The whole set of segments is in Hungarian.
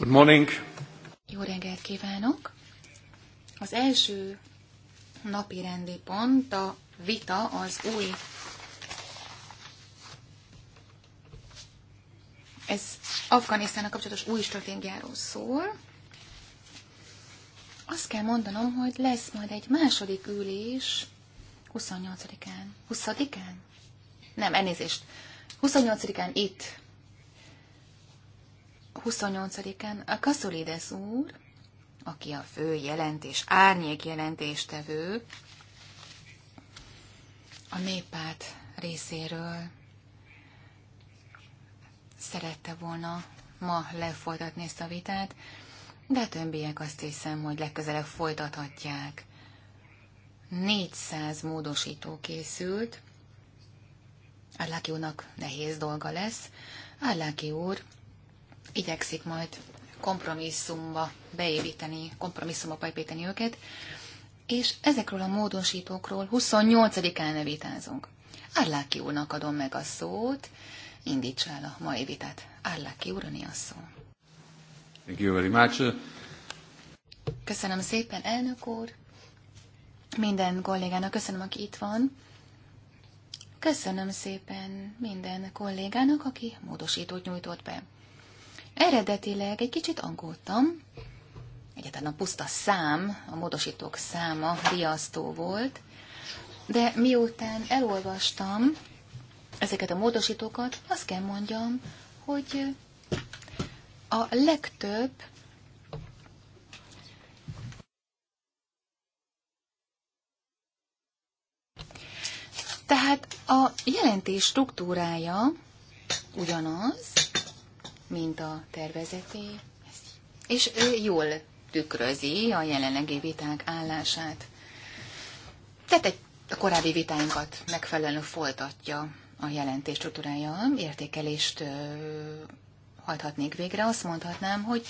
Good morning. Jó reggelt kívánok. Az első napi rendi pont a vita az új ez Afganisztának kapcsolatos új stratégiáról szól. Azt kell mondanom, hogy lesz majd egy második ülés 28-án. 20-án? Nem, elnézést. 28-án itt 28-án a Kaszolides úr, aki a fő jelentés, árnyék jelentéstevő, a néppárt részéről szerette volna ma lefolytatni ezt a vitát, de a többiek azt hiszem, hogy legközelebb folytathatják. 400 módosító készült, Állaki úrnak nehéz dolga lesz. Állaki úr igyekszik majd kompromisszumba beépíteni, kompromisszumba beépíteni őket, és ezekről a módosítókról 28-án nevitázunk. Árláki úrnak adom meg a szót, indítsa el a mai vitát. Árláki úr, a szó. Thank you very much. Köszönöm szépen, elnök úr. Minden kollégának köszönöm, aki itt van. Köszönöm szépen minden kollégának, aki módosítót nyújtott be. Eredetileg egy kicsit aggódtam, egyáltalán a puszta szám, a módosítók száma riasztó volt, de miután elolvastam ezeket a módosítókat, azt kell mondjam, hogy a legtöbb Tehát a jelentés struktúrája ugyanaz, mint a tervezeté, és ő jól tükrözi a jelenlegi viták állását. Tehát egy, a korábbi vitáinkat megfelelően folytatja a jelentés struktúrája, értékelést ö, hajthatnék végre. Azt mondhatnám, hogy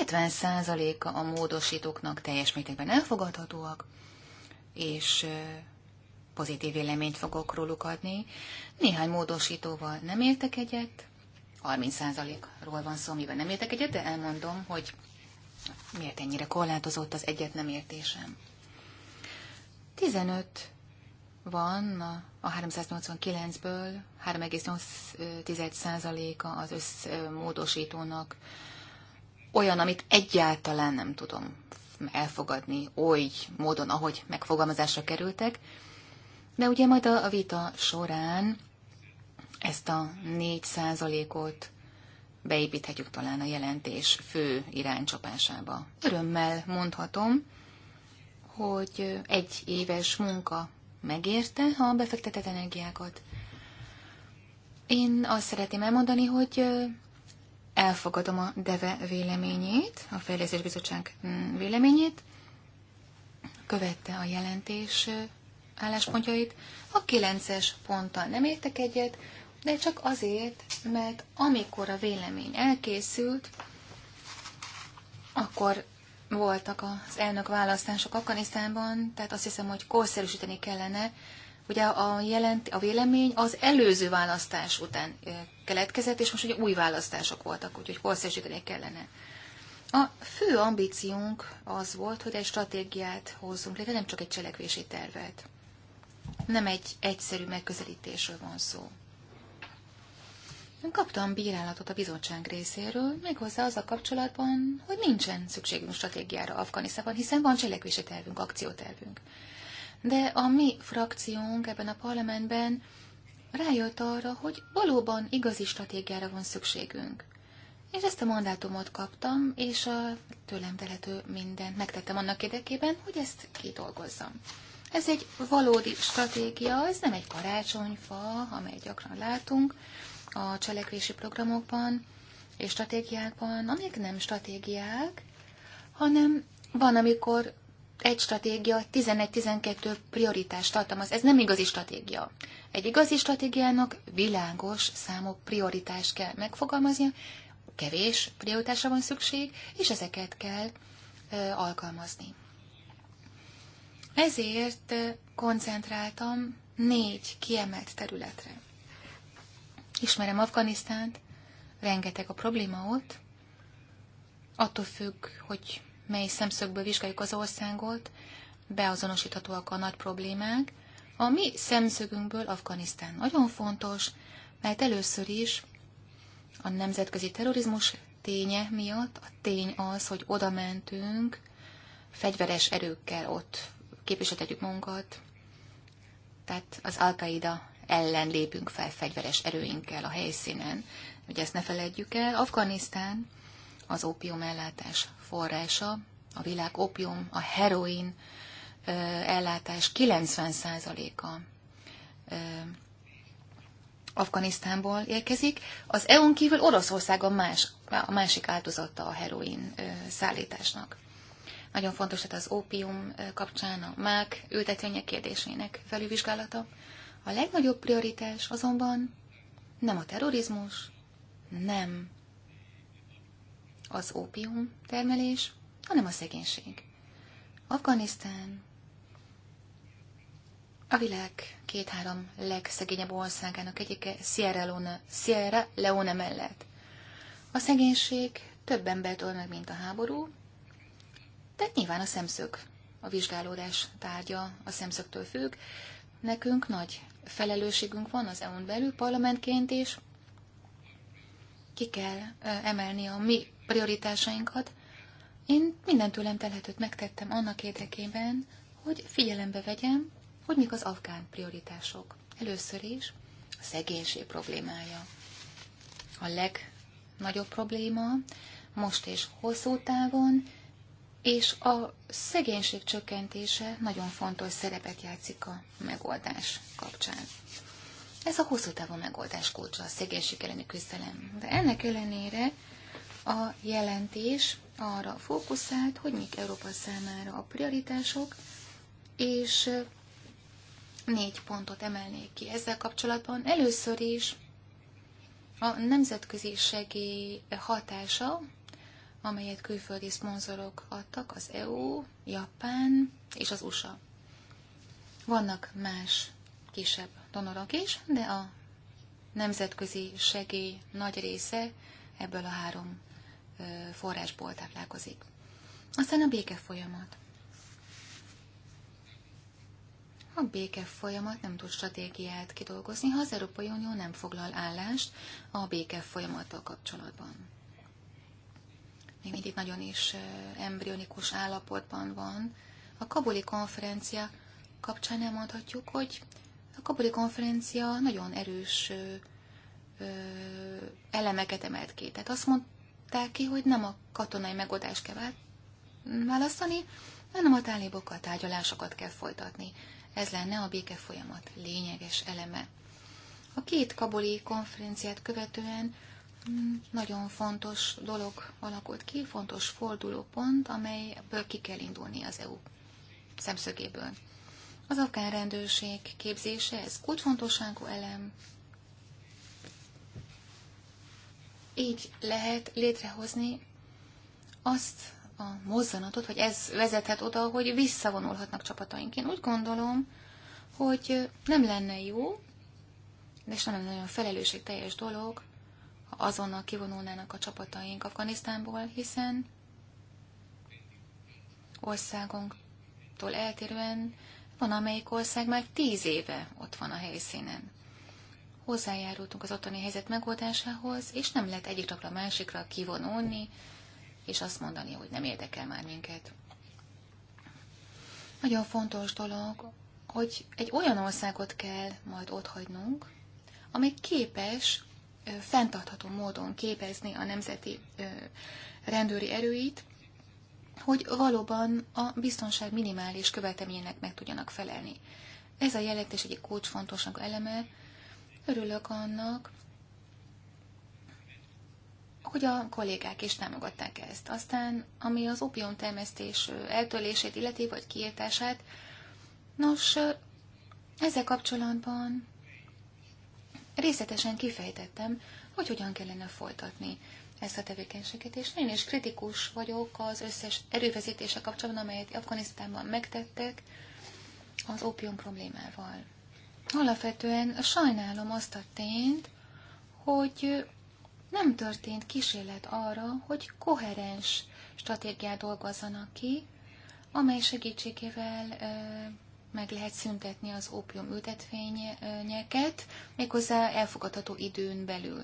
70%-a a módosítóknak teljes mértékben elfogadhatóak, és ö, pozitív véleményt fogok róluk adni. Néhány módosítóval nem értek egyet, 30%-ról van szó, amiben nem értek egyet, de elmondom, hogy miért ennyire korlátozott az egyet nem értésem. 15 van a 389-ből 3,8%-a az összmódosítónak olyan, amit egyáltalán nem tudom elfogadni oly módon, ahogy megfogalmazásra kerültek. De ugye majd a vita során ezt a 4 százalékot beépíthetjük talán a jelentés fő iránycsapásába. Örömmel mondhatom, hogy egy éves munka megérte a befektetett energiákat. Én azt szeretném elmondani, hogy elfogadom a DEVE véleményét, a Fejlesztés Bizottság mm, véleményét, követte a jelentés álláspontjait. A 9-es ponttal nem értek egyet, de csak azért, mert amikor a vélemény elkészült, akkor voltak az elnök választások Afganisztánban, tehát azt hiszem, hogy korszerűsíteni kellene. Ugye a, jelent, a vélemény az előző választás után keletkezett, és most ugye új választások voltak, úgyhogy korszerűsíteni kellene. A fő ambíciónk az volt, hogy egy stratégiát hozzunk létre, nem csak egy cselekvési tervet. Nem egy egyszerű megközelítésről van szó. Kaptam bírálatot a bizottság részéről, méghozzá az a kapcsolatban, hogy nincsen szükségünk stratégiára Afganisztában, hiszen van cselekvési tervünk, akciótervünk. De a mi frakciónk ebben a parlamentben rájött arra, hogy valóban igazi stratégiára van szükségünk. És ezt a mandátumot kaptam, és a tőlem telhető mindent megtettem annak érdekében, hogy ezt kidolgozzam. Ez egy valódi stratégia, ez nem egy karácsonyfa, amely gyakran látunk, a cselekvési programokban és stratégiákban, amik nem stratégiák, hanem van, amikor egy stratégia 11-12 prioritást tartalmaz. Ez nem igazi stratégia. Egy igazi stratégiának világos számú prioritást kell megfogalmaznia, kevés prioritásra van szükség, és ezeket kell ö, alkalmazni. Ezért koncentráltam négy kiemelt területre. Ismerem Afganisztánt, rengeteg a probléma ott. Attól függ, hogy mely szemszögből vizsgáljuk az országot, beazonosíthatóak a nagy problémák. A mi szemszögünkből Afganisztán nagyon fontos, mert először is a nemzetközi terrorizmus ténye miatt, a tény az, hogy oda mentünk, fegyveres erőkkel ott képviseltetjük magunkat, tehát az Al-Qaida ellen lépünk fel fegyveres erőinkkel a helyszínen. hogy ezt ne felejtjük el, Afganisztán az ópium ellátás forrása, a világ ópium, a heroin ellátás 90%-a Afganisztánból érkezik. Az EU-n kívül Oroszország a, más, a másik áldozata a heroin szállításnak. Nagyon fontos tehát az ópium kapcsán a mák ültetvények kérdésének felülvizsgálata. A legnagyobb prioritás azonban nem a terrorizmus, nem az ópium termelés, hanem a szegénység. Afganisztán a világ két-három legszegényebb országának egyike Sierra Leone, Sierra Leone mellett. A szegénység több embert öl meg, mint a háború, de nyilván a szemszög, a vizsgálódás tárgya a szemszögtől függ. Nekünk nagy felelősségünk van az EU-n belül parlamentként is. Ki kell emelni a mi prioritásainkat. Én minden tőlem telhetőt megtettem annak érdekében, hogy figyelembe vegyem, hogy mik az afgán prioritások. Először is a szegénység problémája. A legnagyobb probléma most és hosszú távon és a szegénység csökkentése nagyon fontos szerepet játszik a megoldás kapcsán. Ez a hosszú távú megoldás kulcsa a szegénység elleni küzdelem. De ennek ellenére a jelentés arra fókuszált, hogy mik Európa számára a prioritások, és négy pontot emelnék ki ezzel kapcsolatban. Először is a nemzetközi segély hatása amelyet külföldi szponzorok adtak, az EU, Japán és az USA. Vannak más kisebb donorok is, de a nemzetközi segély nagy része ebből a három forrásból táplálkozik. Aztán a béke folyamat. A béke folyamat nem tud stratégiát kidolgozni, ha az Európai Unió nem foglal állást a béke folyamattal kapcsolatban még mindig nagyon is embrionikus állapotban van. A kabuli konferencia kapcsán elmondhatjuk, hogy a kabuli konferencia nagyon erős elemeket emelt ki. Tehát azt mondták ki, hogy nem a katonai megoldást kell választani, hanem a tálibokkal tárgyalásokat kell folytatni. Ez lenne a béke folyamat lényeges eleme. A két kabuli konferenciát követően nagyon fontos dolog alakult ki, fontos fordulópont, amelyből ki kell indulni az EU szemszögéből. Az afgán rendőrség képzése, ez kulcsfontosságú elem. Így lehet létrehozni azt a mozzanatot, hogy ez vezethet oda, hogy visszavonulhatnak csapataink. Én úgy gondolom, hogy nem lenne jó, és nem lenne nagyon felelősségteljes dolog, ha azonnal kivonulnának a csapataink Afganisztánból, hiszen országunktól eltérően van, amelyik ország már tíz éve ott van a helyszínen. Hozzájárultunk az ottani helyzet megoldásához, és nem lehet egyik napra másikra kivonulni, és azt mondani, hogy nem érdekel már minket. Nagyon fontos dolog, hogy egy olyan országot kell majd otthagynunk, amely képes fenntartható módon képezni a nemzeti rendőri erőit, hogy valóban a biztonság minimális követelményének meg tudjanak felelni. Ez a jelentés egyik kulcsfontosnak eleme. Örülök annak, hogy a kollégák is támogatták ezt. Aztán, ami az termesztés eltörlését illeti, vagy kiirtását, nos, ezzel kapcsolatban részletesen kifejtettem, hogy hogyan kellene folytatni ezt a tevékenységet, és én is kritikus vagyok az összes erőfeszítése kapcsolatban, amelyet Afganisztánban megtettek az ópium problémával. Alapvetően sajnálom azt a tényt, hogy nem történt kísérlet arra, hogy koherens stratégiát dolgozzanak ki, amely segítségével meg lehet szüntetni az ópium ültetvényeket, méghozzá elfogadható időn belül.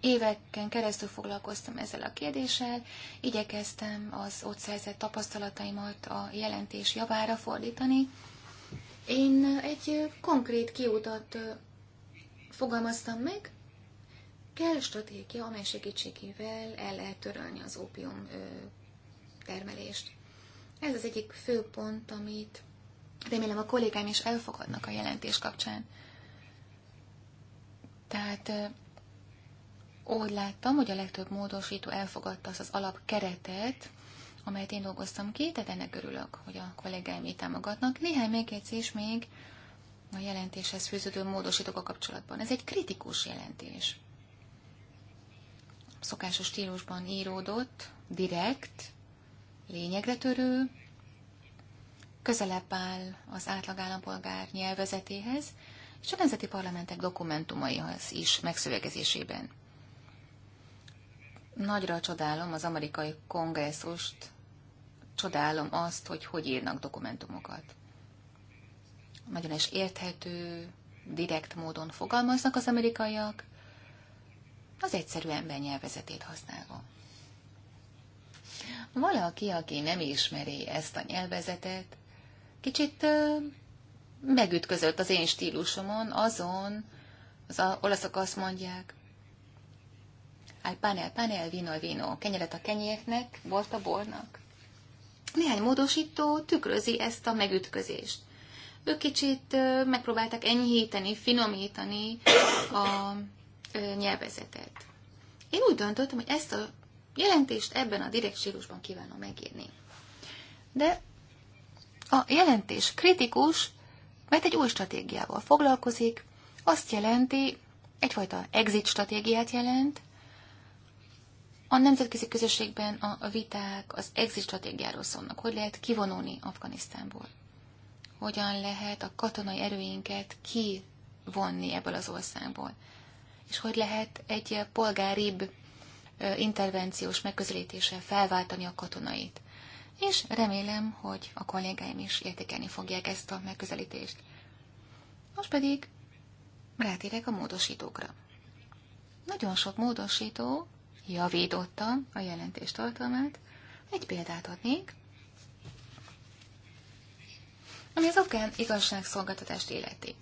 Éveken keresztül foglalkoztam ezzel a kérdéssel, igyekeztem az ott szerzett tapasztalataimat a jelentés javára fordítani. Én egy konkrét kiutat fogalmaztam meg, kell stratégia, amely segítségével el lehet törölni az ópium termelést. Ez az egyik fő pont, amit Remélem a kollégám is elfogadnak a jelentés kapcsán. Tehát úgy láttam, hogy a legtöbb módosító elfogadta azt az alapkeretet, amelyet én dolgoztam ki, tehát ennek örülök, hogy a így támogatnak. Néhány megjegyzés még a jelentéshez fűződő módosítók a kapcsolatban. Ez egy kritikus jelentés. Szokásos stílusban íródott, direkt, lényegre törő, közelebb áll az átlag állampolgár nyelvezetéhez, és a nemzeti parlamentek dokumentumaihoz is megszövegezésében. Nagyra csodálom az amerikai kongresszust, csodálom azt, hogy hogy írnak dokumentumokat. Nagyon is érthető, direkt módon fogalmaznak az amerikaiak, az egyszerű ember nyelvezetét használva. Valaki, aki nem ismeri ezt a nyelvezetet, Kicsit megütközött az én stílusomon azon, az a, olaszok azt mondják, al panel, panel, vino, vino, kenyeret a kenyéknek, bort a bornak. Néhány módosító tükrözi ezt a megütközést. Ők kicsit megpróbálták enyhíteni, finomítani a nyelvezetet. Én úgy döntöttem, hogy ezt a jelentést ebben a direkt kívánom megírni. De a jelentés kritikus, mert egy új stratégiával foglalkozik, azt jelenti, egyfajta exit stratégiát jelent, a nemzetközi közösségben a viták az exit stratégiáról szólnak, hogy lehet kivonulni Afganisztánból, hogyan lehet a katonai erőinket kivonni ebből az országból, és hogy lehet egy polgáribb intervenciós megközelítéssel felváltani a katonait és remélem, hogy a kollégáim is értékelni fogják ezt a megközelítést. Most pedig rátérek a módosítókra. Nagyon sok módosító javította a jelentés tartalmát. Egy példát adnék, ami az afgán igazságszolgáltatást életi.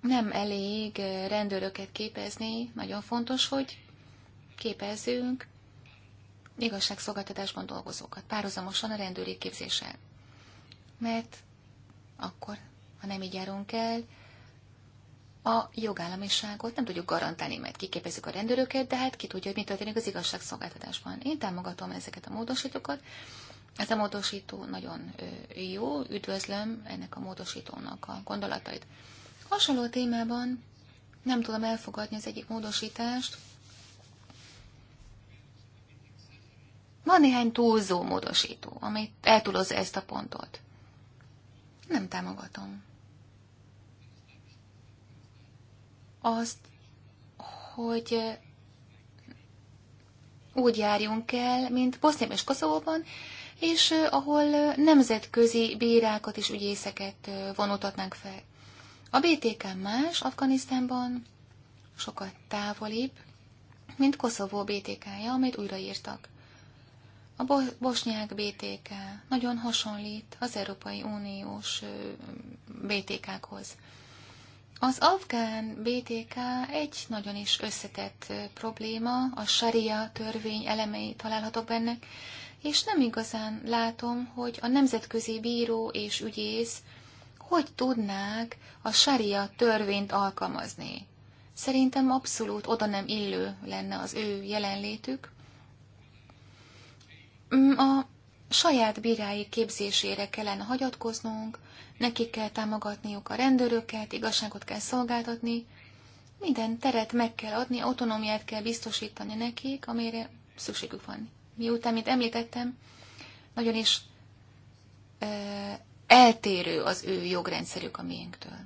Nem elég rendőröket képezni, nagyon fontos, hogy képezzünk igazságszolgáltatásban dolgozókat, párhuzamosan a rendőri képzéssel. Mert akkor, ha nem így járunk el, a jogállamiságot nem tudjuk garantálni, mert kiképezzük a rendőröket, de hát ki tudja, hogy mi történik az igazságszolgáltatásban. Én támogatom ezeket a módosítókat. Ez a módosító nagyon jó, üdvözlöm ennek a módosítónak a gondolatait. Hasonló témában nem tudom elfogadni az egyik módosítást, Van néhány túlzó módosító, amit eltúlozza ezt a pontot. Nem támogatom. Azt, hogy úgy járjunk el, mint Boszniában és Koszovóban, és eh, ahol eh, nemzetközi bírákat és ügyészeket eh, vonultatnánk fel. A BTK más Afganisztánban, sokat távolibb, mint Koszovó BTK-ja, amit újraírtak. A bosnyák BTK nagyon hasonlít az Európai Uniós BTK-khoz. Az afgán BTK egy nagyon is összetett probléma, a saria törvény elemei találhatók benne, és nem igazán látom, hogy a nemzetközi bíró és ügyész hogy tudnák a saria törvényt alkalmazni. Szerintem abszolút oda nem illő lenne az ő jelenlétük, Mm, a saját bírái képzésére kellene hagyatkoznunk, nekik kell támogatniuk a rendőröket, igazságot kell szolgáltatni, minden teret meg kell adni, autonómiát kell biztosítani nekik, amire szükségük van. Miután, mint említettem, nagyon is ö, eltérő az ő jogrendszerük a miénktől.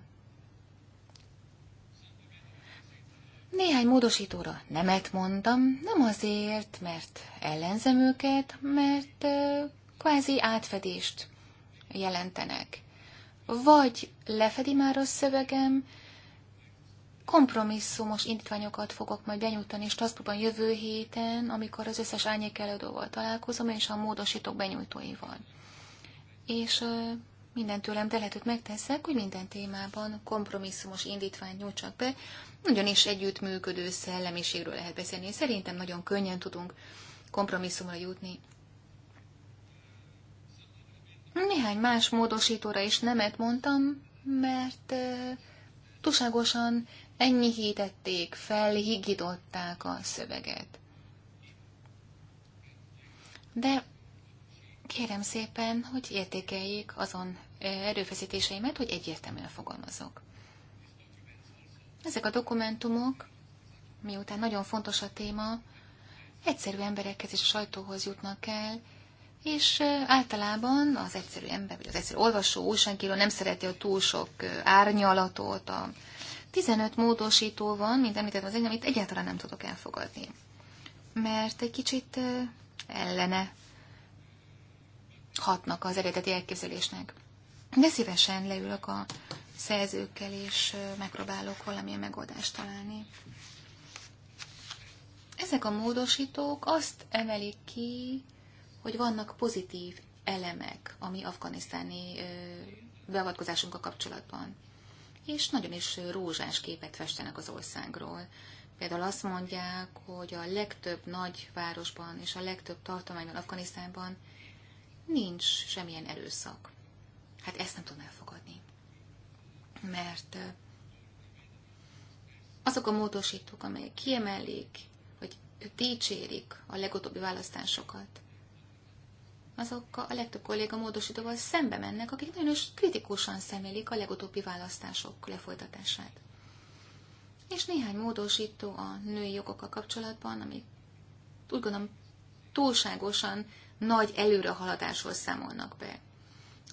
Néhány módosítóra nemet mondtam, nem azért, mert ellenzem őket, mert kvázi átfedést jelentenek. Vagy lefedi már a szövegem, kompromisszumos indítványokat fogok majd benyújtani Strasbourgban jövő héten, amikor az összes árnyék előadóval találkozom, és a módosítók benyújtóival. És minden tőlem telhetőt megteszek, hogy minden témában kompromisszumos indítványt nyújtsak be. Nagyon is együttműködő szellemiségről lehet beszélni. Szerintem nagyon könnyen tudunk kompromisszumra jutni. Néhány más módosítóra is nemet mondtam, mert e, túlságosan ennyi hítették, felhigidották a szöveget. De Kérem szépen, hogy értékeljék azon erőfeszítéseimet, hogy egyértelműen fogalmazok. Ezek a dokumentumok, miután nagyon fontos a téma, egyszerű emberekhez és a sajtóhoz jutnak el, és általában az egyszerű ember, vagy az egyszerű olvasó, újságíró nem szereti a túl sok árnyalatot. A 15 módosító van, mint említettem az én, amit egyáltalán nem tudok elfogadni. Mert egy kicsit ellene hatnak az eredeti elképzelésnek. De szívesen leülök a szerzőkkel, és megpróbálok valamilyen megoldást találni. Ezek a módosítók azt emelik ki, hogy vannak pozitív elemek a mi afganisztáni beavatkozásunkkal kapcsolatban. És nagyon is rózsás képet festenek az országról. Például azt mondják, hogy a legtöbb nagy városban és a legtöbb tartományban, Afganisztánban nincs semmilyen erőszak. Hát ezt nem tudom elfogadni. Mert azok a módosítók, amelyek kiemelik, hogy dicsérik a legutóbbi választásokat, azok a legtöbb kolléga módosítóval szembe mennek, akik nagyon is kritikusan szemlélik a legutóbbi választások lefolytatását. És néhány módosító a női jogokkal kapcsolatban, ami úgy gondolom túlságosan nagy előrehaladásról számolnak be.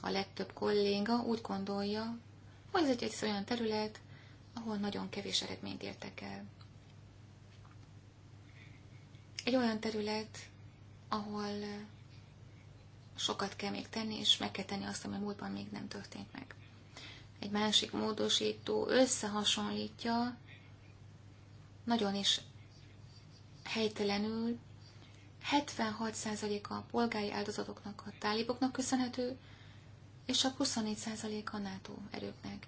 A legtöbb kolléga úgy gondolja, hogy ez egy, egy olyan terület, ahol nagyon kevés eredményt értek el. Egy olyan terület, ahol eh, sokat kell még tenni, és meg kell tenni azt, ami múltban még nem történt meg. Egy másik módosító összehasonlítja nagyon is helytelenül 76%-a polgári áldozatoknak a táliboknak köszönhető, és csak 24% a NATO erőknek.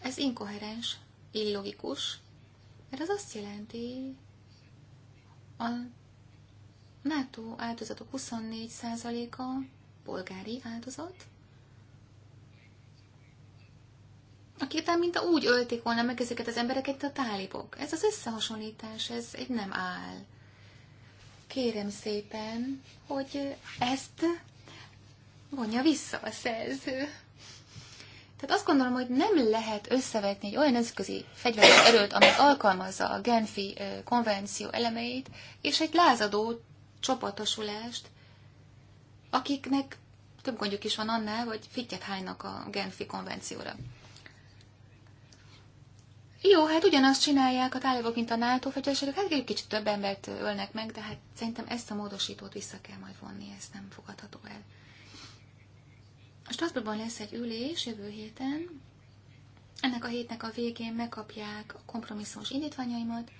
Ez inkoherens, illogikus, mert az azt jelenti, a NATO áldozatok 24%-a polgári áldozat, aki után mint a úgy ölték volna meg ezeket az embereket, a tálibok. Ez az összehasonlítás, ez egy nem áll. Kérem szépen, hogy ezt vonja vissza a szerző. Tehát azt gondolom, hogy nem lehet összevetni egy olyan eszközi fegyveres erőt, amely alkalmazza a Genfi konvenció elemeit, és egy lázadó csapatosulást, akiknek több gondjuk is van annál, hogy fittyet hánynak a Genfi konvencióra. Jó, hát ugyanazt csinálják a tálibok, mint a NATO fegyverségek, hát egy kicsit több embert ölnek meg, de hát szerintem ezt a módosítót vissza kell majd vonni, ez nem fogadható el. A Strasbourgban lesz egy ülés jövő héten, ennek a hétnek a végén megkapják a kompromisszumos indítványaimat,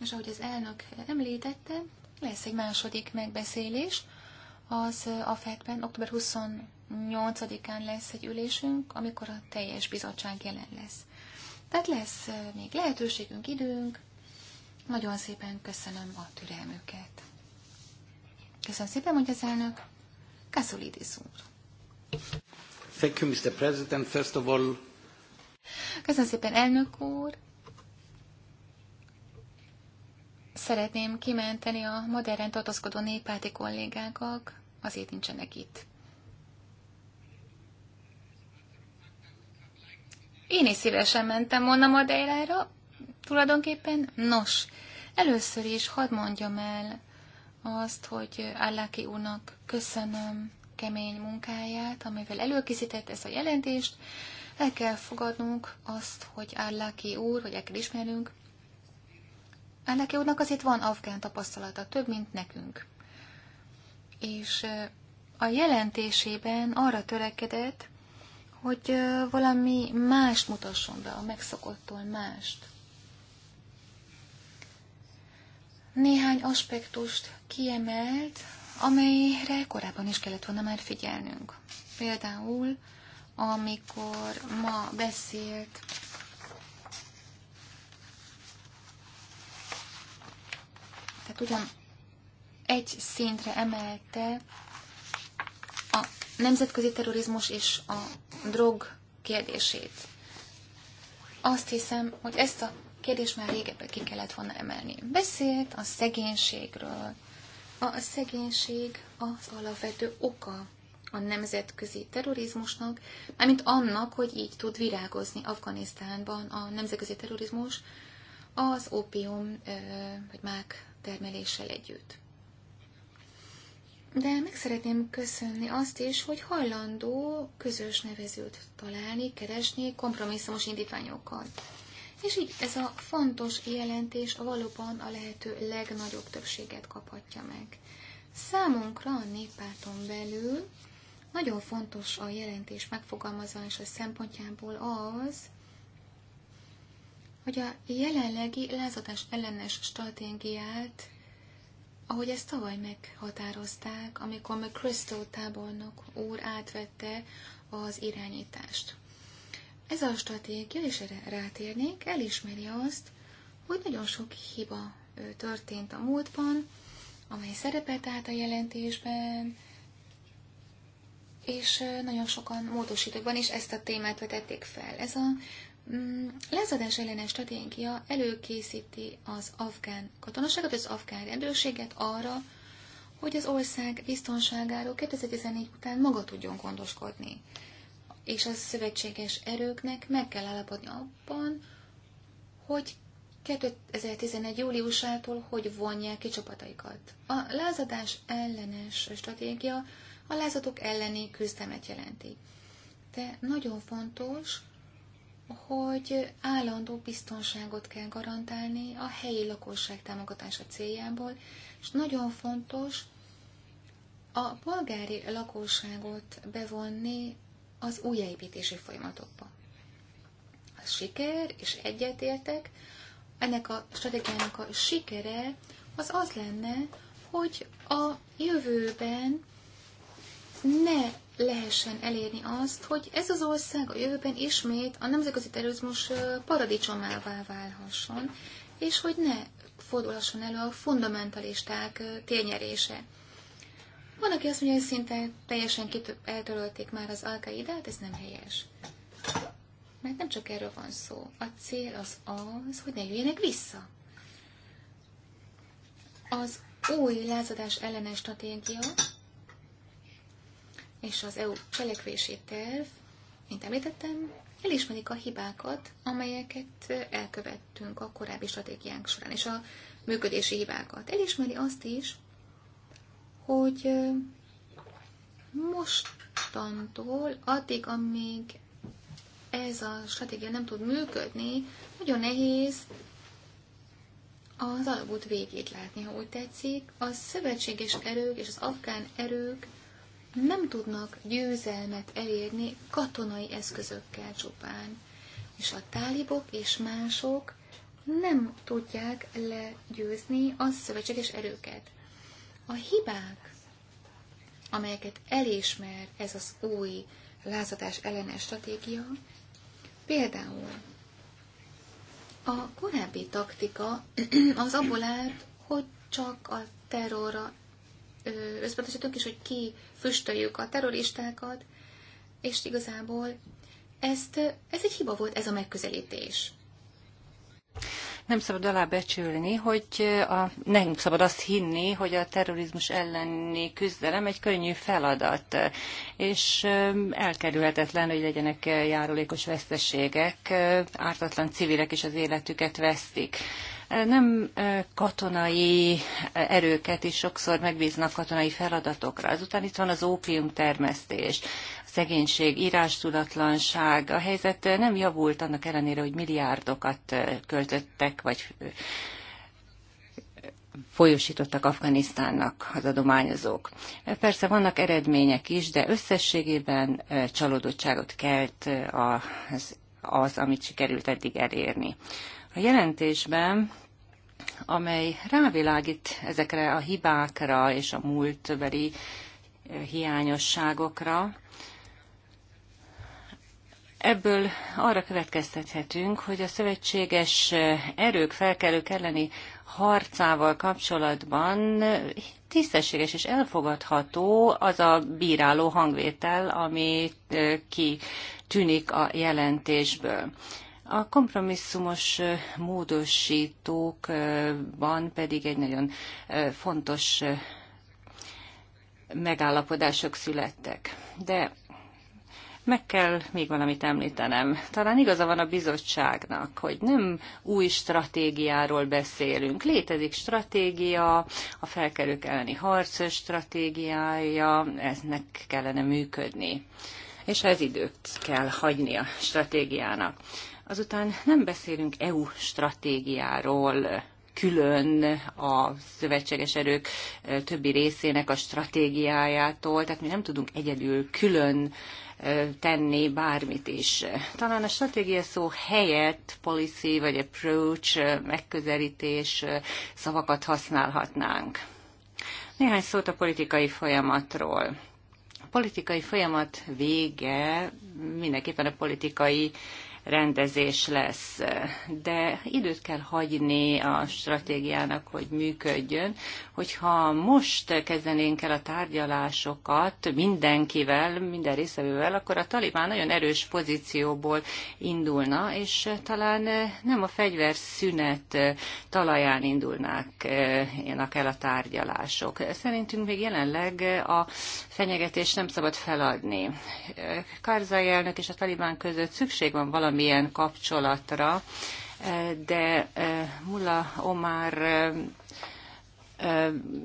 és ahogy az elnök említette, lesz egy második megbeszélés, az a FED-ben október 28-án lesz egy ülésünk, amikor a teljes bizottság jelen lesz. Tehát lesz még lehetőségünk, időnk. Nagyon szépen köszönöm a türelmüket. Köszönöm szépen, hogy az elnök. Kasszolidis úr. Thank you, Mr. President. First of all... Köszönöm szépen, elnök úr. Szeretném kimenteni a modern tartózkodó néppárti kollégákat, azért nincsenek itt. Én is szívesen mentem volna Madeirára, tulajdonképpen. Nos, először is hadd mondjam el azt, hogy Álláki úrnak köszönöm kemény munkáját, amivel előkészített ezt a jelentést. El kell fogadnunk azt, hogy Álláki úr, vagy el kell Álláki úrnak azért van afgán tapasztalata, több, mint nekünk. És a jelentésében arra törekedett, hogy valami más mutasson be, a megszokottól mást. Néhány aspektust kiemelt, amelyre korábban is kellett volna már figyelnünk. Például, amikor ma beszélt tehát ugyan egy szintre emelte nemzetközi terrorizmus és a drog kérdését. Azt hiszem, hogy ezt a kérdést már régebben ki kellett volna emelni. Beszélt a szegénységről. A szegénység az alapvető oka a nemzetközi terrorizmusnak, mármint annak, hogy így tud virágozni Afganisztánban a nemzetközi terrorizmus az ópium vagy mák termeléssel együtt de meg szeretném köszönni azt is, hogy hajlandó közös nevezőt találni, keresni kompromisszumos indítványokkal. És így ez a fontos jelentés valóban a lehető legnagyobb többséget kaphatja meg. Számunkra a néppárton belül nagyon fontos a jelentés megfogalmazása szempontjából az, hogy a jelenlegi lázadás ellenes stratégiát ahogy ezt tavaly meghatározták, amikor meg Crystal tábornok úr átvette az irányítást. Ez a stratégia, és erre rátérnék, elismeri azt, hogy nagyon sok hiba történt a múltban, amely szerepet állt a jelentésben, és nagyon sokan módosítókban is ezt a témát vetették fel. Ez a Mm, lezadás ellenes stratégia előkészíti az afgán katonaságot, az afgán rendőrséget arra, hogy az ország biztonságáról 2014 után maga tudjon gondoskodni. És a szövetséges erőknek meg kell állapodni abban, hogy 2011. júliusától hogy vonják ki csapataikat. A lázadás ellenes stratégia a lázadók elleni küzdemet jelenti. De nagyon fontos, hogy állandó biztonságot kell garantálni a helyi lakosság támogatása céljából, és nagyon fontos a polgári lakosságot bevonni az újjáépítési folyamatokba. A siker, és egyetértek, ennek a stratégiának a sikere az az lenne, hogy a jövőben ne lehessen elérni azt, hogy ez az ország a jövőben ismét a nemzetközi terrorizmus paradicsomává válhasson, és hogy ne fordulhasson elő a fundamentalisták térnyerése. Van, aki azt mondja, hogy szinte teljesen eltörölték már az alkaidát, ez nem helyes. Mert nem csak erről van szó. A cél az az, hogy ne jöjjenek vissza. Az új lázadás ellenes stratégia és az EU cselekvési terv, mint említettem, elismerik a hibákat, amelyeket elkövettünk a korábbi stratégiánk során, és a működési hibákat. Elismeri azt is, hogy mostantól addig, amíg ez a stratégia nem tud működni, nagyon nehéz az alagút végét látni, ha úgy tetszik. A szövetséges erők és az afgán erők nem tudnak győzelmet elérni katonai eszközökkel csupán, és a tálibok és mások nem tudják legyőzni a szövetséges erőket. A hibák, amelyeket elismer ez az új lázadás ellenes stratégia, például a korábbi taktika az abból állt, hogy csak a terrorra összpontosítunk, és hogy ki füstöljük a terroristákat, és igazából ezt, ez egy hiba volt, ez a megközelítés. Nem szabad alábecsülni, hogy a, nem szabad azt hinni, hogy a terrorizmus elleni küzdelem egy könnyű feladat, és elkerülhetetlen, hogy legyenek járulékos veszteségek, ártatlan civilek is az életüket vesztik nem eh, katonai eh, erőket is sokszor megbíznak katonai feladatokra. Azután itt van az ópium termesztés, a szegénység, írástudatlanság. A helyzet eh, nem javult annak ellenére, hogy milliárdokat költöttek, vagy folyosítottak Afganisztánnak az adományozók. Persze vannak eredmények is, de összességében csalódottságot kelt az, az amit sikerült eddig elérni. A jelentésben amely rávilágít ezekre a hibákra és a múltbeli hiányosságokra. Ebből arra következtethetünk, hogy a szövetséges erők felkelők elleni harcával kapcsolatban tisztességes és elfogadható az a bíráló hangvétel, ami ki tűnik a jelentésből. A kompromisszumos módosítókban pedig egy nagyon fontos megállapodások születtek. De meg kell még valamit említenem. Talán igaza van a bizottságnak, hogy nem új stratégiáról beszélünk. Létezik stratégia, a felkerők elleni harc stratégiája, eznek kellene működni. És ez időt kell hagyni a stratégiának. Azután nem beszélünk EU stratégiáról, külön a szövetséges erők többi részének a stratégiájától, tehát mi nem tudunk egyedül külön tenni bármit is. Talán a stratégia szó helyett policy vagy approach megközelítés szavakat használhatnánk. Néhány szót a politikai folyamatról. A politikai folyamat vége mindenképpen a politikai rendezés lesz. De időt kell hagyni a stratégiának, hogy működjön. Hogyha most kezdenénk el a tárgyalásokat mindenkivel, minden részevővel, akkor a talibán nagyon erős pozícióból indulna, és talán nem a fegyverszünet talaján indulnának el a tárgyalások. Szerintünk még jelenleg a fenyegetés nem szabad feladni. Karzai elnök és a talibán között szükség van valami valamilyen kapcsolatra, eh, de eh, Mula Omar eh,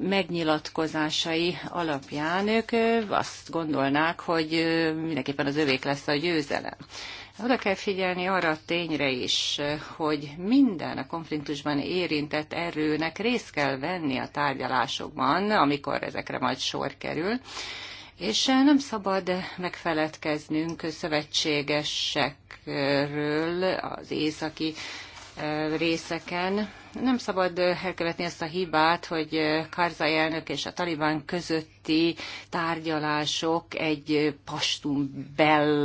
megnyilatkozásai alapján ők azt gondolnák, hogy mindenképpen az övék lesz a győzelem. Oda kell figyelni arra a tényre is, hogy minden a konfliktusban érintett erőnek részt kell venni a tárgyalásokban, amikor ezekre majd sor kerül és eh, nem szabad megfeledkeznünk szövetségesekről az északi eh, részeken. Nem szabad eh, elkövetni ezt a hibát, hogy Karzai elnök és a Taliban közötti tárgyalások egy pastum bel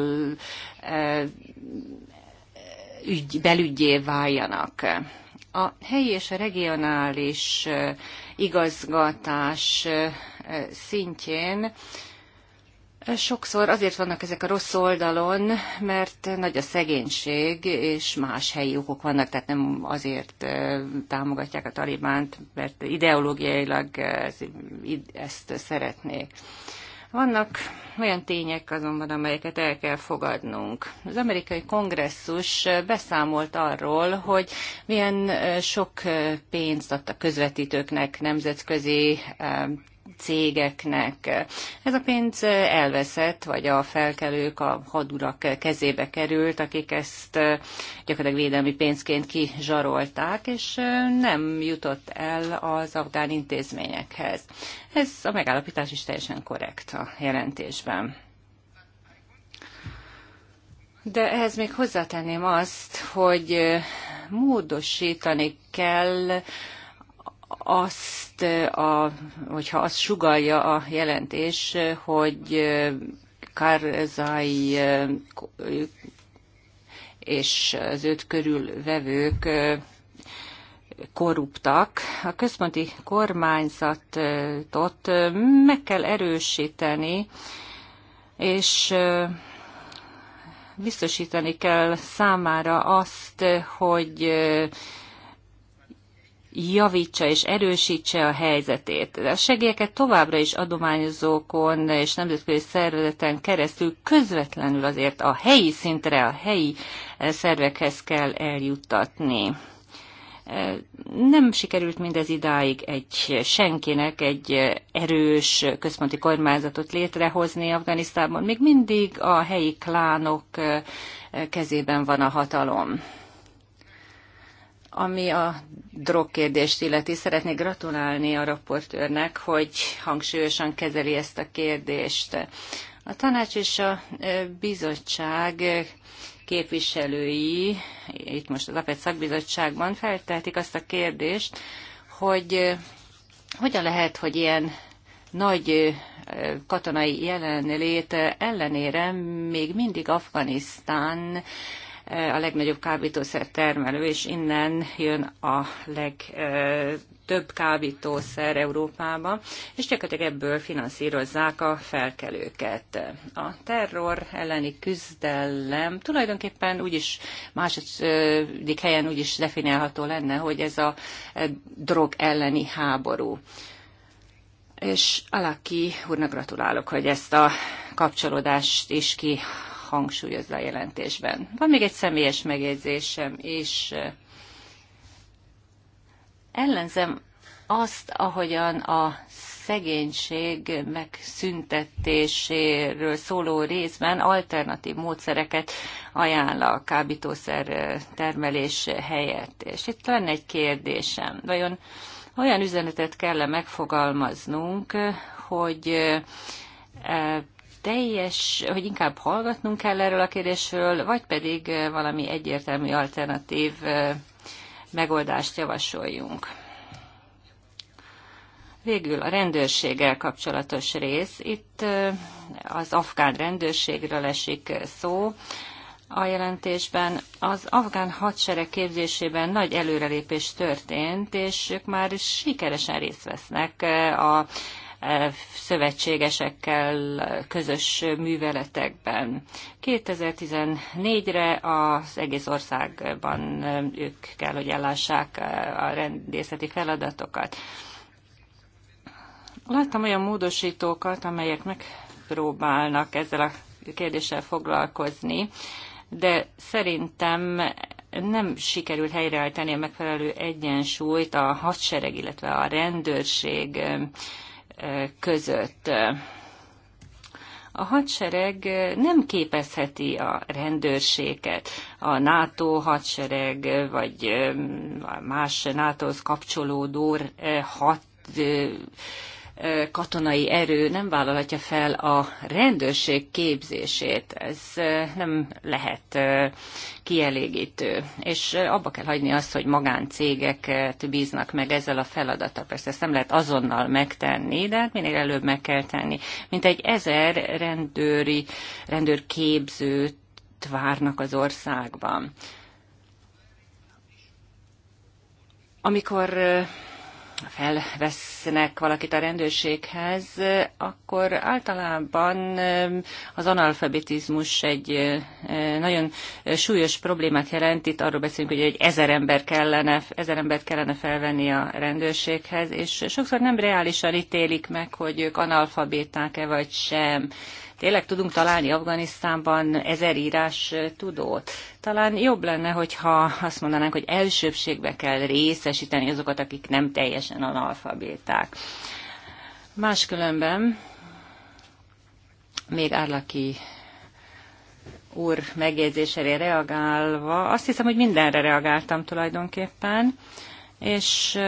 ügy, belügyé váljanak. A helyi és a regionális igazgatás szintjén Sokszor azért vannak ezek a rossz oldalon, mert nagy a szegénység, és más helyi okok vannak, tehát nem azért eh, támogatják a talibánt, mert ideológiailag ezt szeretnék. Vannak olyan tények azonban, amelyeket el kell fogadnunk. Az amerikai kongresszus beszámolt arról, hogy milyen eh, sok eh, pénzt adtak közvetítőknek, nemzetközi cégeknek. Ez a pénz elveszett, vagy a felkelők, a hadurak kezébe került, akik ezt gyakorlatilag védelmi pénzként kizsarolták, és nem jutott el az afgán intézményekhez. Ez a megállapítás is teljesen korrekt a jelentésben. De ehhez még hozzátenném azt, hogy módosítani kell azt, a, hogyha azt sugalja a jelentés, hogy Karzai és az őt körülvevők korruptak. A központi kormányzatot meg kell erősíteni, és biztosítani kell számára azt, hogy javítsa és erősítse a helyzetét. A segélyeket továbbra is adományozókon és nemzetközi szervezeten keresztül közvetlenül azért a helyi szintre, a helyi eh, szervekhez kell eljuttatni. Eh, nem sikerült mindez idáig egy eh, senkinek egy erős központi kormányzatot létrehozni Afganisztánban. Még mindig a helyi klánok kezében van a hatalom. Ami a drogkérdést illeti, szeretnék gratulálni a raportőrnek, hogy hangsúlyosan kezeli ezt a kérdést. A tanács és a bizottság képviselői, itt most az APET szakbizottságban feltehetik azt a kérdést, hogy hogyan lehet, hogy ilyen nagy katonai jelenlét ellenére még mindig Afganisztán a legnagyobb kábítószer termelő, és innen jön a legtöbb kábítószer Európába, és gyakorlatilag ebből finanszírozzák a felkelőket. A terror elleni küzdelem tulajdonképpen úgyis második helyen úgyis definálható lenne, hogy ez a e, drog elleni háború és Alaki úrnak gratulálok, hogy ezt a kapcsolódást is ki hangsúlyozza a jelentésben. Van még egy személyes megjegyzésem, és ellenzem azt, ahogyan a szegénység megszüntetéséről szóló részben alternatív módszereket ajánl a kábítószer termelés helyett. És itt lenne egy kérdésem. Vajon olyan üzenetet kell -e megfogalmaznunk, hogy teljes, hogy inkább hallgatnunk kell erről a kérdésről, vagy pedig eh, valami egyértelmű alternatív eh, megoldást javasoljunk. Végül a rendőrséggel kapcsolatos rész. Itt eh, az afgán rendőrségről esik szó a jelentésben. Az afgán hadsereg képzésében nagy előrelépés történt, és ők már sikeresen részt vesznek a szövetségesekkel közös műveletekben. 2014-re az egész országban ők kell, hogy ellássák a rendészeti feladatokat. Láttam olyan módosítókat, amelyek megpróbálnak ezzel a kérdéssel foglalkozni, de szerintem nem sikerült helyreállítani a megfelelő egyensúlyt a hadsereg, illetve a rendőrség között. A hadsereg nem képezheti a rendőrséget. A NATO hadsereg, vagy más NATO-hoz kapcsolódó hat katonai erő nem vállalhatja fel a rendőrség képzését. Ez nem lehet kielégítő. És abba kell hagyni azt, hogy magáncégeket bíznak meg ezzel a feladata. Persze ezt nem lehet azonnal megtenni, de hát minél előbb meg kell tenni. Mint egy ezer rendőri, rendőrképzőt várnak az országban. Amikor felvesznek valakit a rendőrséghez, akkor általában um, az analfabetizmus egy uh, nagyon súlyos problémát jelent. Itt arról beszélünk, hogy egy ezer, ember kellene, ezer embert kellene felvenni a rendőrséghez, és sokszor nem reálisan ítélik meg, hogy ők analfabéták-e vagy sem Tényleg tudunk találni Afganisztánban ezer írás tudót? Talán jobb lenne, hogyha azt mondanánk, hogy elsőbségbe kell részesíteni azokat, akik nem teljesen analfabéták. Máskülönben még Árlaki úr megjegyzésére reagálva, azt hiszem, hogy mindenre reagáltam tulajdonképpen, és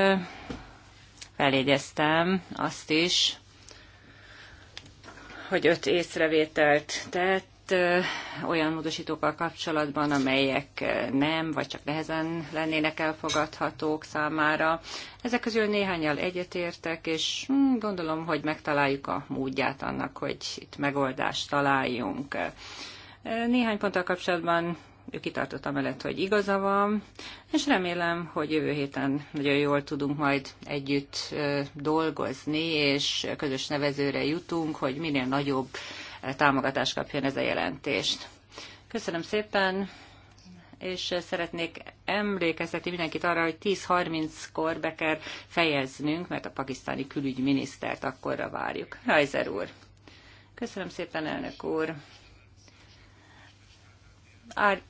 felégyeztem azt is, hogy öt észrevételt tett olyan módosítókkal kapcsolatban, amelyek nem, vagy csak nehezen lennének elfogadhatók számára. Ezek közül néhányal egyetértek, és hm, gondolom, hogy megtaláljuk a módját annak, hogy itt megoldást találjunk. Néhány ponttal kapcsolatban kitartott amellett, hogy igaza van, és remélem, hogy jövő héten nagyon jól tudunk majd együtt dolgozni, és közös nevezőre jutunk, hogy minél nagyobb támogatást kapjon ez a jelentést. Köszönöm szépen, és szeretnék emlékeztetni mindenkit arra, hogy 10.30-kor be kell fejeznünk, mert a pakisztáni külügyminisztert akkorra várjuk. Rajzer úr! Köszönöm szépen, elnök úr! Ár,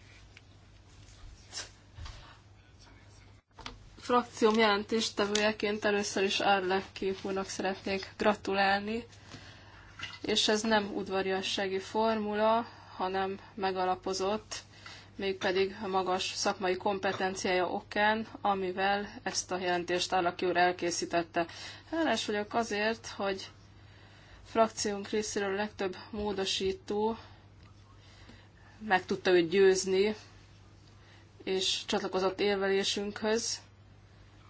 frakcióm jelentéstevőjeként először is Arlek képúnak szeretnék gratulálni, és ez nem udvariassági formula, hanem megalapozott, mégpedig a magas szakmai kompetenciája okán, amivel ezt a jelentést Arlaki úr elkészítette. Hálás vagyok azért, hogy frakciónk részéről a legtöbb módosító meg tudta őt győzni, és csatlakozott érvelésünkhöz,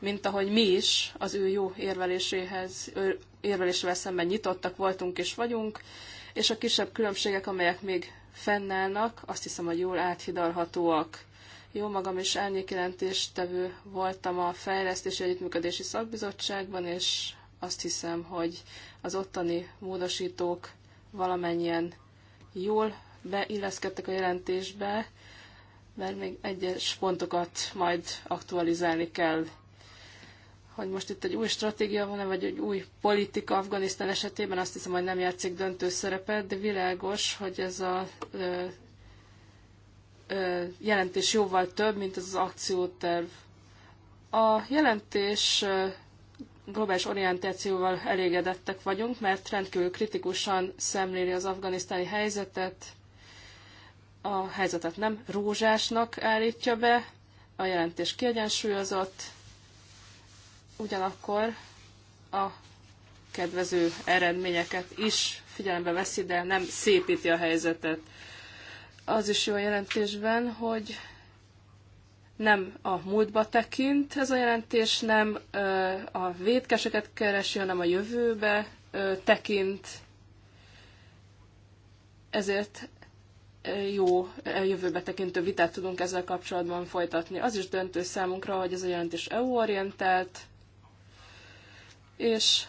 mint ahogy mi is az ő jó érveléséhez, ő érvelésével szemben nyitottak voltunk és vagyunk, és a kisebb különbségek, amelyek még fennállnak, azt hiszem, hogy jól áthidalhatóak. Jó magam is tevő voltam a Fejlesztési Együttműködési Szakbizottságban, és azt hiszem, hogy az ottani módosítók valamennyien jól beilleszkedtek a jelentésbe, mert még egyes pontokat majd aktualizálni kell hogy most itt egy új stratégia van-e, vagy egy új politika Afganisztán esetében, azt hiszem, hogy nem játszik döntő szerepet, de világos, hogy ez a ö, ö, jelentés jóval több, mint az, az akcióterv. A jelentés ö, globális orientációval elégedettek vagyunk, mert rendkívül kritikusan szemléli az afganisztáni helyzetet. A helyzetet nem rózsásnak állítja be, a jelentés kiegyensúlyozott, ugyanakkor a kedvező eredményeket is figyelembe veszi, de nem szépíti a helyzetet. Az is jó a jelentésben, hogy nem a múltba tekint ez a jelentés, nem a védkeseket keresi, hanem a jövőbe tekint. Ezért jó jövőbe tekintő vitát tudunk ezzel kapcsolatban folytatni. Az is döntő számunkra, hogy ez a jelentés EU-orientált, és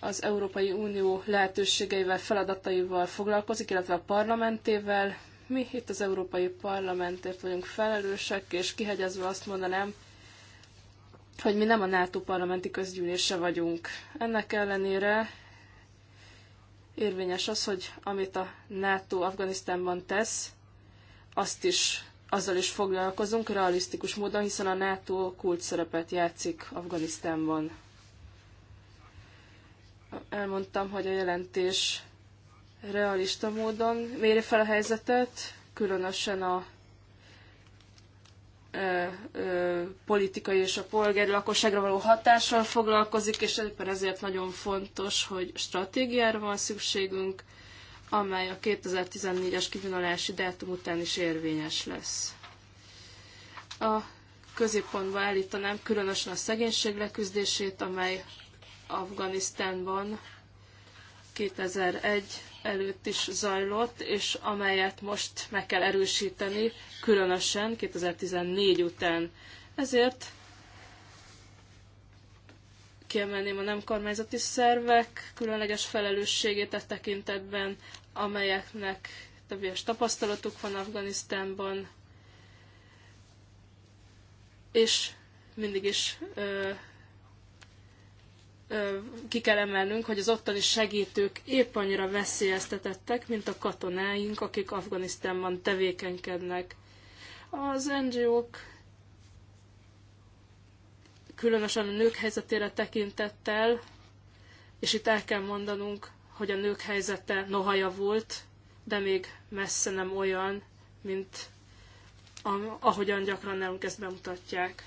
az Európai Unió lehetőségeivel, feladataival foglalkozik, illetve a parlamentével. Mi itt az Európai Parlamentért vagyunk felelősek, és kihegyezve azt mondanám, hogy mi nem a NATO parlamenti közgyűlése vagyunk. Ennek ellenére érvényes az, hogy amit a NATO Afganisztánban tesz, azt is, azzal is foglalkozunk realisztikus módon, hiszen a NATO kulcs szerepet játszik Afganisztánban elmondtam, hogy a jelentés realista módon méri fel a helyzetet, különösen a politikai és a polgári lakosságra való hatással foglalkozik, és éppen ezért nagyon fontos, hogy stratégiára van szükségünk, amely a 2014-es kivonulási dátum után is érvényes lesz. A középpontba állítanám különösen a szegénység leküzdését, amely Afganisztánban 2001 előtt is zajlott, és amelyet most meg kell erősíteni, különösen 2014 után. Ezért kiemelném a nem kormányzati szervek különleges felelősségét a e tekintetben, amelyeknek többes tapasztalatuk van Afganisztánban, és mindig is ö, ki kell emelnünk, hogy az ottani segítők épp annyira veszélyeztetettek, mint a katonáink, akik Afganisztánban tevékenykednek. Az NGO-k különösen a nők helyzetére tekintettel, és itt el kell mondanunk, hogy a nők helyzete noha javult, de még messze nem olyan, mint ahogyan gyakran nálunk ezt bemutatják.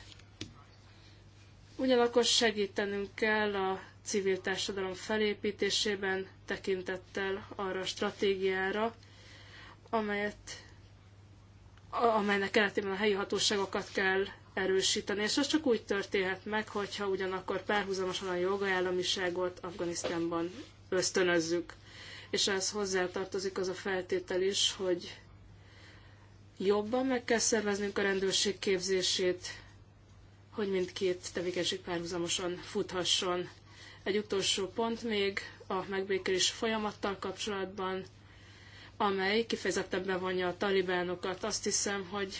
Ugyanakkor segítenünk kell a civil társadalom felépítésében tekintettel arra a stratégiára, amelyet, amelynek keretében a helyi hatóságokat kell erősíteni, és ez csak úgy történhet meg, hogyha ugyanakkor párhuzamosan a jogállamiságot Afganisztánban ösztönözzük. És ehhez hozzátartozik az a feltétel is, hogy jobban meg kell szerveznünk a rendőrség képzését, hogy mindkét tevékenység párhuzamosan futhasson. Egy utolsó pont még a megbékélés folyamattal kapcsolatban, amely kifejezetten bevonja a talibánokat. Azt hiszem, hogy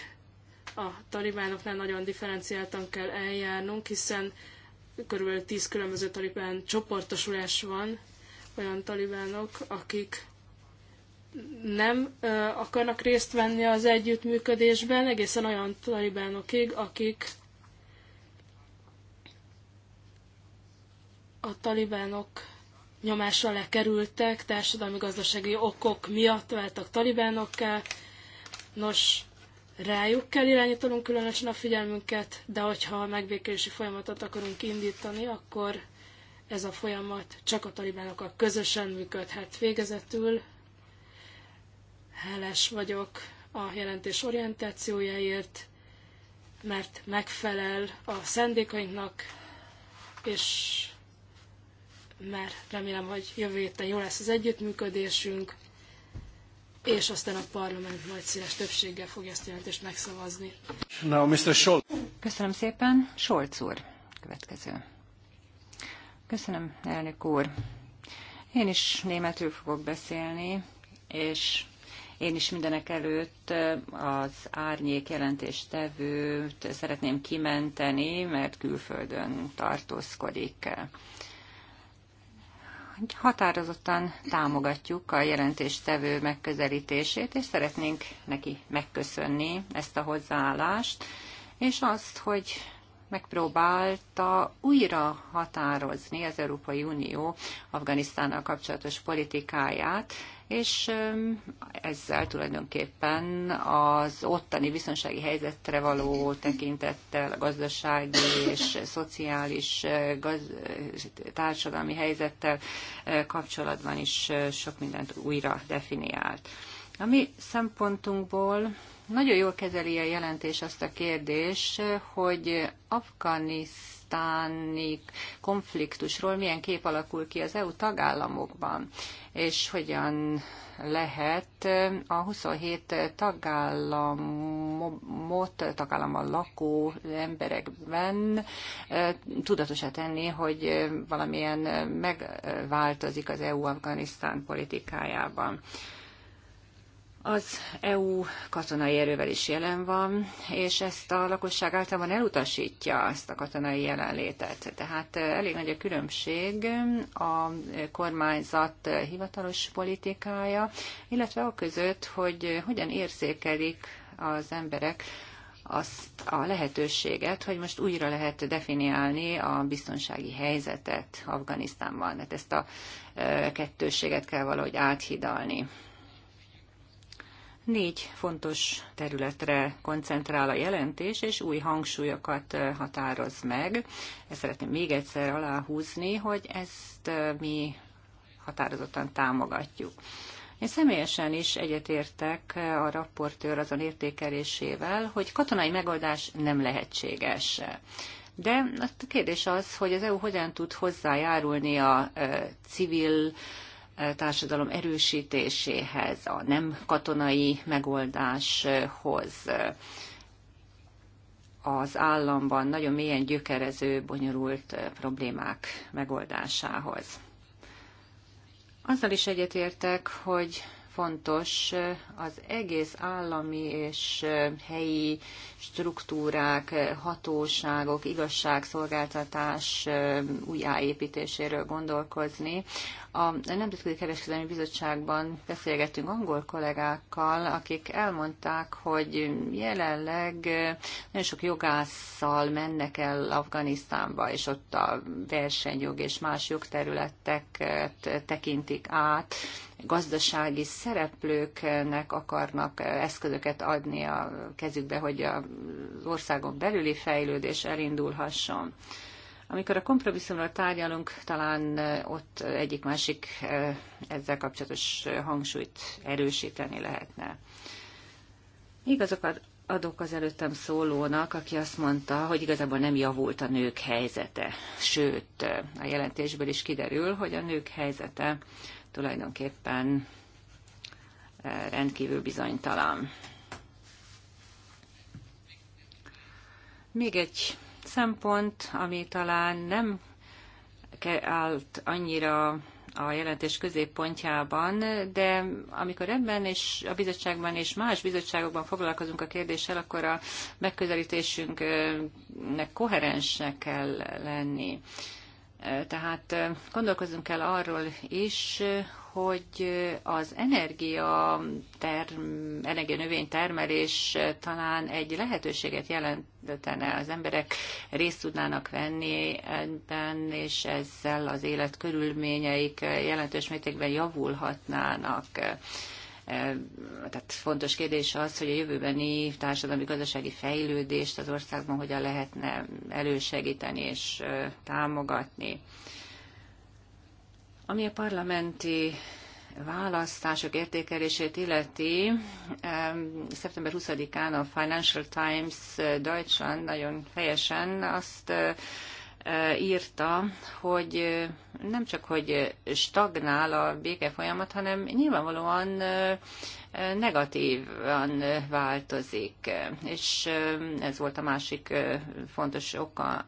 a talibánoknál nagyon differenciáltan kell eljárnunk, hiszen körülbelül 10 különböző talibán csoportosulás van, olyan talibánok, akik nem ö, akarnak részt venni az együttműködésben, egészen olyan talibánokig, akik a talibánok nyomás alá kerültek, társadalmi-gazdasági okok miatt váltak talibánokká. Nos, rájuk kell irányítanunk különösen a figyelmünket, de hogyha a megbékélési folyamatot akarunk indítani, akkor ez a folyamat csak a talibánokkal közösen működhet. Végezetül hálás vagyok a jelentés orientációjáért, mert megfelel a szendékainknak, és mert remélem, hogy jövő héten jó lesz az együttműködésünk, és aztán a parlament majd széles többséggel fogja ezt a jelentést megszavazni. Now, Mr. Scholz. Köszönöm szépen. Scholz úr, következő. Köszönöm, elnök úr. Én is németül fogok beszélni, és én is mindenek előtt az árnyék jelentéstevőt szeretném kimenteni, mert külföldön tartózkodik határozottan támogatjuk a jelentéstevő megközelítését, és szeretnénk neki megköszönni ezt a hozzáállást, és azt, hogy megpróbálta újra határozni az Európai Unió Afganisztánnal kapcsolatos politikáját, és ezzel tulajdonképpen az ottani biztonsági helyzetre való tekintettel, a gazdasági és szociális gaz- társadalmi helyzettel kapcsolatban is sok mindent újra definiált. A mi szempontunkból nagyon jól kezeli a jelentés azt a kérdés, hogy Afganisztán afganisztáni konfliktusról milyen kép alakul ki az EU tagállamokban és hogyan lehet a 27 tagállamot, tagállammal lakó emberekben tudatosan tenni, hogy valamilyen megváltozik az EU-Afganisztán politikájában. Az EU katonai erővel is jelen van, és ezt a lakosság általában elutasítja, ezt a katonai jelenlétet. Tehát eh, elég nagy a különbség a kormányzat hivatalos politikája, illetve a között, hogy hogyan érzékelik az emberek azt a lehetőséget, hogy most újra lehet definiálni a biztonsági helyzetet Afganisztánban. Hát ezt a eh, kettősséget kell valahogy áthidalni. Négy fontos területre koncentrál a jelentés, és új hangsúlyokat határoz meg. Ezt szeretném még egyszer aláhúzni, hogy ezt mi határozottan támogatjuk. Én személyesen is egyetértek a rapportőr azon értékelésével, hogy katonai megoldás nem lehetséges. De a kérdés az, hogy az EU hogyan tud hozzájárulni a civil társadalom erősítéséhez, a nem katonai megoldáshoz az államban nagyon mélyen gyökerező, bonyolult problémák megoldásához. Azzal is egyetértek, hogy fontos eh, az egész állami és eh, helyi struktúrák, eh, hatóságok, igazságszolgáltatás újjáépítéséről gondolkozni. A Nemzetközi Kereskedelmi Bizottságban beszélgettünk angol kollégákkal, akik elmondták, hogy jelenleg nagyon sok jogásszal mennek el Afganisztánba, és ott a versenyjog és más jogterületeket tekintik át, gazdasági szereplőknek akarnak eh, eszközöket adni a kezükbe, hogy az országon belüli fejlődés elindulhasson. Amikor a kompromisszumról tárgyalunk, talán eh, ott egyik-másik eh, ezzel kapcsolatos hangsúlyt erősíteni lehetne. Igazokat adok az előttem szólónak, aki azt mondta, hogy igazából nem javult a nők helyzete. Sőt, a jelentésből is kiderül, hogy a nők helyzete tulajdonképpen eh, rendkívül bizonytalan. Még egy szempont, ami talán nem állt annyira a jelentés középpontjában, de amikor ebben és a bizottságban és más bizottságokban foglalkozunk a kérdéssel, akkor a megközelítésünknek koherensnek kell lenni. Tehát gondolkozunk kell arról is, hogy az energia, term, energia termelés talán egy lehetőséget jelentene, az emberek részt tudnának venni ebben, és ezzel az élet körülményeik jelentős mértékben javulhatnának E, tehát fontos kérdés az, hogy a jövőbeni társadalmi gazdasági fejlődést az országban hogyan lehetne elősegíteni és e, támogatni. Ami a parlamenti választások értékelését illeti, e, szeptember 20-án a Financial Times Deutschland nagyon fejesen azt írta, hogy nem csak, hogy stagnál a béke folyamat, hanem nyilvánvalóan negatívan változik, és ez volt a másik fontos oka,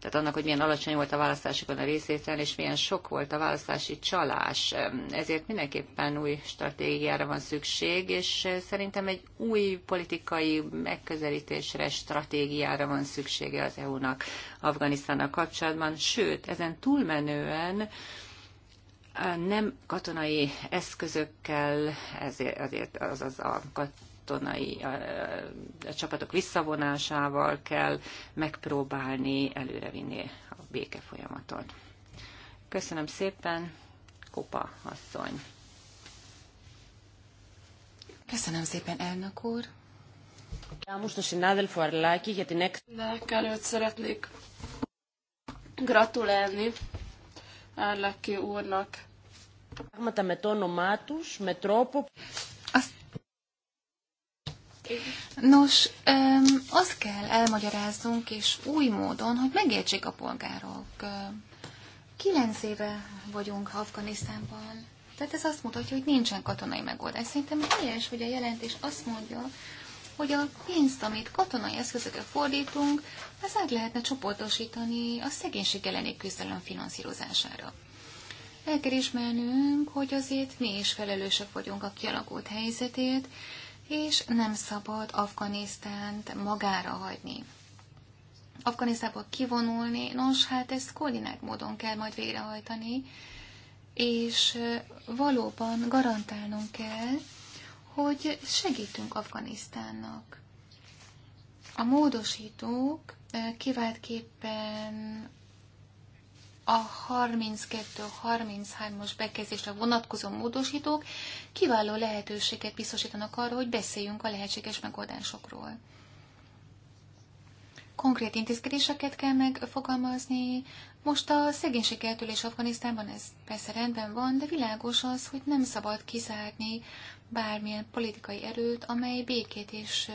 tehát annak, hogy milyen alacsony volt a választásokon a részvétel, és milyen sok volt a választási csalás. Ezért mindenképpen új stratégiára van szükség, és szerintem egy új politikai megközelítésre, stratégiára van szüksége az EU-nak Afganisztánnak kapcsolatban. Sőt, ezen túlmenően nem katonai eszközökkel, ezért azért az a katonai a, a csapatok visszavonásával kell megpróbálni előrevinni a béke folyamatot. Köszönöm szépen, Kopa asszony. Köszönöm szépen, elnök úr. Mindenek előtt szeretnék gratulálni Árlaki úrnak. Με το όνομά τους, με τρόπο... Nos, azt kell elmagyaráznunk, és új módon, hogy megértsék a polgárok. Kilenc éve vagyunk Afganisztánban, tehát ez azt mutatja, hogy nincsen katonai megoldás. Szerintem helyes, hogy a jelentés azt mondja, hogy a pénzt, amit katonai eszközökre fordítunk, az át lehetne csoportosítani a szegénység elleni küzdelem finanszírozására. El kell ismernünk, hogy azért mi is felelősek vagyunk a kialakult helyzetét, és nem szabad Afganisztánt magára hagyni. Afganisztából kivonulni, nos, hát ezt koordinált módon kell majd végrehajtani, és valóban garantálnunk kell, hogy segítünk Afganisztánnak. A módosítók kiváltképpen a 32-33-as bekezdésre vonatkozó módosítók kiváló lehetőséget biztosítanak arra, hogy beszéljünk a lehetséges megoldásokról. Konkrét intézkedéseket kell megfogalmazni most a szegénység eltűlés Afganisztánban ez persze rendben van, de világos az, hogy nem szabad kizárni bármilyen politikai erőt, amely békét és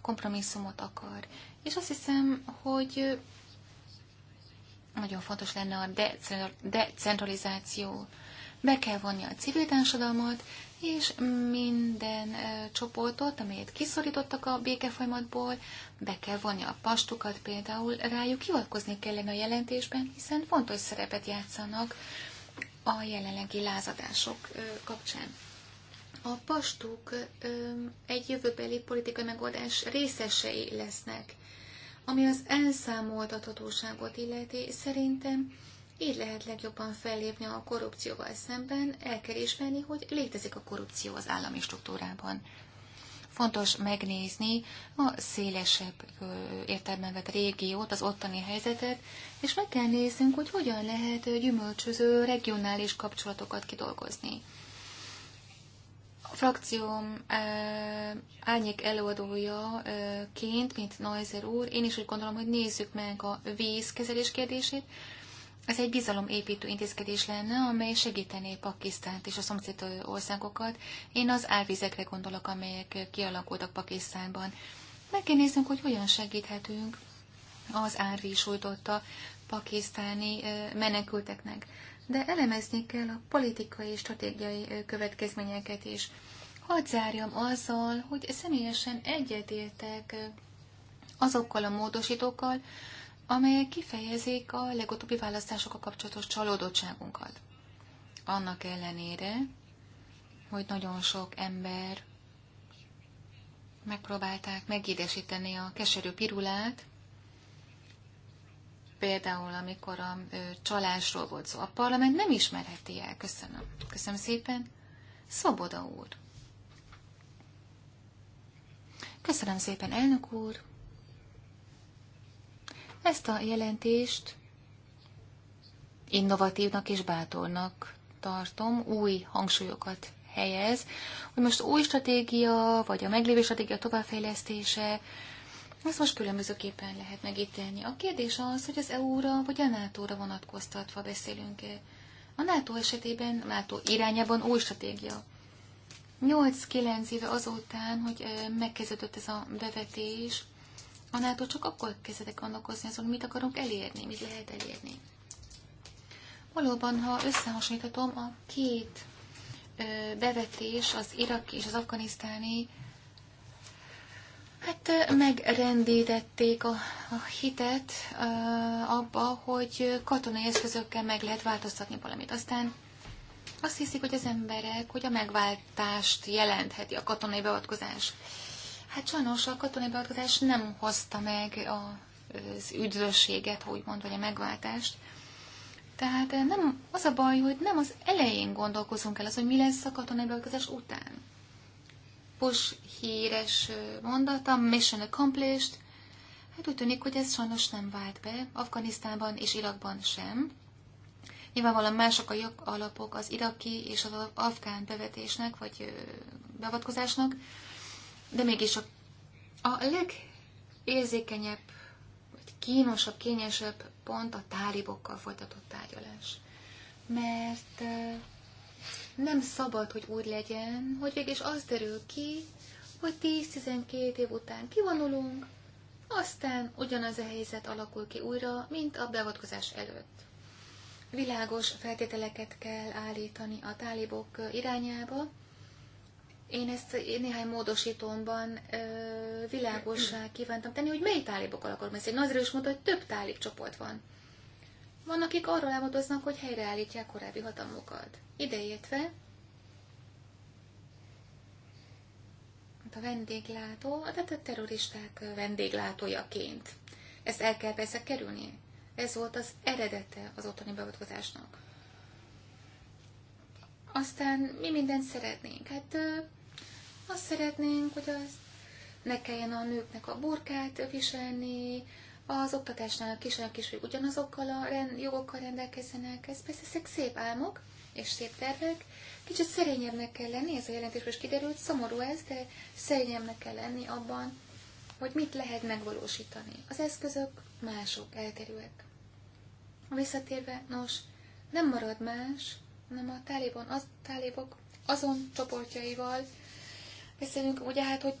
kompromisszumot akar. És azt hiszem, hogy nagyon fontos lenne a decentralizáció. Be kell vonni a civil társadalmat, és minden csoportot, amelyet kiszorítottak a békefolyamatból, be kell vonni a pastukat például, rájuk hivatkozni kellene a jelentésben, hiszen fontos szerepet játszanak a jelenlegi lázadások kapcsán. A pastuk egy jövőbeli politikai megoldás részesei lesznek, ami az elszámoltathatóságot illeti, szerintem így lehet legjobban fellépni a korrupcióval szemben, el kell ismerni, hogy létezik a korrupció az állami struktúrában. Fontos megnézni a szélesebb értelemben vett régiót, az ottani helyzetet, és meg kell néznünk, hogy hogyan lehet gyümölcsöző regionális kapcsolatokat kidolgozni. A frakcióm árnyék előadójaként, mint Neuser úr, én is úgy gondolom, hogy nézzük meg a vízkezelés kérdését, ez egy bizalomépítő intézkedés lenne, amely segítené Pakisztánt és a szomszéd országokat. Én az árvizekre gondolok, amelyek kialakultak Pakisztánban. Meg kell néznünk, hogy hogyan segíthetünk az árvíz sújtotta pakisztáni menekülteknek. De elemezni kell a politikai és stratégiai következményeket is. Hadd zárjam azzal, hogy személyesen egyetértek azokkal a módosítókkal, amelyek kifejezik a legutóbbi választásokkal kapcsolatos csalódottságunkat. Annak ellenére, hogy nagyon sok ember megpróbálták megidesíteni a keserű pirulát, például amikor a csalásról volt szó. A parlament nem ismerheti el. Köszönöm. Köszönöm szépen. Szoboda úr. Köszönöm szépen, elnök úr. Ezt a jelentést innovatívnak és bátornak tartom, új hangsúlyokat helyez, hogy most új stratégia, vagy a meglévő stratégia továbbfejlesztése, ezt most különbözőképpen lehet megítélni. A kérdés az, hogy az EU-ra vagy a NATO-ra vonatkoztatva beszélünk-e. A NATO esetében, a NATO irányában új stratégia. 8-9 éve azután, hogy megkezdődött ez a bevetés, annáltól csak akkor kezdetek gondolkozni azon, mit akarunk elérni, mit lehet elérni. Valóban, ha összehasonlítatom a két bevetés, az iraki és az afganisztáni, hát megrendítették a, a hitet abba, hogy katonai eszközökkel meg lehet változtatni valamit. Aztán azt hiszik, hogy az emberek, hogy a megváltást jelentheti a katonai beavatkozás. Hát sajnos a katonai beavatkozás nem hozta meg az üdvösséget, úgymond, vagy a megváltást. Tehát eh, nem az a baj, hogy nem az elején gondolkozunk el az, hogy mi lesz a katonai beavatkozás után. Bush híres eh, mondata, mission accomplished, hát úgy tűnik, hogy ez sajnos nem vált be, Afganisztánban és Irakban sem. Nyilvánvalóan mások a jogalapok az iraki és az afgán bevetésnek, vagy eh, beavatkozásnak, de mégis a, a legérzékenyebb, vagy kínosabb, kényesebb pont a tálibokkal folytatott tárgyalás. Mert nem szabad, hogy úgy legyen, hogy végig az derül ki, hogy 10-12 év után kivonulunk, aztán ugyanaz a helyzet alakul ki újra, mint a beavatkozás előtt. Világos feltételeket kell állítani a tálibok irányába, én ezt néhány módosítómban ö, világosá kívántam tenni, hogy mely tálibokkal akarom beszélni. Nazir is mondta, hogy több tálib csoport van. Van, akik arról álmodoznak, hogy helyreállítják korábbi hatalmukat. Ideértve a vendéglátó, tehát a terroristák vendéglátójaként. Ezt el kell persze kerülni. Ez volt az eredete az otthoni beavatkozásnak. Aztán mi mindent szeretnénk? Hát azt szeretnénk, hogy az ne kelljen a nőknek a burkát viselni, az oktatásnál a kis is, hogy ugyanazokkal a rend, jogokkal rendelkezzenek. Ez persze ezek szép álmok és szép tervek. Kicsit szerényebbnek kell lenni, ez a jelentés most kiderült, szomorú ez, de szerényebbnek kell lenni abban, hogy mit lehet megvalósítani. Az eszközök mások, A Visszatérve, nos, nem marad más, hanem a tálibon, az, tálibok azon csoportjaival, beszélünk, ugye hát, hogy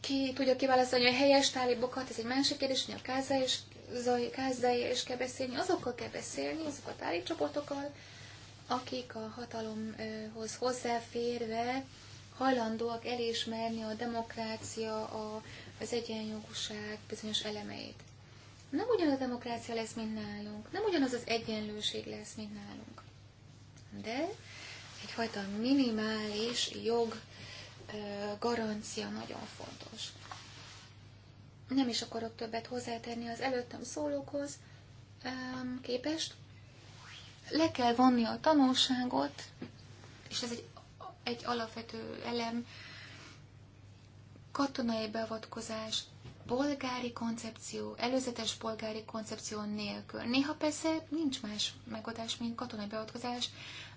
ki tudja kiválasztani a helyes tálibokat, ez egy másik kérdés, hogy a kázai és kázai és kell beszélni, azokkal kell beszélni, azok a tárgycsoportokkal, akik a hatalomhoz hozzáférve hajlandóak elismerni a demokrácia, a, az egyenjogúság bizonyos elemeit. Nem ugyanaz a demokrácia lesz, mint nálunk, nem ugyanaz az egyenlőség lesz, mint nálunk. De egyfajta minimális jog garancia nagyon fontos. Nem is akarok többet hozzátenni az előttem szólókhoz képest. Le kell vonni a tanulságot, és ez egy, egy alapvető elem, katonai beavatkozás, polgári koncepció, előzetes polgári koncepció nélkül. Néha persze nincs más megoldás, mint katonai beavatkozás,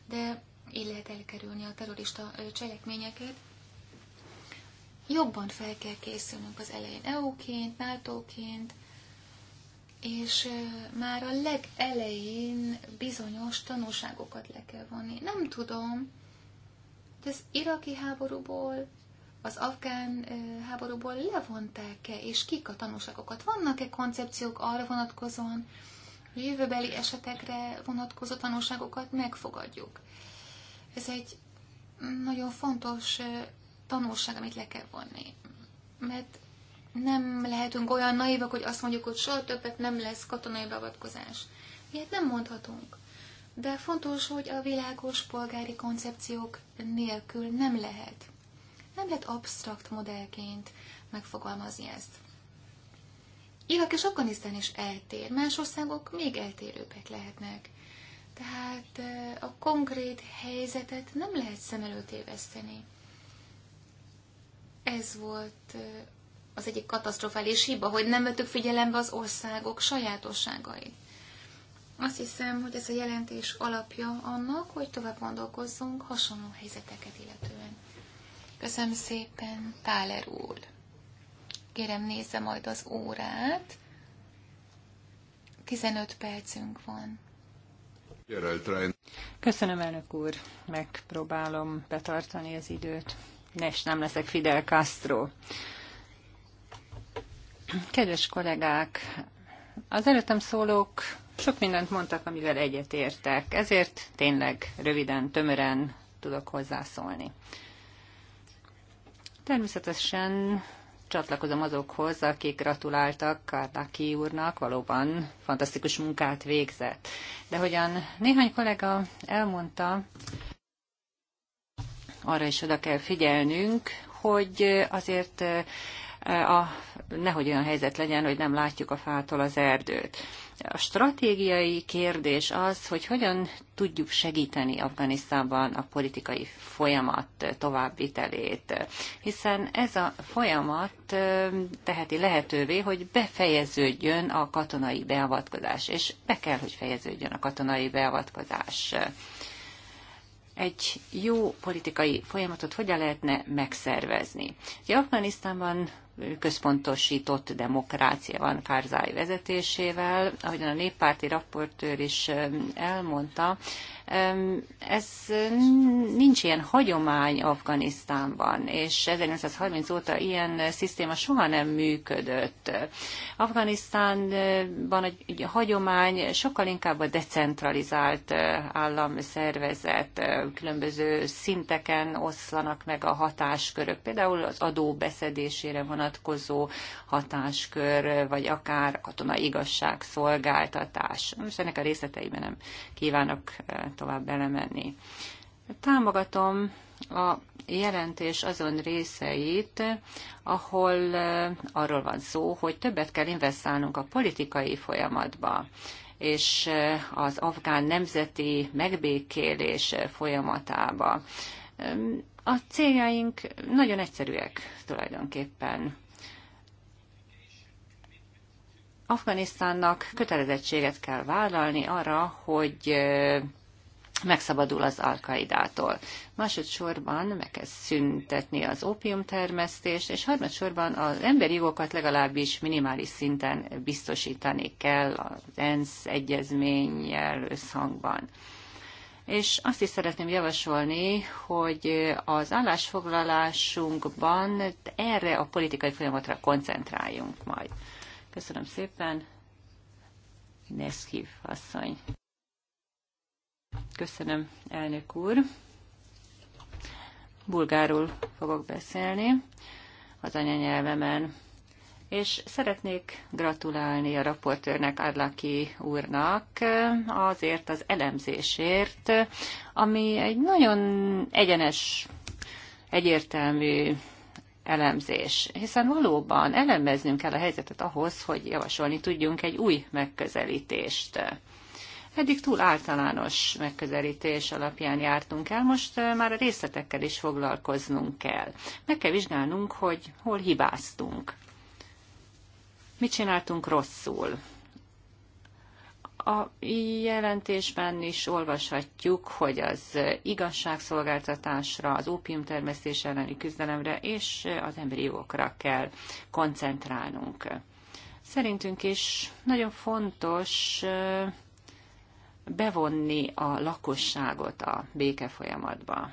de így lehet elkerülni a terrorista cselekményeket jobban fel kell készülnünk az elején EU-ként, NATO-ként, és már a legelején bizonyos tanulságokat le kell vonni. Nem tudom, de az iraki háborúból, az afgán háborúból levonták-e, és kik a tanulságokat? Vannak-e koncepciók arra vonatkozóan, hogy jövőbeli esetekre vonatkozó tanulságokat megfogadjuk? Ez egy nagyon fontos tanulság, amit le kell vonni. Mert nem lehetünk olyan naivak, hogy azt mondjuk, hogy soha többet nem lesz katonai beavatkozás. Ilyet nem mondhatunk. De fontos, hogy a világos polgári koncepciók nélkül nem lehet. Nem lehet absztrakt modellként megfogalmazni ezt. Irak és Afganisztán is eltér, más országok még eltérőbbek lehetnek. Tehát eh, a konkrét helyzetet nem lehet szem előtt éveszteni. Ez volt az egyik katasztrofális hiba, hogy nem vettük figyelembe az országok sajátosságait. Azt hiszem, hogy ez a jelentés alapja annak, hogy tovább gondolkozzunk hasonló helyzeteket illetően. Köszönöm szépen, Táler úr. Kérem, nézze majd az órát. 15 percünk van. Köszönöm, elnök úr. Megpróbálom betartani az időt és nem leszek Fidel Castro. Kedves kollégák, az előttem szólók sok mindent mondtak, amivel egyetértek, ezért tényleg röviden, tömören tudok hozzászólni. Természetesen csatlakozom azokhoz, akik gratuláltak Kárdáki úrnak, valóban fantasztikus munkát végzett. De hogyan néhány kollega elmondta, arra is oda kell figyelnünk, hogy azért eh, a, nehogy olyan helyzet legyen, hogy nem látjuk a fától az erdőt. A stratégiai kérdés az, hogy hogyan tudjuk segíteni Afganisztánban a politikai folyamat továbbvitelét, hiszen ez a folyamat eh, teheti lehetővé, hogy befejeződjön a katonai beavatkozás, és be kell, hogy fejeződjön a katonai beavatkozás egy jó politikai folyamatot hogyan lehetne megszervezni. Ugye Afganisztánban központosított demokrácia van Kárzáj vezetésével, ahogyan a néppárti raportőr is elmondta, ez nincs ilyen hagyomány Afganisztánban, és 1930 óta ilyen szisztéma soha nem működött. Afganisztánban egy hagyomány sokkal inkább a decentralizált eh, államszervezet, eh, különböző szinteken oszlanak meg a hatáskörök, például az adó beszedésére vonatkozó hatáskör, vagy akár katonai igazságszolgáltatás. Most ennek a részleteiben nem kívánok eh, tovább belemenni. Támogatom a jelentés azon részeit, ahol arról van szó, hogy többet kell investálnunk a politikai folyamatba és az afgán nemzeti megbékélés folyamatába. A céljaink nagyon egyszerűek tulajdonképpen. Afganisztánnak kötelezettséget kell vállalni arra, hogy megszabadul az alkaidától. Másodszorban meg kell szüntetni az ópiumtermesztést, és harmadsorban az emberi jogokat legalábbis minimális szinten biztosítani kell az ENSZ egyezménnyel összhangban. És azt is szeretném javasolni, hogy az állásfoglalásunkban erre a politikai folyamatra koncentráljunk majd. Köszönöm szépen. Neszkív asszony. Köszönöm, elnök úr. Bulgáról fogok beszélni az anyanyelvemen. És szeretnék gratulálni a raportőrnek, Adlaki úrnak azért az elemzésért, ami egy nagyon egyenes, egyértelmű elemzés, hiszen valóban elemeznünk kell a helyzetet ahhoz, hogy javasolni tudjunk egy új megközelítést. Eddig túl általános megközelítés alapján jártunk el, most már a részletekkel is foglalkoznunk kell. Meg kell vizsgálnunk, hogy hol hibáztunk. Mit csináltunk rosszul? A jelentésben is olvashatjuk, hogy az igazságszolgáltatásra, az termesztés elleni küzdelemre és az emberi jogokra kell koncentrálnunk. Szerintünk is nagyon fontos bevonni a lakosságot a béke folyamatba.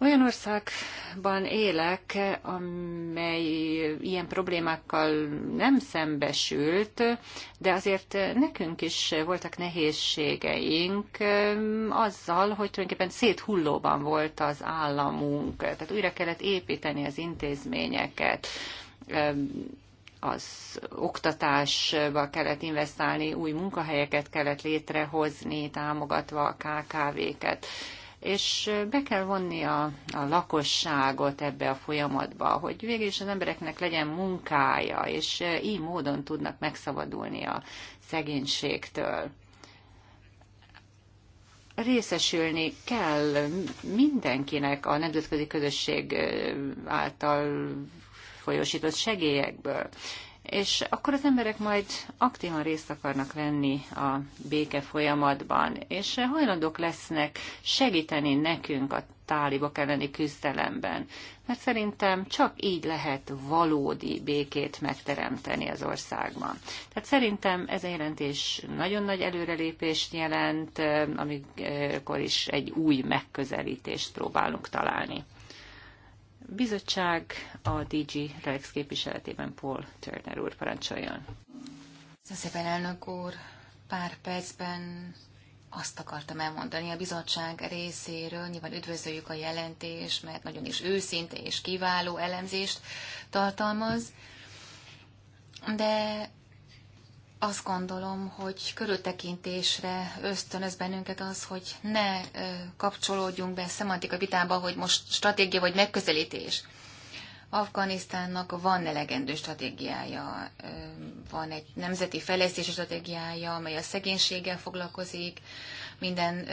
Olyan országban élek, amely ilyen problémákkal nem szembesült, de azért nekünk is voltak nehézségeink ehm, azzal, hogy tulajdonképpen széthullóban volt az államunk, tehát újra kellett építeni az intézményeket ehm, az oktatásba kellett investálni, új munkahelyeket kellett létrehozni, támogatva a KKV-ket és be kell vonni a, a lakosságot ebbe a folyamatba, hogy végül is az embereknek legyen munkája, és így módon tudnak megszabadulni a szegénységtől. Részesülni kell mindenkinek a nemzetközi közösség által folyósított segélyekből. És akkor az emberek majd aktívan részt akarnak venni a béke folyamatban, és hajlandók lesznek segíteni nekünk a tálibok elleni küzdelemben. Mert szerintem csak így lehet valódi békét megteremteni az országban. Tehát szerintem ez a jelentés nagyon nagy előrelépést jelent, eh, amikor is egy új megközelítést próbálunk találni bizottság a DG Rex képviseletében Paul Turner úr parancsoljon. Szépen elnök úr, pár percben azt akartam elmondani a bizottság részéről. Nyilván üdvözöljük a jelentés, mert nagyon is őszinte és kiváló elemzést tartalmaz. De azt gondolom, hogy körültekintésre ösztönöz bennünket az, hogy ne kapcsolódjunk be szemantika vitába, hogy most stratégia vagy megközelítés. Afganisztánnak van elegendő stratégiája, van egy nemzeti fejlesztési stratégiája, amely a szegénységgel foglalkozik, minden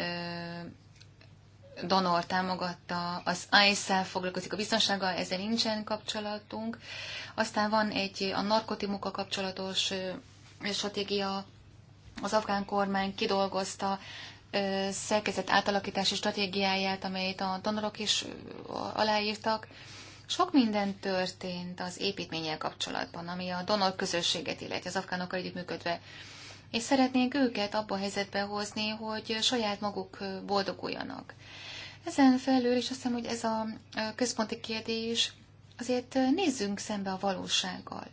donor támogatta, az ISAF foglalkozik a biztonsággal, ezzel nincsen kapcsolatunk. Aztán van egy a narkotimokkal kapcsolatos stratégia, az afgán kormány kidolgozta szerkezet átalakítási stratégiáját, amelyet a donorok is aláírtak. Sok minden történt az építménnyel kapcsolatban, ami a donor közösséget illeti, az afgánokkal együttműködve. És szeretnénk őket abba a helyzetbe hozni, hogy saját maguk boldoguljanak. Ezen felül is azt hiszem, hogy ez a központi kérdés, azért nézzünk szembe a valósággal.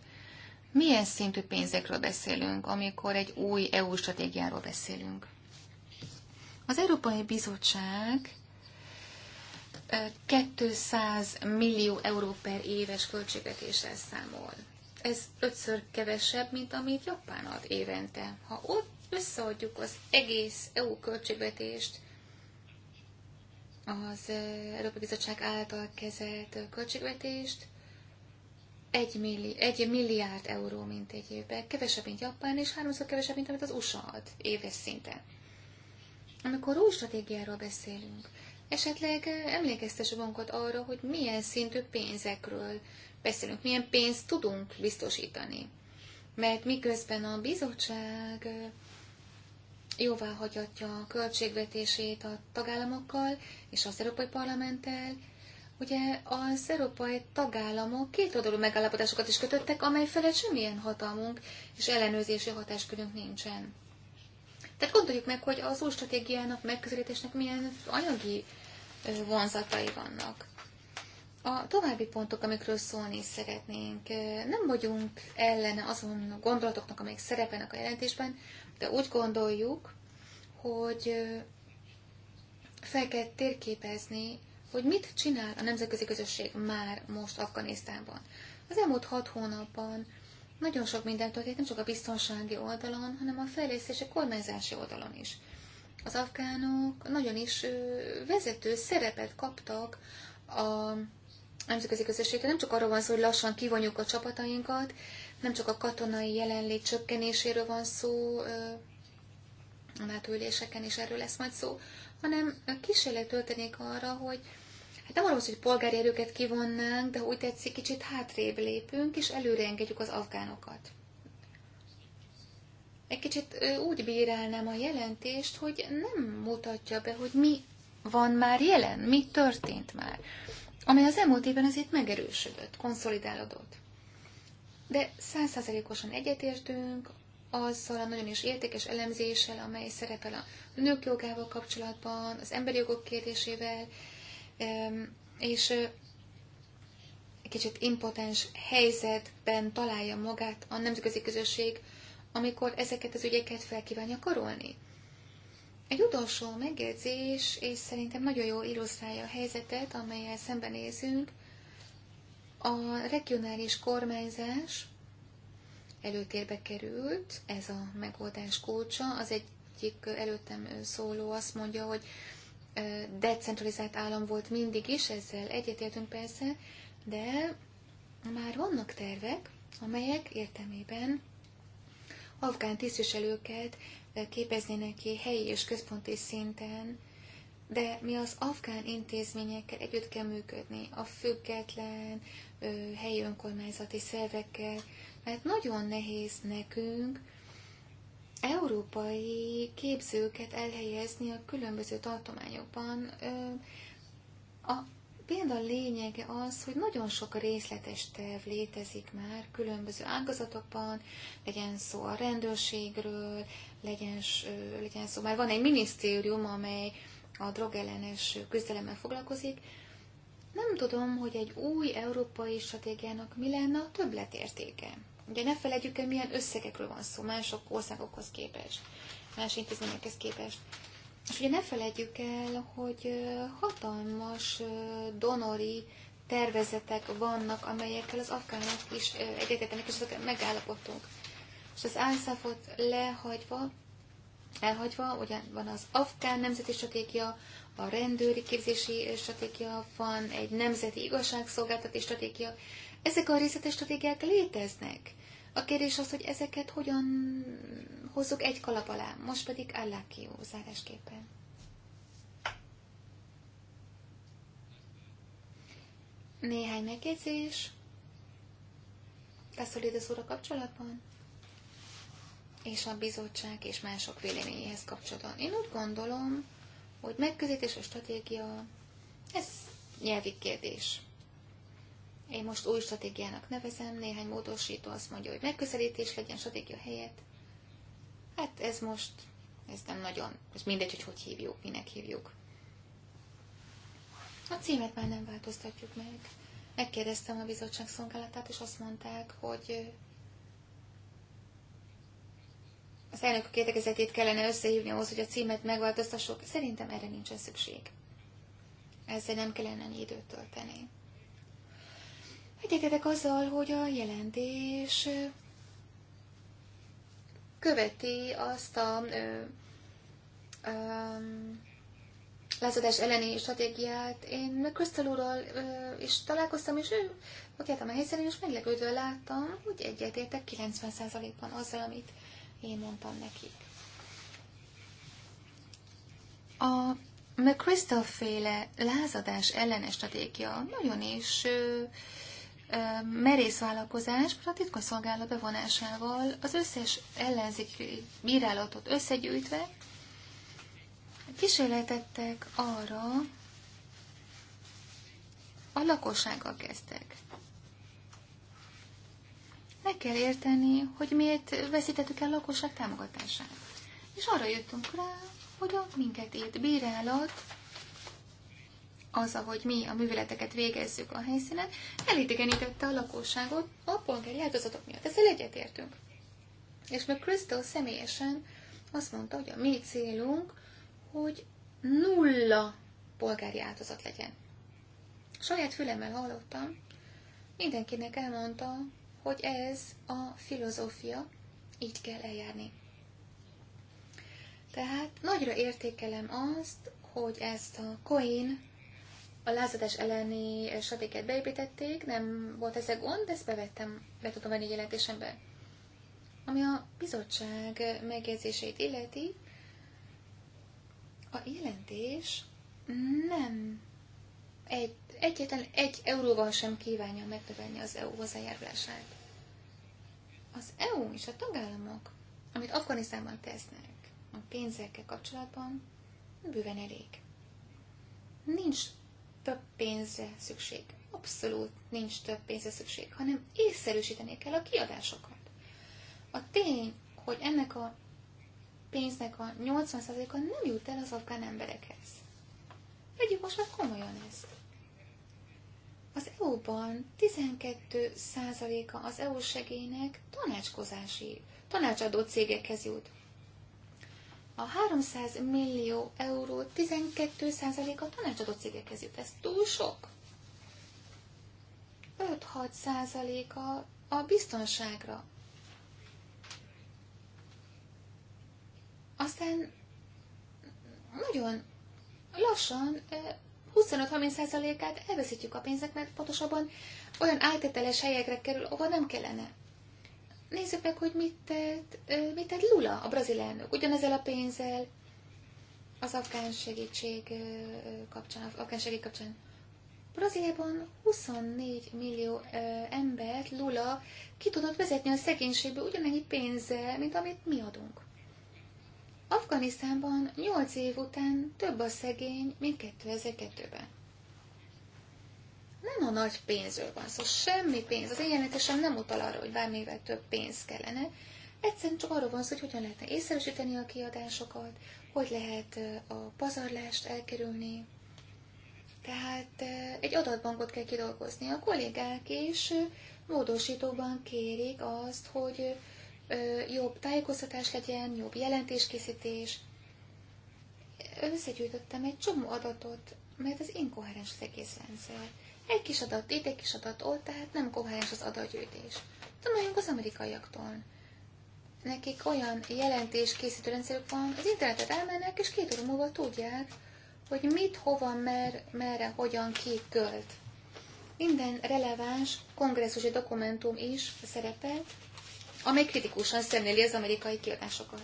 Milyen szintű pénzekről beszélünk, amikor egy új EU stratégiáról beszélünk? Az Európai Bizottság 200 millió euró per éves költségvetéssel számol. Ez ötször kevesebb, mint amit Japán ad évente. Ha ott összeadjuk az egész EU költségvetést, az Európai Bizottság által kezelt költségvetést, egy milli, egy milliárd euró mint egy évben, kevesebb, mint Japán, és háromszor kevesebb, mint amit az USA ad éves szinten. Amikor új stratégiáról beszélünk, esetleg emlékeztes a bankot arra, hogy milyen szintű pénzekről beszélünk, milyen pénzt tudunk biztosítani. Mert miközben a bizottság jóvá hagyatja a költségvetését a tagállamokkal és az Európai Parlamenttel, Ugye az európai tagállamok kétoldalú megállapodásokat is kötöttek, amely felett semmilyen hatalmunk és ellenőrzési hatáskörünk nincsen. Tehát gondoljuk meg, hogy az új stratégiának, megközelítésnek milyen anyagi vonzatai vannak. A további pontok, amikről szólni szeretnénk, nem vagyunk ellene azon a gondolatoknak, amelyek szerepelnek a jelentésben, de úgy gondoljuk, hogy fel kell térképezni hogy mit csinál a nemzetközi közösség már most Afganisztánban. Az elmúlt hat hónapban nagyon sok mindent történt, nem csak a biztonsági oldalon, hanem a fejlesztés a kormányzási oldalon is. Az afgánok nagyon is vezető szerepet kaptak a nemzetközi közösségtől. Nem csak arról van szó, hogy lassan kivonjuk a csapatainkat, nem csak a katonai jelenlét csökkenéséről van szó, a NATO üléseken is erről lesz majd szó, hanem kísérlet töltenék arra, hogy hát nem arról hogy polgári erőket kivonnánk, de úgy tetszik, kicsit hátrébb lépünk, és előre engedjük az afgánokat. Egy kicsit úgy bírálnám a jelentést, hogy nem mutatja be, hogy mi van már jelen, mi történt már, amely az elmúlt évben azért megerősödött, konszolidálódott. De százszázalékosan egyetértünk, azzal a nagyon is értékes elemzéssel, amely szerepel a nők jogával kapcsolatban, az emberi jogok kérdésével, és egy kicsit impotens helyzetben találja magát a nemzetközi közösség, amikor ezeket az ügyeket kívánja karolni. Egy utolsó megjegyzés, és szerintem nagyon jól illusztrálja a helyzetet, amelyel szembenézünk, a regionális kormányzás, előtérbe került, ez a megoldás kulcsa. Az egyik előttem szóló azt mondja, hogy decentralizált állam volt mindig is, ezzel egyetértünk persze, de már vannak tervek, amelyek értelmében afgán tisztviselőket képeznének ki helyi és központi szinten, de mi az afgán intézményekkel együtt kell működni, a független helyi önkormányzati szervekkel, mert nagyon nehéz nekünk európai képzőket elhelyezni a különböző tartományokban. A példa lényege az, hogy nagyon sok részletes terv létezik már különböző ágazatokban, legyen szó a rendőrségről, legyen, legyen szó, már van egy minisztérium, amely a drogellenes küzdelemmel foglalkozik. Nem tudom, hogy egy új európai stratégiának mi lenne a többletértéke. Ugye ne felejtjük el, milyen összegekről van szó mások országokhoz képest, más intézményekhez képest. És ugye ne felejtjük el, hogy hatalmas donori tervezetek vannak, amelyekkel az afgánok is egyetetlenek, és azokat megállapodtunk. És az álszáfot lehagyva, elhagyva, ugyan van az afgán nemzeti stratégia, a rendőri képzési stratégia, van egy nemzeti igazságszolgáltatási stratégia, ezek a részletes stratégiák léteznek. A kérdés az, hogy ezeket hogyan hozzuk egy kalap alá. Most pedig Allakió zárásképpen. Néhány megjegyzés. Teszolides a a kapcsolatban? És a bizottság és mások véleményéhez kapcsolatban. Én úgy gondolom, hogy megközelítés a stratégia, ez nyelvi kérdés. Én most új stratégiának nevezem, néhány módosító azt mondja, hogy megközelítés legyen stratégia helyett. Hát ez most, ez nem nagyon, ez mindegy, hogy hogy hívjuk, minek hívjuk. A címet már nem változtatjuk meg. Megkérdeztem a bizottság szolgálatát, és azt mondták, hogy az elnök kérdekezetét kellene összehívni ahhoz, hogy a címet megváltoztassuk. Szerintem erre nincsen szükség. Ezzel nem kellene időt tölteni. Egyetetek azzal, hogy a jelentés követi azt a ö, ö, lázadás elleni stratégiát. Én Crystal úrral ö, is találkoztam, és ő, ott a helyszínen, és meglepődve láttam, hogy egyetértek 90%-ban azzal, amit én mondtam nekik. A McChrystal féle lázadás ellenes stratégia nagyon is ö, merész vállalkozás, a titkosszolgálat bevonásával az összes ellenzéki bírálatot összegyűjtve kísérletettek arra, a lakossággal kezdtek. Meg kell érteni, hogy miért veszítettük el a lakosság támogatását. És arra jöttünk rá, hogy a minket ért bírálat az, ahogy mi a műveleteket végezzük a helyszínen, elidegenítette a lakosságot a polgári áldozatok miatt. Ezzel egyetértünk. És meg Crystal személyesen azt mondta, hogy a mi célunk, hogy nulla polgári áldozat legyen. Saját fülemmel hallottam, mindenkinek elmondta, hogy ez a filozófia, így kell eljárni. Tehát nagyra értékelem azt, hogy ezt a Coin a lázadás elleni eh, stratégiát beépítették, nem volt ezzel gond, de ezt bevettem, be tudom venni egy jelentésembe. Ami a bizottság eh, megjegyzéseit illeti, a jelentés nem egy, egyetlen egy euróval sem kívánja megnövelni az EU hozzájárulását. Az EU és a tagállamok, amit Afganisztánban tesznek a pénzekkel kapcsolatban, bőven elég. Nincs több pénzre szükség. Abszolút nincs több pénzre szükség, hanem észszerűsíteni kell a kiadásokat. A tény, hogy ennek a pénznek a 80%-a nem jut el az afgán emberekhez. Vegyük most már komolyan ezt. Az EU-ban 12%-a az EU segélynek tanácskozási, tanácsadó cégekhez jut. A 300 millió euró 12% a tanácsadó cégekhez jut. Ez túl sok. 5-6% a, a biztonságra. Aztán nagyon lassan 25-30%-át elveszítjük a pénzeknek, pontosabban olyan áltételes helyekre kerül, ahol nem kellene. Nézzük meg, hogy mit tett, mit tett Lula, a brazil elnök, ugyanezzel a pénzzel, az afgán segítség kapcsán, afgán segítség kapcsán. Brazíliában 24 millió embert Lula ki tudott vezetni a szegénységből ugyanennyi pénzzel, mint amit mi adunk. Afganisztánban 8 év után több a szegény, mint 2002-ben nem a nagy pénzről van szó, szóval semmi pénz. Az én sem nem utal arra, hogy bármivel több pénz kellene. Egyszerűen csak arról van szó, hogy hogyan lehetne észrevesíteni a kiadásokat, hogy lehet a pazarlást elkerülni. Tehát egy adatbankot kell kidolgozni. A kollégák is módosítóban kérik azt, hogy jobb tájékoztatás legyen, jobb jelentéskészítés. Összegyűjtöttem egy csomó adatot, mert ez inkoherens az egész rendszer. Egy kis adat itt, egy kis adat ott, tehát nem kohályos az adatgyűjtés. Tanuljunk az amerikaiaktól. Nekik olyan jelentés készítő rendszerük van, az internetet elmennek, és két óra múlva tudják, hogy mit, hova, mer, merre, hogyan, ki költ. Minden releváns kongresszusi dokumentum is szerepel, amely kritikusan szemléli az amerikai kiadásokat.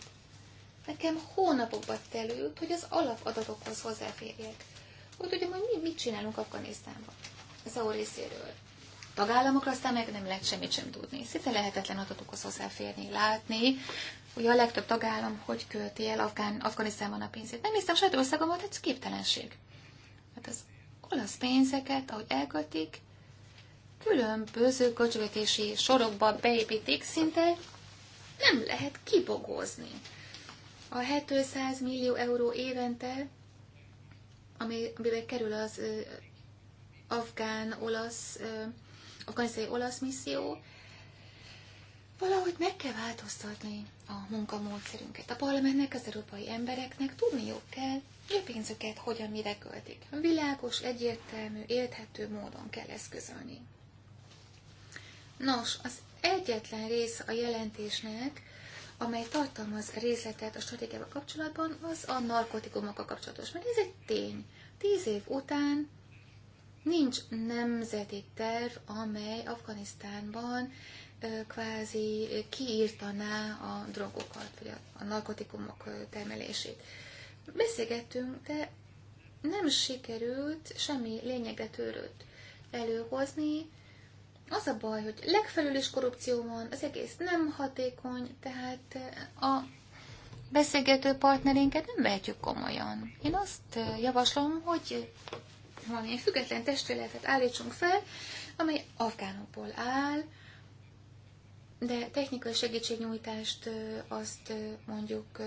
Nekem hónapokba telült, hogy az alapadatokhoz hozzáférjek. Hogy tudjam, hogy mi mit csinálunk Afganisztánban az EU részéről. Tagállamokra aztán meg nem lehet semmit sem tudni. Szinte lehetetlen adatokhoz hozzáférni, látni. Ugye a legtöbb tagállam hogy költi el Afgán, Afganisztánban a pénzét. Nem hiszem, saját volt, ez képtelenség. Hát az olasz pénzeket, ahogy elköltik, különböző költségvetési sorokba beépítik, szinte nem lehet kibogozni. A 700 millió euró évente, ami, amiben kerül az afgán, olasz, afganisztai olasz misszió, valahogy meg kell változtatni a munkamódszerünket. A parlamentnek, az európai embereknek tudniuk kell, hogy a pénzüket hogyan mire költik. Világos, egyértelmű, érthető módon kell eszközölni. Nos, az egyetlen rész a jelentésnek, amely tartalmaz részletet a stratégiával kapcsolatban, az a narkotikumokkal kapcsolatos, mert ez egy tény. Tíz év után Nincs nemzeti terv, amely Afganisztánban kvázi kiírtaná a drogokat, vagy a narkotikumok termelését. Beszélgettünk, de nem sikerült semmi lényegre törőt előhozni. Az a baj, hogy legfelül is korrupció van, az egész nem hatékony, tehát a beszélgető partnerinket nem vehetjük komolyan. Én azt javaslom, hogy valamilyen független testületet állítsunk fel, amely afgánokból áll, de technikai segítségnyújtást azt mondjuk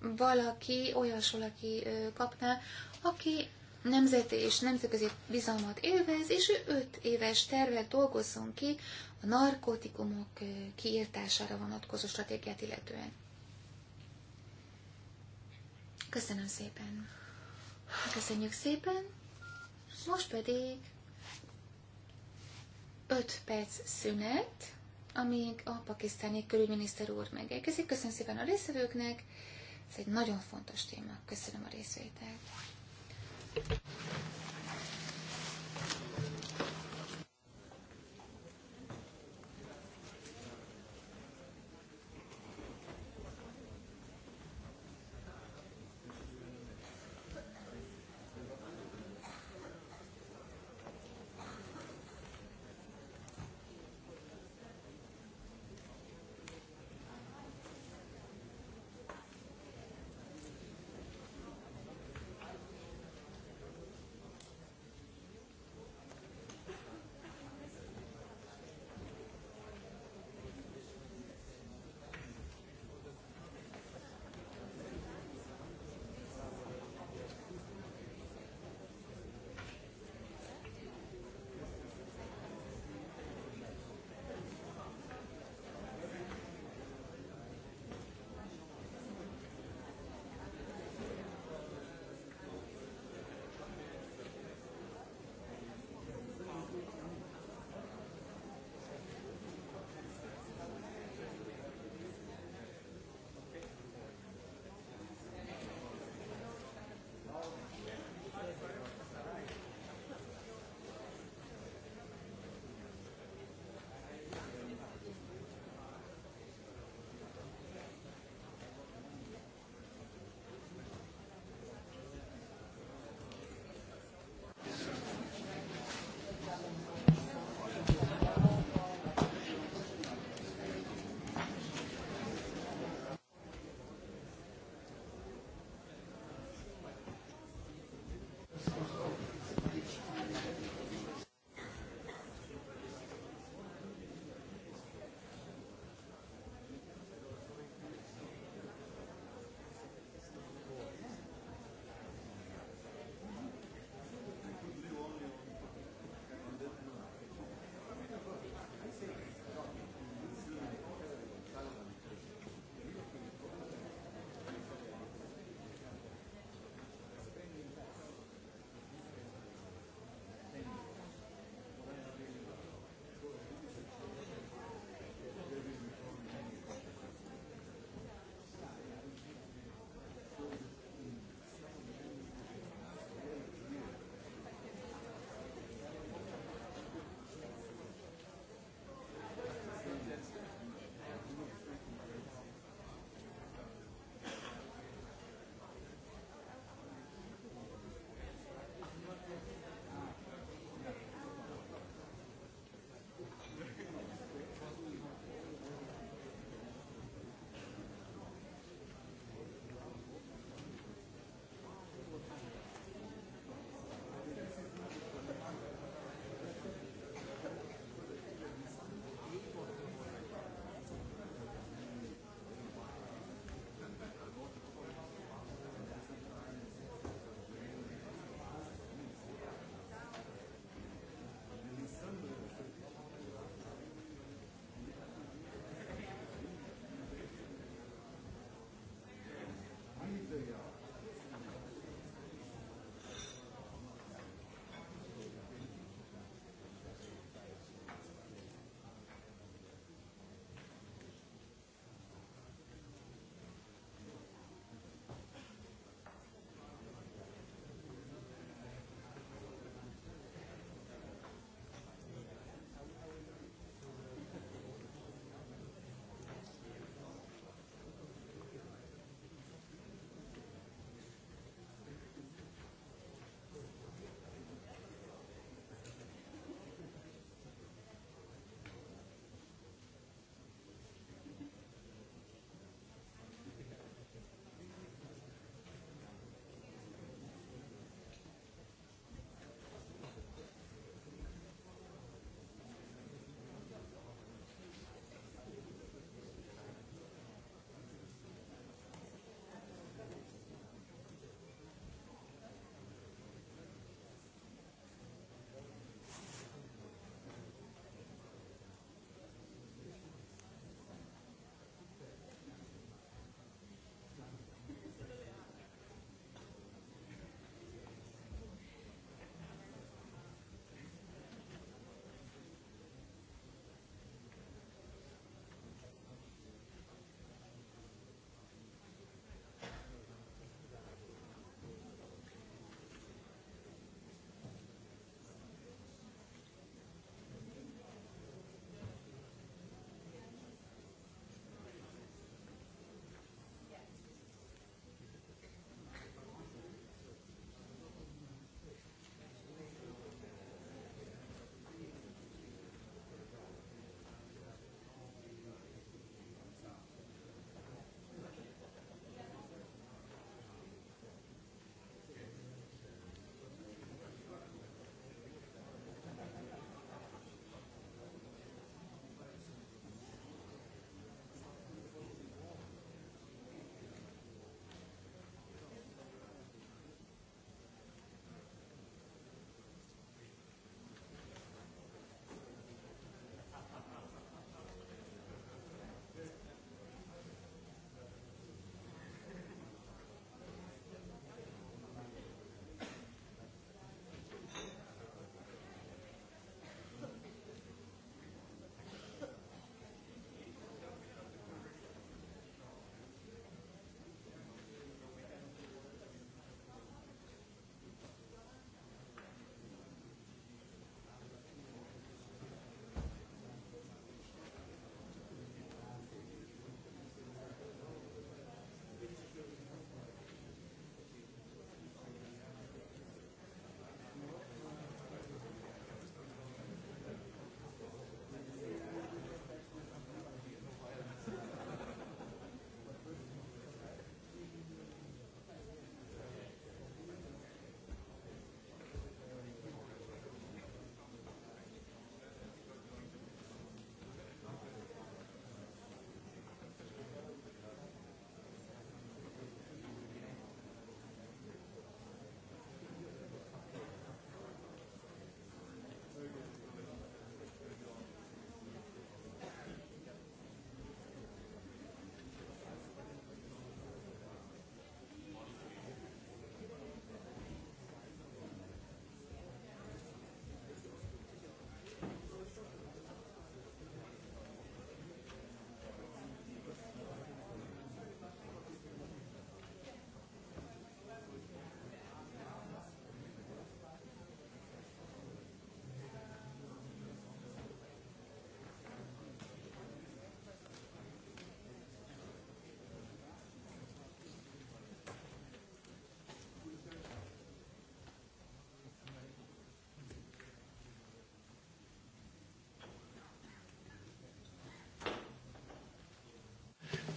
valaki, olyas valaki kapná, aki nemzeti és nemzetközi bizalmat élvez, és ő öt éves tervet dolgozzon ki a narkotikumok kiirtására vonatkozó stratégiát illetően. Köszönöm szépen! Köszönjük szépen. Most pedig 5 perc szünet, amíg a pakisztáni külügyminiszter úr megérkezik. Köszönöm szépen a részvevőknek, ez egy nagyon fontos téma. Köszönöm a részvételt.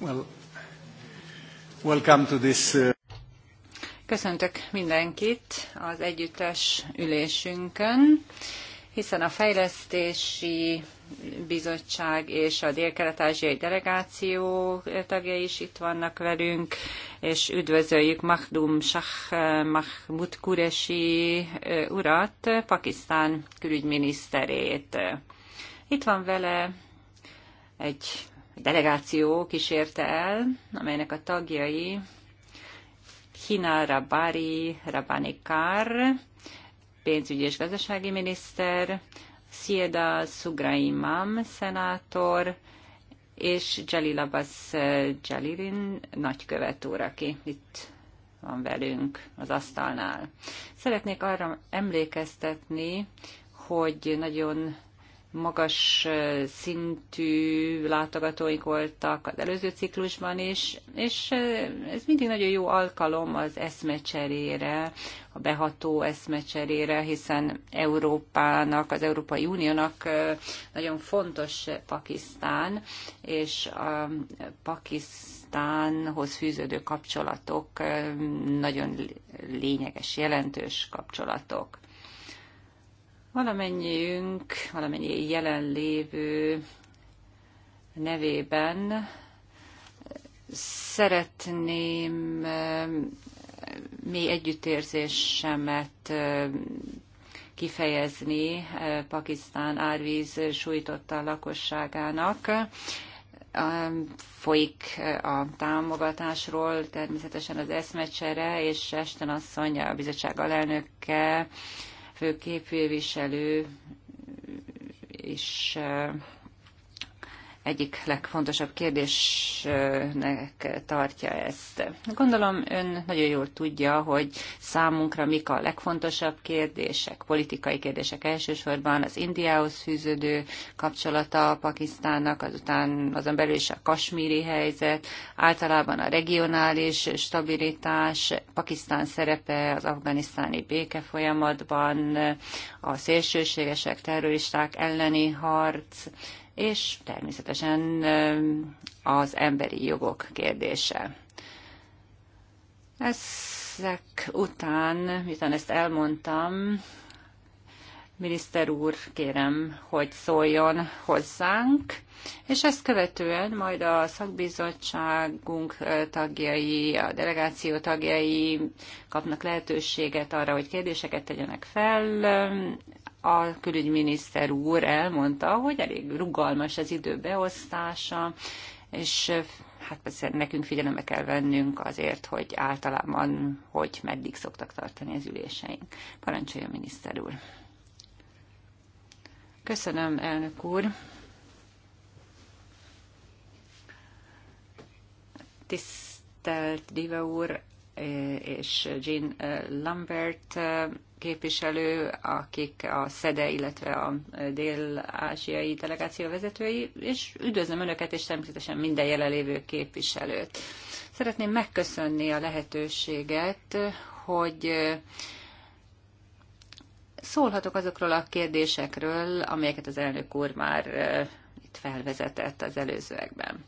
Well, welcome to this, uh... Köszöntök mindenkit az együttes ülésünkön, hiszen a Fejlesztési Bizottság és a Dél-Kelet-Ázsiai Delegáció tagjai is itt vannak velünk, és üdvözöljük Mahdum Shah Mahmud Kuresi urat, Pakisztán külügyminiszterét. Itt van vele egy delegáció kísérte el, amelynek a tagjai Hina Rabari Rabanikar, pénzügyi és gazdasági miniszter, Sieda Sugraimam, szenátor, és Jalil Abbas Jalirin nagykövet úr, aki itt van velünk az asztalnál. Szeretnék arra emlékeztetni, hogy nagyon magas szintű látogatóink voltak az előző ciklusban is, és ez mindig nagyon jó alkalom az eszmecserére, a beható eszmecserére, hiszen Európának, az Európai Uniónak nagyon fontos Pakisztán, és a Pakisztánhoz fűződő kapcsolatok nagyon lényeges, jelentős kapcsolatok. Valamennyiünk, valamennyi jelenlévő nevében szeretném eh, mély együttérzésemet eh, kifejezni eh, Pakisztán árvíz sújtotta lakosságának. Folyik a támogatásról természetesen az eszmecsere, és Esten asszony, a bizottság alelnöke fő képviselő és egyik legfontosabb kérdésnek tartja ezt. Gondolom ön nagyon jól tudja, hogy számunkra mik a legfontosabb kérdések, politikai kérdések elsősorban, az Indiához fűződő kapcsolata a Pakisztánnak, azután azon belül is a kasmíri helyzet, általában a regionális stabilitás, Pakisztán szerepe az afganisztáni béke folyamatban, a szélsőségesek, terroristák elleni harc, és természetesen az emberi jogok kérdése. Ezek után, miután ezt elmondtam, miniszter úr, kérem, hogy szóljon hozzánk, és ezt követően majd a szakbizottságunk tagjai, a delegáció tagjai kapnak lehetőséget arra, hogy kérdéseket tegyenek fel, a külügyminiszter úr elmondta, hogy elég rugalmas az beosztása, és hát persze nekünk figyelembe kell vennünk azért, hogy általában hogy meddig szoktak tartani az üléseink. Parancsolja miniszter úr! Köszönöm, elnök úr! Tisztelt Diva úr eh, és Jean eh, Lambert eh, képviselő, akik a SZEDE, illetve a dél-ázsiai delegáció vezetői, és üdvözlöm Önöket, és természetesen minden jelenlévő képviselőt. Szeretném megköszönni a lehetőséget, hogy szólhatok azokról a kérdésekről, amelyeket az elnök úr már itt felvezetett az előzőekben.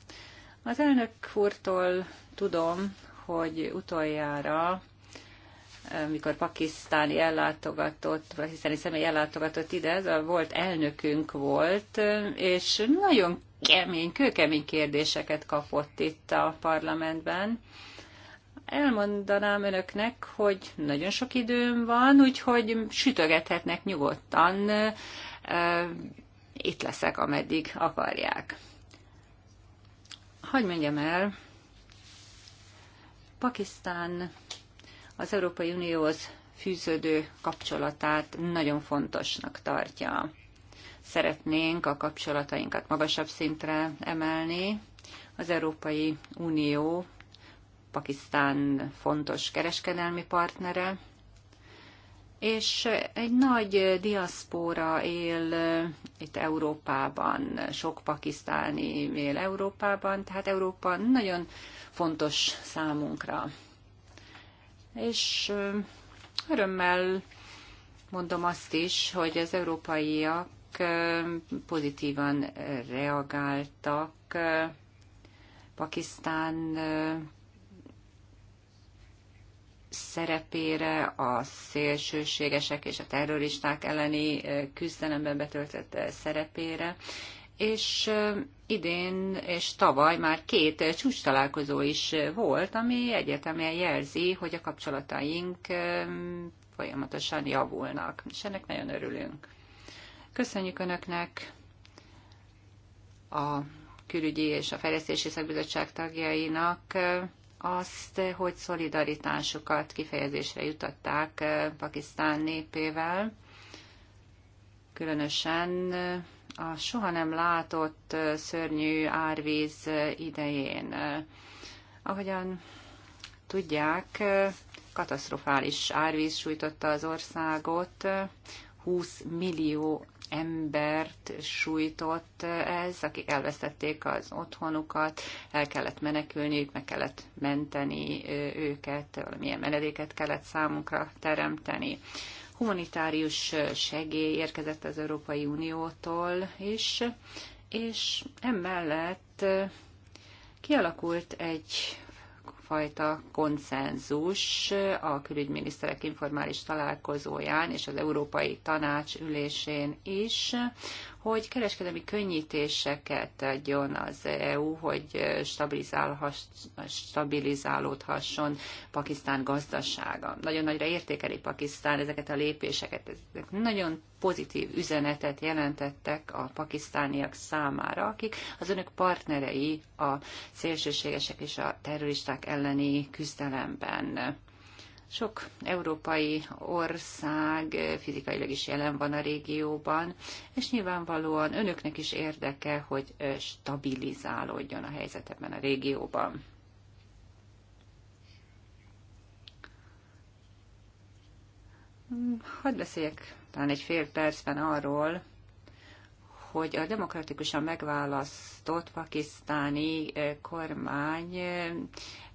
Az elnök úrtól tudom, hogy utoljára mikor pakisztáni ellátogatott, pakisztáni személy ellátogatott ide, ez a volt elnökünk volt, és nagyon kemény, kőkemény kérdéseket kapott itt a parlamentben. Elmondanám önöknek, hogy nagyon sok időm van, úgyhogy sütögethetnek nyugodtan. Itt leszek, ameddig akarják. Hogy mondjam el, Pakisztán az Európai Unióhoz fűződő kapcsolatát nagyon fontosnak tartja. Szeretnénk a kapcsolatainkat magasabb szintre emelni. Az Európai Unió Pakisztán fontos kereskedelmi partnere, és egy nagy diaszpóra él itt Európában, sok pakisztáni él Európában, tehát Európa nagyon fontos számunkra és örömmel mondom azt is, hogy az európaiak pozitívan reagáltak Pakisztán szerepére a szélsőségesek és a terroristák elleni küzdelemben betöltött szerepére, és idén és tavaly már két csúcs találkozó is volt, ami egyetemen jelzi, hogy a kapcsolataink folyamatosan javulnak, és ennek nagyon örülünk. Köszönjük Önöknek a külügyi és a fejlesztési szakbizottság tagjainak azt, hogy szolidaritásukat kifejezésre jutották Pakisztán népével, különösen a soha nem látott szörnyű árvíz idején. Ahogyan tudják, katasztrofális árvíz sújtotta az országot, 20 millió embert sújtott ez, akik elvesztették az otthonukat, el kellett menekülniük, meg kellett menteni őket, valamilyen menedéket kellett számunkra teremteni humanitárius segély érkezett az Európai Uniótól is, és emellett kialakult egy fajta konszenzus a külügyminiszterek informális találkozóján és az Európai Tanács ülésén is hogy kereskedelmi könnyítéseket adjon az EU, hogy stabilizálódhasson Pakisztán gazdasága. Nagyon nagyra értékeli Pakisztán ezeket a lépéseket. Ezek nagyon pozitív üzenetet jelentettek a pakisztániak számára, akik az önök partnerei a szélsőségesek és a terroristák elleni küzdelemben. Sok európai ország fizikailag is jelen van a régióban, és nyilvánvalóan önöknek is érdeke, hogy stabilizálódjon a helyzet ebben a régióban. Hadd beszéljek talán egy fél percben arról, hogy a demokratikusan megválasztott pakisztáni eh, kormány eh,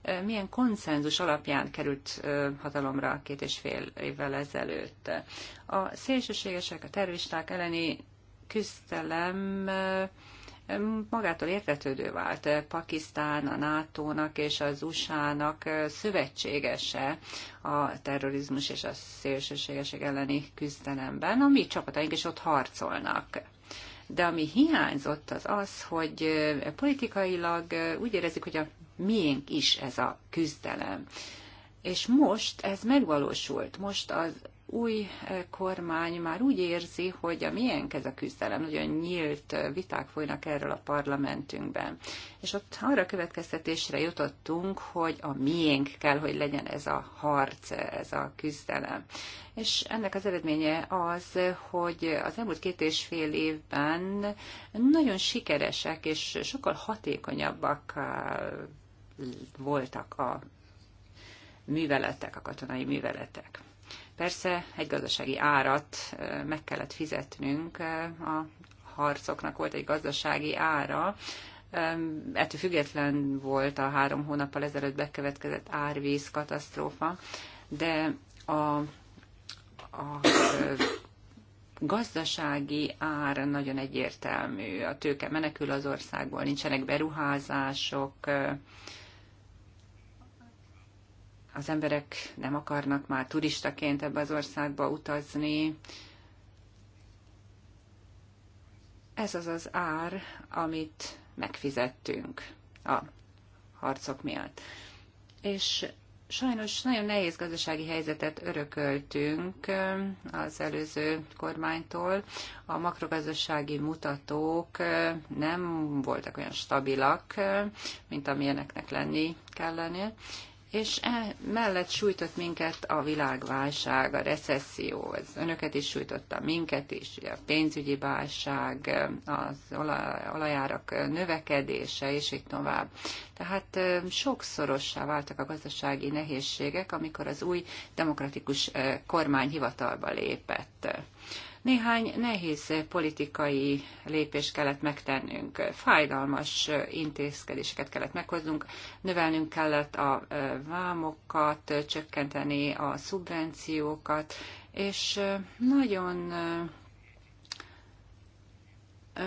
eh, milyen konszenzus alapján került hatalomra két és fél évvel ezelőtt. A szélsőségesek, a terroristák elleni küzdelem magától értetődő vált. Pakisztán a NATO-nak és az USA-nak szövetségese a terrorizmus és a szélsőségesek elleni küzdelemben. A mi csapataink is ott harcolnak de ami hiányzott az az, hogy politikailag úgy érezzük, hogy a miénk is ez a küzdelem. És most ez megvalósult. Most az új eh, kormány már úgy érzi, hogy a miénk ez a küzdelem, nagyon nyílt eh, viták folynak erről a parlamentünkben. És ott arra következtetésre jutottunk, hogy a miénk kell, hogy legyen ez a harc, eh, ez a küzdelem. És ennek az eredménye az, hogy az elmúlt két és fél évben nagyon sikeresek és sokkal hatékonyabbak voltak a műveletek, a katonai műveletek. Persze egy gazdasági árat meg kellett fizetnünk, a harcoknak volt egy gazdasági ára, ettől független volt a három hónappal ezelőtt bekövetkezett árvíz katasztrófa, de a, a gazdasági ár nagyon egyértelmű. A tőke menekül az országból, nincsenek beruházások, az emberek nem akarnak már turistaként ebbe az országba utazni. Ez az az ár, amit megfizettünk a harcok miatt. És sajnos nagyon nehéz gazdasági helyzetet örököltünk um, az előző kormánytól. A makrogazdasági mutatók um, nem voltak olyan stabilak, um, mint amilyeneknek lenni kellene, és e mellett sújtott minket a világválság, a recesszió, ez önöket is sújtotta, minket is, a pénzügyi válság, az olajárak növekedése, és így tovább. Tehát sokszorossá váltak a gazdasági nehézségek, amikor az új demokratikus kormány hivatalba lépett. Néhány nehéz politikai lépést kellett megtennünk, fájdalmas intézkedéseket kellett meghoznunk, növelnünk kellett a vámokat, csökkenteni a szubvenciókat, és nagyon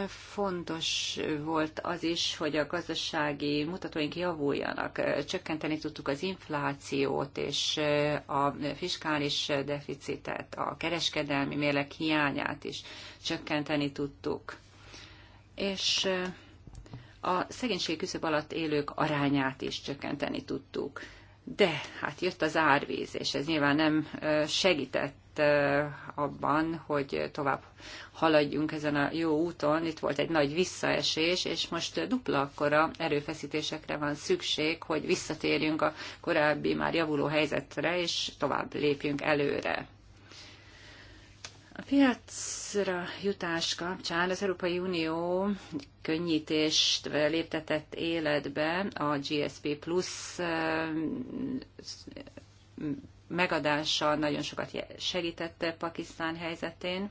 fontos volt az is, hogy a gazdasági mutatóink javuljanak. Csökkenteni tudtuk az inflációt és a fiskális deficitet, a kereskedelmi mérlek hiányát is csökkenteni tudtuk. És a szegénység küszöb alatt élők arányát is csökkenteni tudtuk. De hát jött az árvíz, és ez nyilván nem segített abban, hogy tovább haladjunk ezen a jó úton. Itt volt egy nagy visszaesés, és most dupla akkora erőfeszítésekre van szükség, hogy visszatérjünk a korábbi már javuló helyzetre, és tovább lépjünk előre. A piacra jutás kapcsán az Európai Unió könnyítést léptetett életbe a GSP Plus megadása nagyon sokat segítette Pakisztán helyzetén,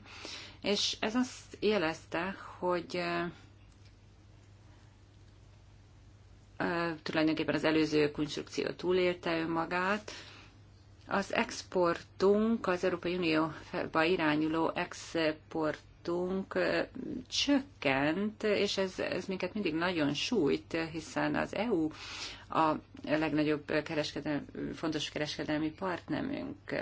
és ez azt jelezte, hogy tulajdonképpen az előző konstrukció túlélte önmagát. Az exportunk, az Európai Unióba irányuló exportunk csökkent, és ez, ez minket mindig nagyon sújt, hiszen az EU a legnagyobb kereskedelmi, fontos kereskedelmi partnerünk.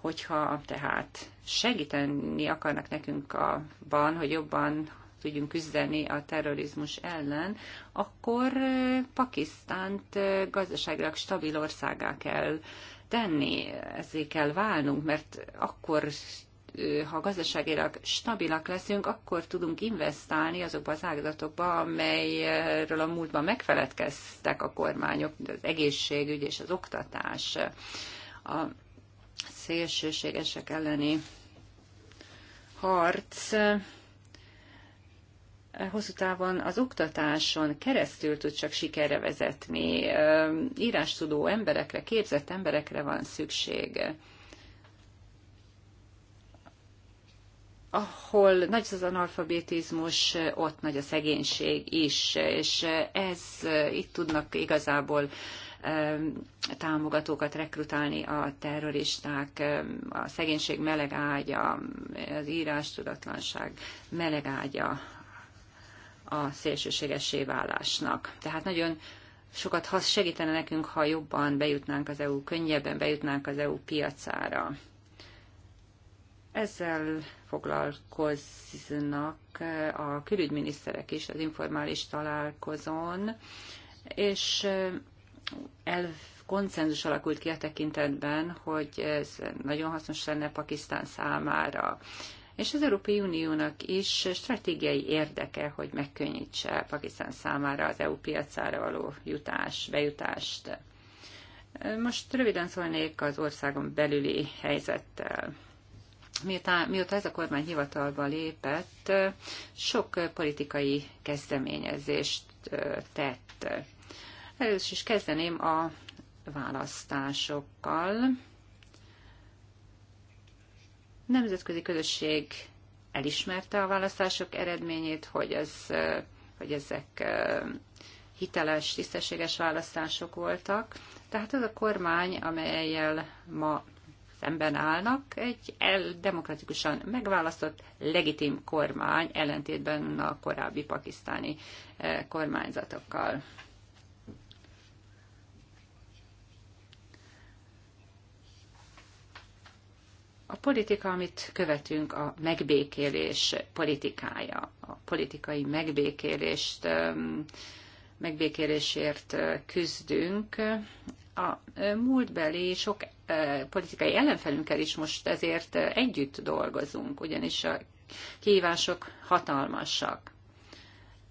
Hogyha tehát segíteni akarnak nekünk abban, hogy jobban tudjunk küzdeni a terrorizmus ellen, akkor Pakisztánt gazdaságilag stabil országá kell tenni, ezért kell válnunk, mert akkor ha gazdaságilag stabilak leszünk, akkor tudunk investálni azokba az ágazatokba, amelyről a múltban megfeledkeztek a kormányok, mint az egészségügy és az oktatás, a szélsőségesek elleni harc hosszú távon az oktatáson keresztül tud csak sikerre vezetni. Írástudó emberekre, képzett emberekre van szüksége. ahol nagy az analfabetizmus, ott nagy a szegénység is, és ez itt tudnak igazából támogatókat rekrutálni a terroristák, a szegénység melegágya, az írás tudatlanság melegágya a szélsőségesé válásnak. Tehát nagyon sokat segítene nekünk, ha jobban bejutnánk az EU, könnyebben bejutnánk az EU piacára. Ezzel foglalkoznak a külügyminiszterek is az informális találkozón, és eh, elv konszenzus alakult ki a tekintetben, hogy ez nagyon hasznos lenne Pakisztán számára. És az Európai Uniónak is stratégiai érdeke, hogy megkönnyítse Pakisztán számára az EU piacára való jutás, bejutást. Most röviden szólnék az országon belüli helyzettel Miután, mióta ez a kormány hivatalba lépett, sok politikai kezdeményezést tett. Először is kezdeném a választásokkal. Nemzetközi közösség elismerte a választások eredményét, hogy, ez, hogy ezek hiteles, tisztességes választások voltak. Tehát az a kormány, amelyel ma szemben állnak egy el, demokratikusan megválasztott, legitim kormány ellentétben a korábbi pakisztáni eh, kormányzatokkal. A politika, amit követünk, a megbékélés politikája, a politikai megbékélést, megbékélésért eh, küzdünk. A eh, múltbeli sok politikai ellenfelünkkel is most ezért együtt dolgozunk, ugyanis a kihívások hatalmasak.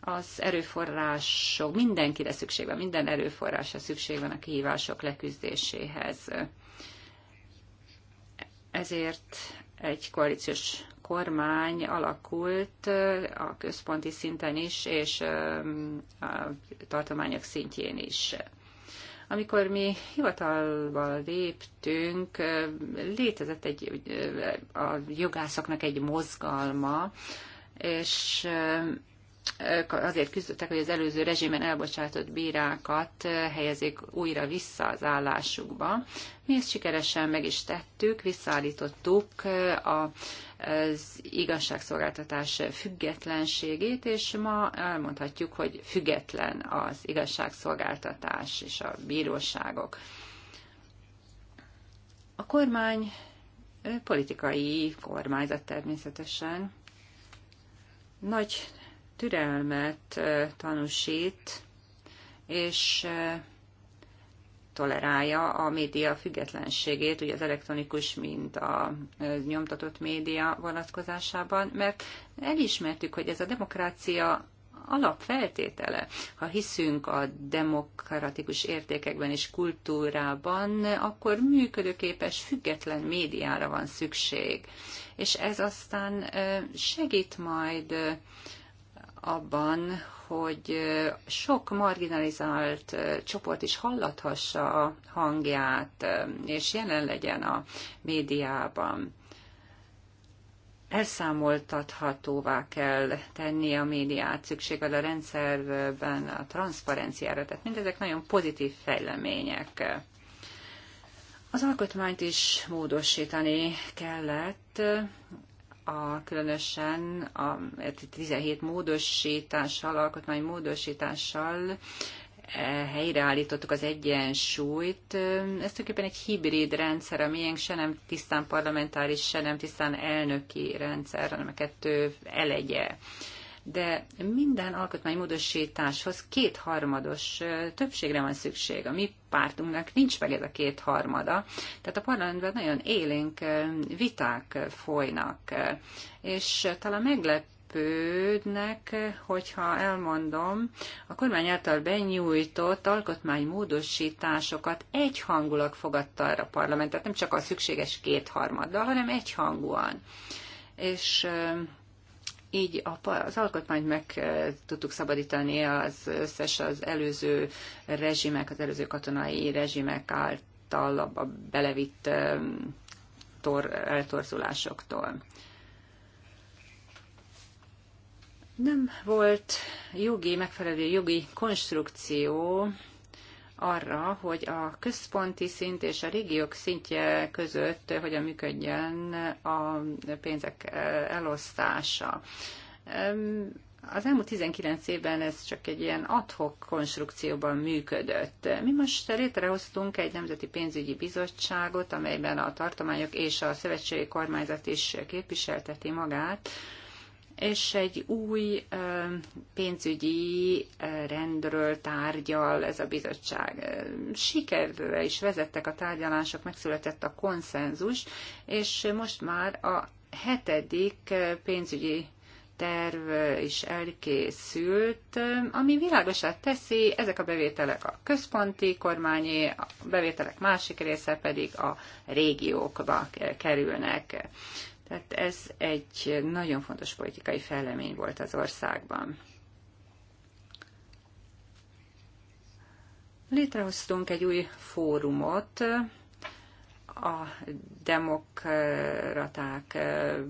Az erőforrások, mindenkire szükség van, minden erőforrásra szükség van a kihívások leküzdéséhez. Ezért egy koalíciós kormány alakult a központi szinten is, és a tartományok szintjén is. Amikor mi hivatalba léptünk, létezett egy, a jogászoknak egy mozgalma, és azért küzdöttek, hogy az előző rezsimen elbocsátott bírákat helyezik újra vissza az állásukba. Mi ezt sikeresen meg is tettük, visszaállítottuk a az igazságszolgáltatás függetlenségét, és ma elmondhatjuk, hogy független az igazságszolgáltatás és a bíróságok. A kormány politikai kormányzat természetesen nagy türelmet tanúsít, és tolerálja a média függetlenségét, ugye az elektronikus, mint a nyomtatott média vonatkozásában, mert elismertük, hogy ez a demokrácia alapfeltétele. Ha hiszünk a demokratikus értékekben és kultúrában, akkor működőképes, független médiára van szükség. És ez aztán segít majd abban, hogy sok marginalizált csoport is hallathassa a hangját, és jelen legyen a médiában. Elszámoltathatóvá kell tenni a médiát, szükséggel a rendszerben a transzparenciára, tehát mindezek nagyon pozitív fejlemények. Az alkotmányt is módosítani kellett, a, különösen a 17 módosítással, alkotmány módosítással eh, helyreállítottuk az egyensúlyt. Ez tulajdonképpen egy hibrid rendszer, a miénk se nem tisztán parlamentáris, se nem tisztán elnöki rendszer, hanem a kettő elegye de minden alkotmánymódosításhoz kétharmados többségre van szükség. A mi pártunknak nincs meg ez a kétharmada. Tehát a parlamentben nagyon élénk viták folynak, és talán meglep meglepődnek, hogyha elmondom, a kormány által benyújtott alkotmánymódosításokat egyhangulag fogadta erre a parlament, tehát nem csak a szükséges kétharmaddal, hanem egyhangúan. És így az alkotmányt meg eh, tudtuk szabadítani az összes az előző rezsimek, az előző katonai rezsimek által a belevitt eh, tor, eltorzulásoktól. Nem volt jogi, megfelelő jogi konstrukció arra, hogy a központi szint és a régiók szintje között hogyan működjön a pénzek elosztása. Az elmúlt 19 évben ez csak egy ilyen adhok konstrukcióban működött. Mi most létrehoztunk egy Nemzeti Pénzügyi Bizottságot, amelyben a tartományok és a szövetségi kormányzat is képviselteti magát, és egy új pénzügyi rendről tárgyal ez a bizottság. Sikerre is vezettek a tárgyalások, megszületett a konszenzus, és most már a hetedik pénzügyi terv is elkészült, ami világosát teszi, ezek a bevételek a központi kormányé, a bevételek másik része pedig a régiókba kerülnek. Tehát ez egy nagyon fontos politikai fejlemény volt az országban. Létrehoztunk egy új fórumot, a demokraták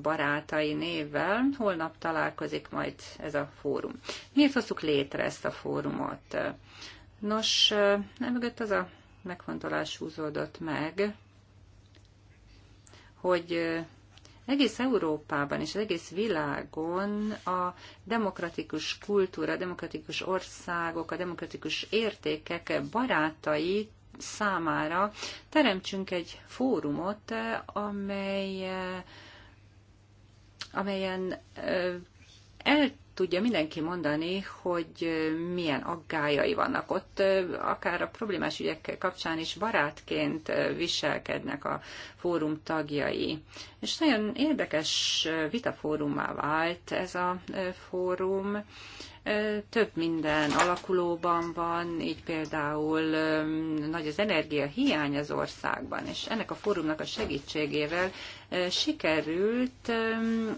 barátai névvel. Holnap találkozik majd ez a fórum. Miért hoztuk létre ezt a fórumot? Nos, nem mögött az a megfontolás húzódott meg, hogy egész Európában és az egész világon a demokratikus kultúra, a demokratikus országok, a demokratikus értékek barátai számára teremtsünk egy fórumot, amely, eh, amelyen eh, el tudja mindenki mondani, hogy milyen aggájai vannak ott, akár a problémás ügyek kapcsán is barátként viselkednek a fórum tagjai. És nagyon érdekes vitafórumá vált ez a fórum, több minden alakulóban van, így például nagy az energia hiány az országban, és ennek a fórumnak a segítségével sikerült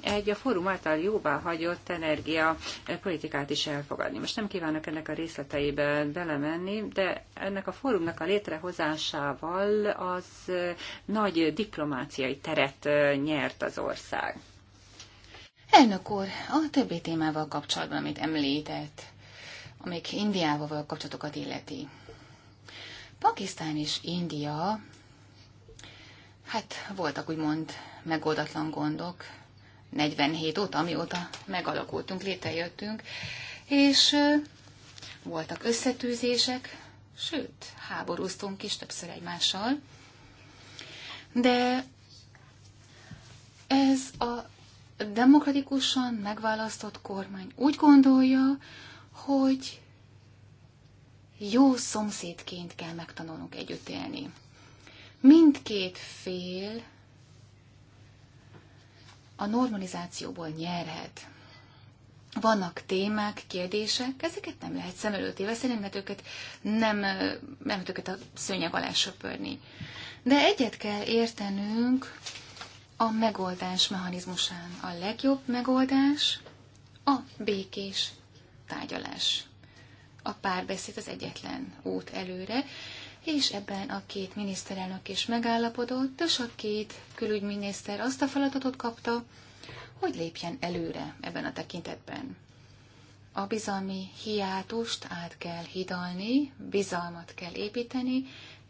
egy a fórum által jóvá hagyott energia politikát is elfogadni. Most nem kívánok ennek a részleteibe belemenni, de ennek a fórumnak a létrehozásával az nagy diplomáciai teret nyert az ország. Elnök úr, a többi témával kapcsolatban, amit említett, amik Indiával való kapcsolatokat illeti. Pakisztán és India, hát voltak úgymond megoldatlan gondok, 47 óta, amióta megalakultunk, létrejöttünk, és voltak összetűzések, sőt, háborúztunk is többször egymással, de ez a demokratikusan megválasztott kormány úgy gondolja, hogy jó szomszédként kell megtanulnunk együtt élni. Mindkét fél a normalizációból nyerhet. Vannak témák, kérdések, ezeket nem lehet szem előtt téveszteni, mert őket nem, nem őket a szőnyeg alá söpörni. De egyet kell értenünk, a megoldás mechanizmusán. A legjobb megoldás a békés tárgyalás. A párbeszéd az egyetlen út előre, és ebben a két miniszterelnök is megállapodott, és a két külügyminiszter azt a feladatot kapta, hogy lépjen előre ebben a tekintetben. A bizalmi hiátust át kell hidalni, bizalmat kell építeni,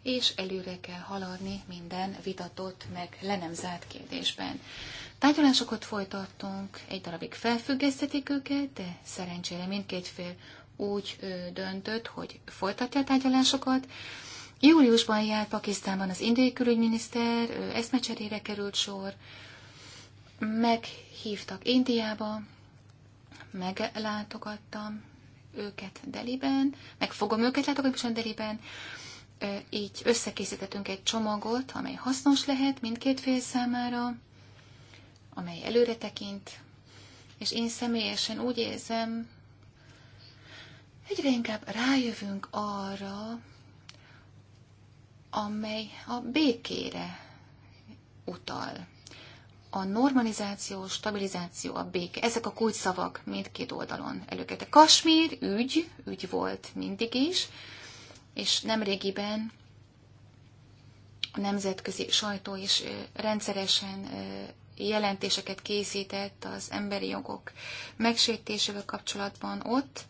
és előre kell haladni minden vitatott, meg le nem zárt kérdésben. Tárgyalásokat folytattunk, egy darabig felfüggesztetik őket, de szerencsére mindkét fél úgy döntött, hogy folytatja a tárgyalásokat. Júliusban járt Pakisztánban az indiai külügyminiszter, eszmecserére került sor, meghívtak Indiába, meglátogattam őket Deliben, meg fogom őket látogatni is Deliben, így összekészítettünk egy csomagot, amely hasznos lehet mindkét fél számára, amely előre tekint, és én személyesen úgy érzem, egyre inkább rájövünk arra, amely a békére utal. A normalizáció, stabilizáció, a béke, ezek a kulcsszavak mindkét oldalon előkerültek. Kasmír ügy, ügy volt mindig is, és nemrégiben a nemzetközi sajtó is rendszeresen jelentéseket készített az emberi jogok megsértésével kapcsolatban ott,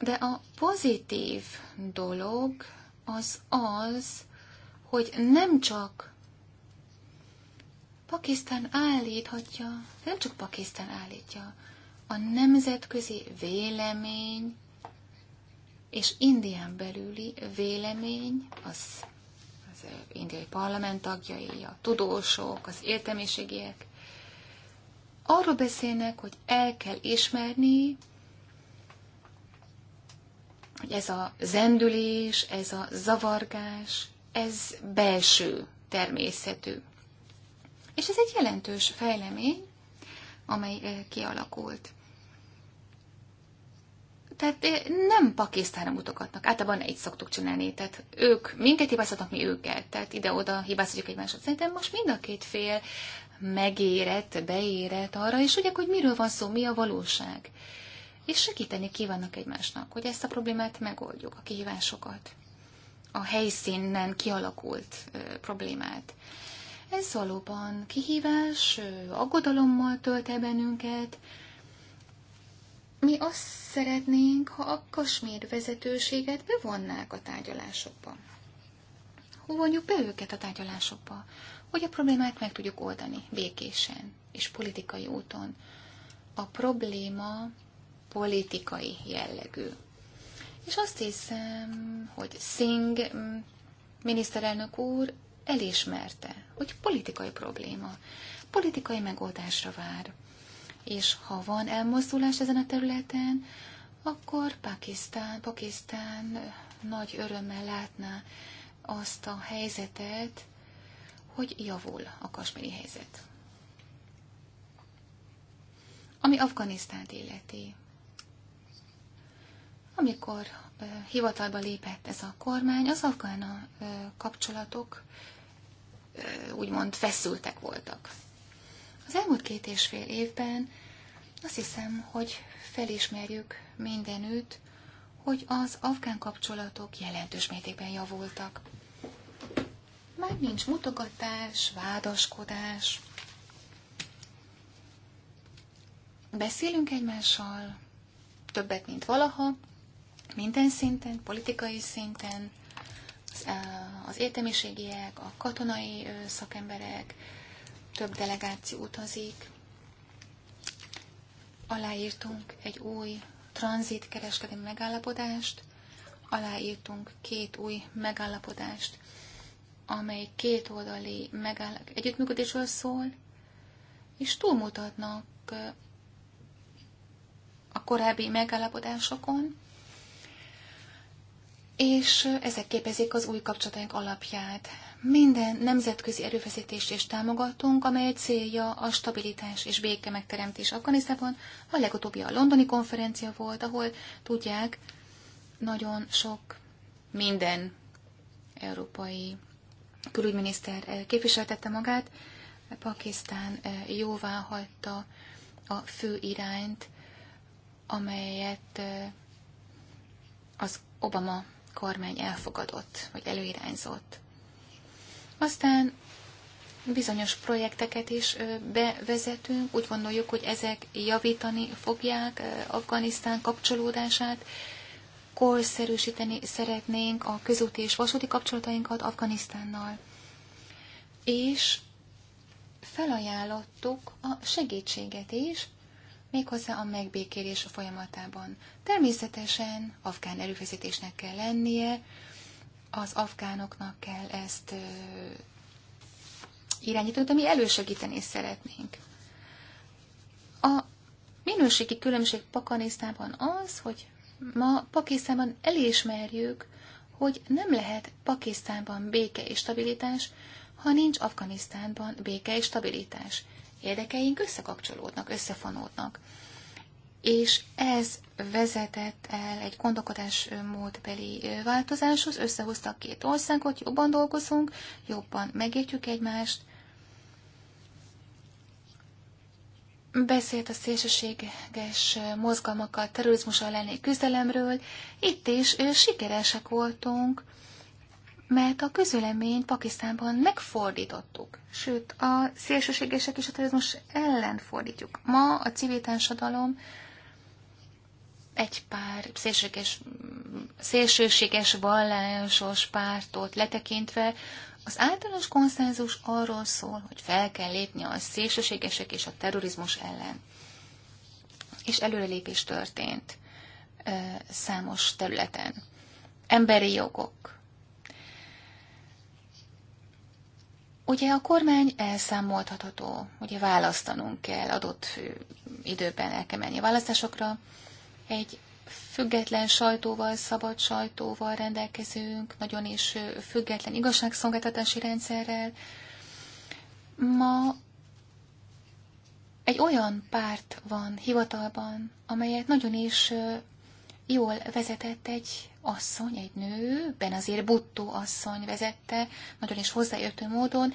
de a pozitív dolog az az, hogy nem csak Pakisztán állíthatja, nem csak Pakisztán állítja, a nemzetközi vélemény és Indián belüli vélemény, az, az indiai parlament tagjai, a tudósok, az értelmiségiek, arról beszélnek, hogy el kell ismerni, hogy ez a zendülés, ez a zavargás, ez belső természetű. És ez egy jelentős fejlemény, amely kialakult. Tehát eh, nem Pakisztánra mutogatnak. Általában így szoktuk csinálni. Tehát ők minket hibáztatnak, mi őket. Tehát ide-oda hibáztatjuk egymást. Szerintem most mind a két fél megérett, beérett arra, és ugye, hogy miről van szó, mi a valóság. És segíteni kívánnak egymásnak, hogy ezt a problémát megoldjuk, a kihívásokat, a helyszínen kialakult ö, problémát. Ez valóban kihívás, aggodalommal tölt el bennünket, mi azt szeretnénk, ha a Kasmír vezetőséget bevonnák a tárgyalásokba. Hú, Vonjuk be őket a tárgyalásokba, hogy a problémát meg tudjuk oldani békésen és politikai úton. A probléma politikai jellegű. És azt hiszem, hogy Singh mm, miniszterelnök úr elismerte, hogy politikai probléma, politikai megoldásra vár és ha van elmozdulás ezen a területen, akkor Pakisztán, Pakisztán nagy örömmel látná azt a helyzetet, hogy javul a kasmiri helyzet. Ami Afganisztánt illeti. Amikor hivatalba lépett ez a kormány, az afgán kapcsolatok úgymond feszültek voltak. Az elmúlt két és fél évben azt hiszem, hogy felismerjük mindenütt, hogy az afgán kapcsolatok jelentős mértékben javultak. Már nincs mutogatás, vádaskodás. Beszélünk egymással, többet, mint valaha, minden szinten, politikai szinten, az, eh, az értelmiségiek, a katonai szakemberek, több delegáció utazik, aláírtunk egy új tranzit kereskedő megállapodást, aláírtunk két új megállapodást, amely két oldali megáll- együttműködésről szól, és túlmutatnak a korábbi megállapodásokon, és ezek képezik az új kapcsolataink alapját. Minden nemzetközi erőfeszítést is támogatunk, amely célja a stabilitás és béke megteremtés Afganisztában. A legutóbbi a londoni konferencia volt, ahol tudják, nagyon sok minden európai külügyminiszter eh, képviseltette magát. Pakisztán eh, jóvá hagyta a fő irányt, amelyet eh, az Obama kormány elfogadott, vagy előirányzott. Aztán bizonyos projekteket is bevezetünk, úgy gondoljuk, hogy ezek javítani fogják Afganisztán kapcsolódását, korszerűsíteni szeretnénk a közúti és vasúti kapcsolatainkat Afganisztánnal. És felajánlottuk a segítséget is, méghozzá a megbékélés folyamatában. Természetesen afgán erőfeszítésnek kell lennie, az afgánoknak kell ezt irányítani, de mi elősegíteni szeretnénk. A minőségi különbség Pakisztánban az, hogy ma Pakisztánban elismerjük, hogy nem lehet Pakisztánban béke és stabilitás, ha nincs Afganisztánban béke és stabilitás. Érdekeink összekapcsolódnak, összefonódnak és ez vezetett el egy gondolkodás módbeli változáshoz, összehoztak két országot, jobban dolgozunk, jobban megértjük egymást. Beszélt a szélsőséges mozgalmakkal, terrorizmus elleni küzdelemről. Itt is sikeresek voltunk, mert a közüleményt Pakisztánban megfordítottuk, sőt, a szélsőségesek és a terrorizmus ellen fordítjuk. Ma a civil társadalom egy pár szélsőséges, szélsőséges vallásos pártot letekintve, az általános konszenzus arról szól, hogy fel kell lépni a szélsőségesek és a terrorizmus ellen. És előrelépés történt ö, számos területen. Emberi jogok. Ugye a kormány elszámoltatható, ugye választanunk kell, adott időben el kell menni a választásokra, egy független sajtóval, szabad sajtóval rendelkezünk, nagyon is független igazságszolgáltatási rendszerrel. Ma egy olyan párt van hivatalban, amelyet nagyon is jól vezetett egy asszony, egy nő, ben azért buttó asszony vezette, nagyon is hozzáértő módon,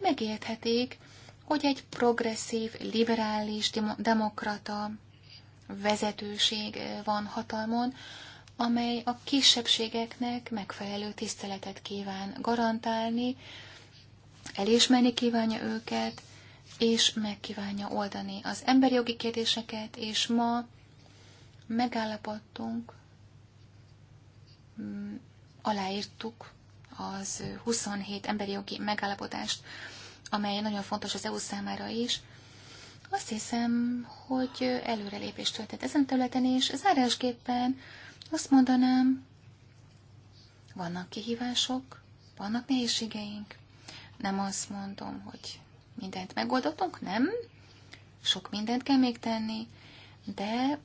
megérthetik, hogy egy progresszív, liberális, demokrata vezetőség van hatalmon, amely a kisebbségeknek megfelelő tiszteletet kíván garantálni, elismerni kívánja őket, és megkívánja oldani az emberi jogi kérdéseket, és ma megállapodtunk, mm, aláírtuk az 27 emberi jogi megállapodást, amely nagyon fontos az EU számára is, azt hiszem, hogy előrelépést történt ezen területen, és zárásképpen azt mondanám, vannak kihívások, vannak nehézségeink. Nem azt mondom, hogy mindent megoldottunk, nem. Sok mindent kell még tenni, de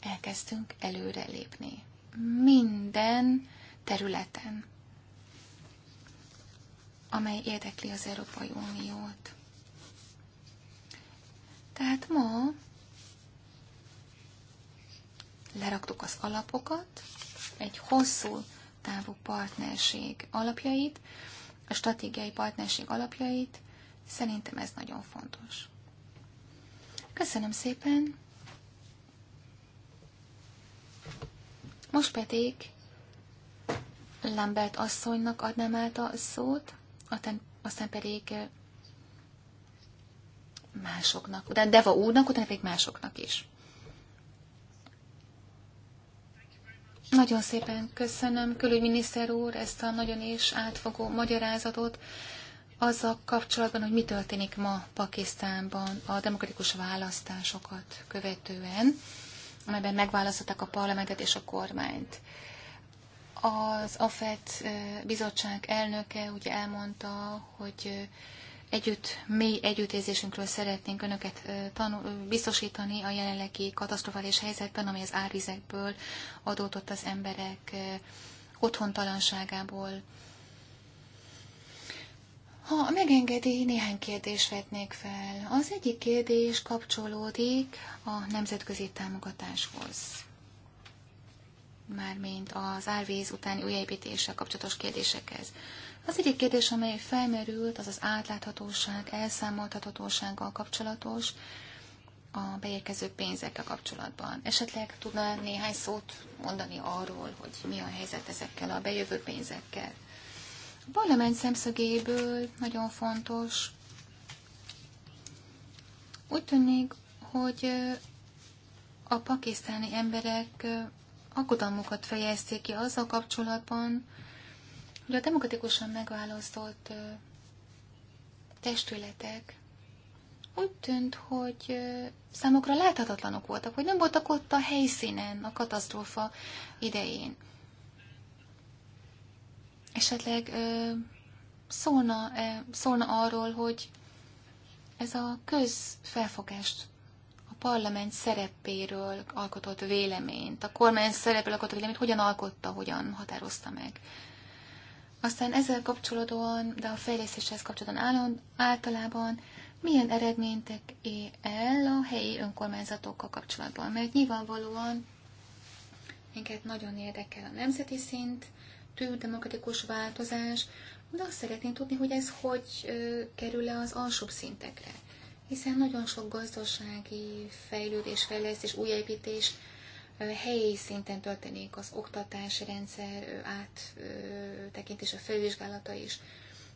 elkezdtünk előrelépni. Minden területen, amely érdekli az Európai Uniót. Tehát ma leraktuk az alapokat, egy hosszú távú partnerség alapjait, a stratégiai partnerség alapjait, szerintem ez nagyon fontos. Köszönöm szépen! Most pedig Lambert asszonynak adnám át a szót, aztán pedig másoknak, utána Deva úrnak, utána pedig másoknak is. Nagyon szépen köszönöm, külügyminiszter úr, ezt a nagyon is átfogó magyarázatot azzal kapcsolatban, hogy mi történik ma Pakisztánban a demokratikus választásokat követően, amelyben megválasztották a parlamentet és a kormányt. Az AFET bizottság elnöke ugye elmondta, hogy együtt, mély együttérzésünkről szeretnénk önöket tanul, biztosítani a jelenlegi katasztrofális helyzetben, amely az árvizekből adódott az emberek otthontalanságából. Ha megengedi, néhány kérdést vetnék fel. Az egyik kérdés kapcsolódik a nemzetközi támogatáshoz. Mármint az árvíz utáni újjáépítéssel kapcsolatos kérdésekhez. Az egyik kérdés, amely felmerült, az az átláthatóság, elszámoltathatósággal kapcsolatos, a beérkező pénzekkel kapcsolatban. Esetleg tudná néhány szót mondani arról, hogy mi a helyzet ezekkel a bejövő pénzekkel. A parlament szemszögéből nagyon fontos. Úgy tűnik, hogy a pakisztáni emberek aggodalmukat fejezték ki azzal kapcsolatban, de a demokratikusan megválasztott testületek úgy tűnt, hogy számokra láthatatlanok voltak, hogy nem voltak ott a helyszínen a katasztrófa idején. Esetleg szólna, szólna arról, hogy ez a közfelfogást, a parlament szerepéről alkotott véleményt, a kormány szerepéről alkotott véleményt hogyan alkotta, hogyan határozta meg. Aztán ezzel kapcsolatban, de a fejlesztéshez állon, általában milyen eredménytek ér el a helyi önkormányzatokkal kapcsolatban? Mert nyilvánvalóan minket nagyon érdekel a nemzeti szint, demokratikus változás, de azt szeretném tudni, hogy ez hogy kerül le az alsóbb szintekre. Hiszen nagyon sok gazdasági fejlődés, fejlesztés, újépítés helyi szinten történik az oktatási rendszer a felvizsgálata is.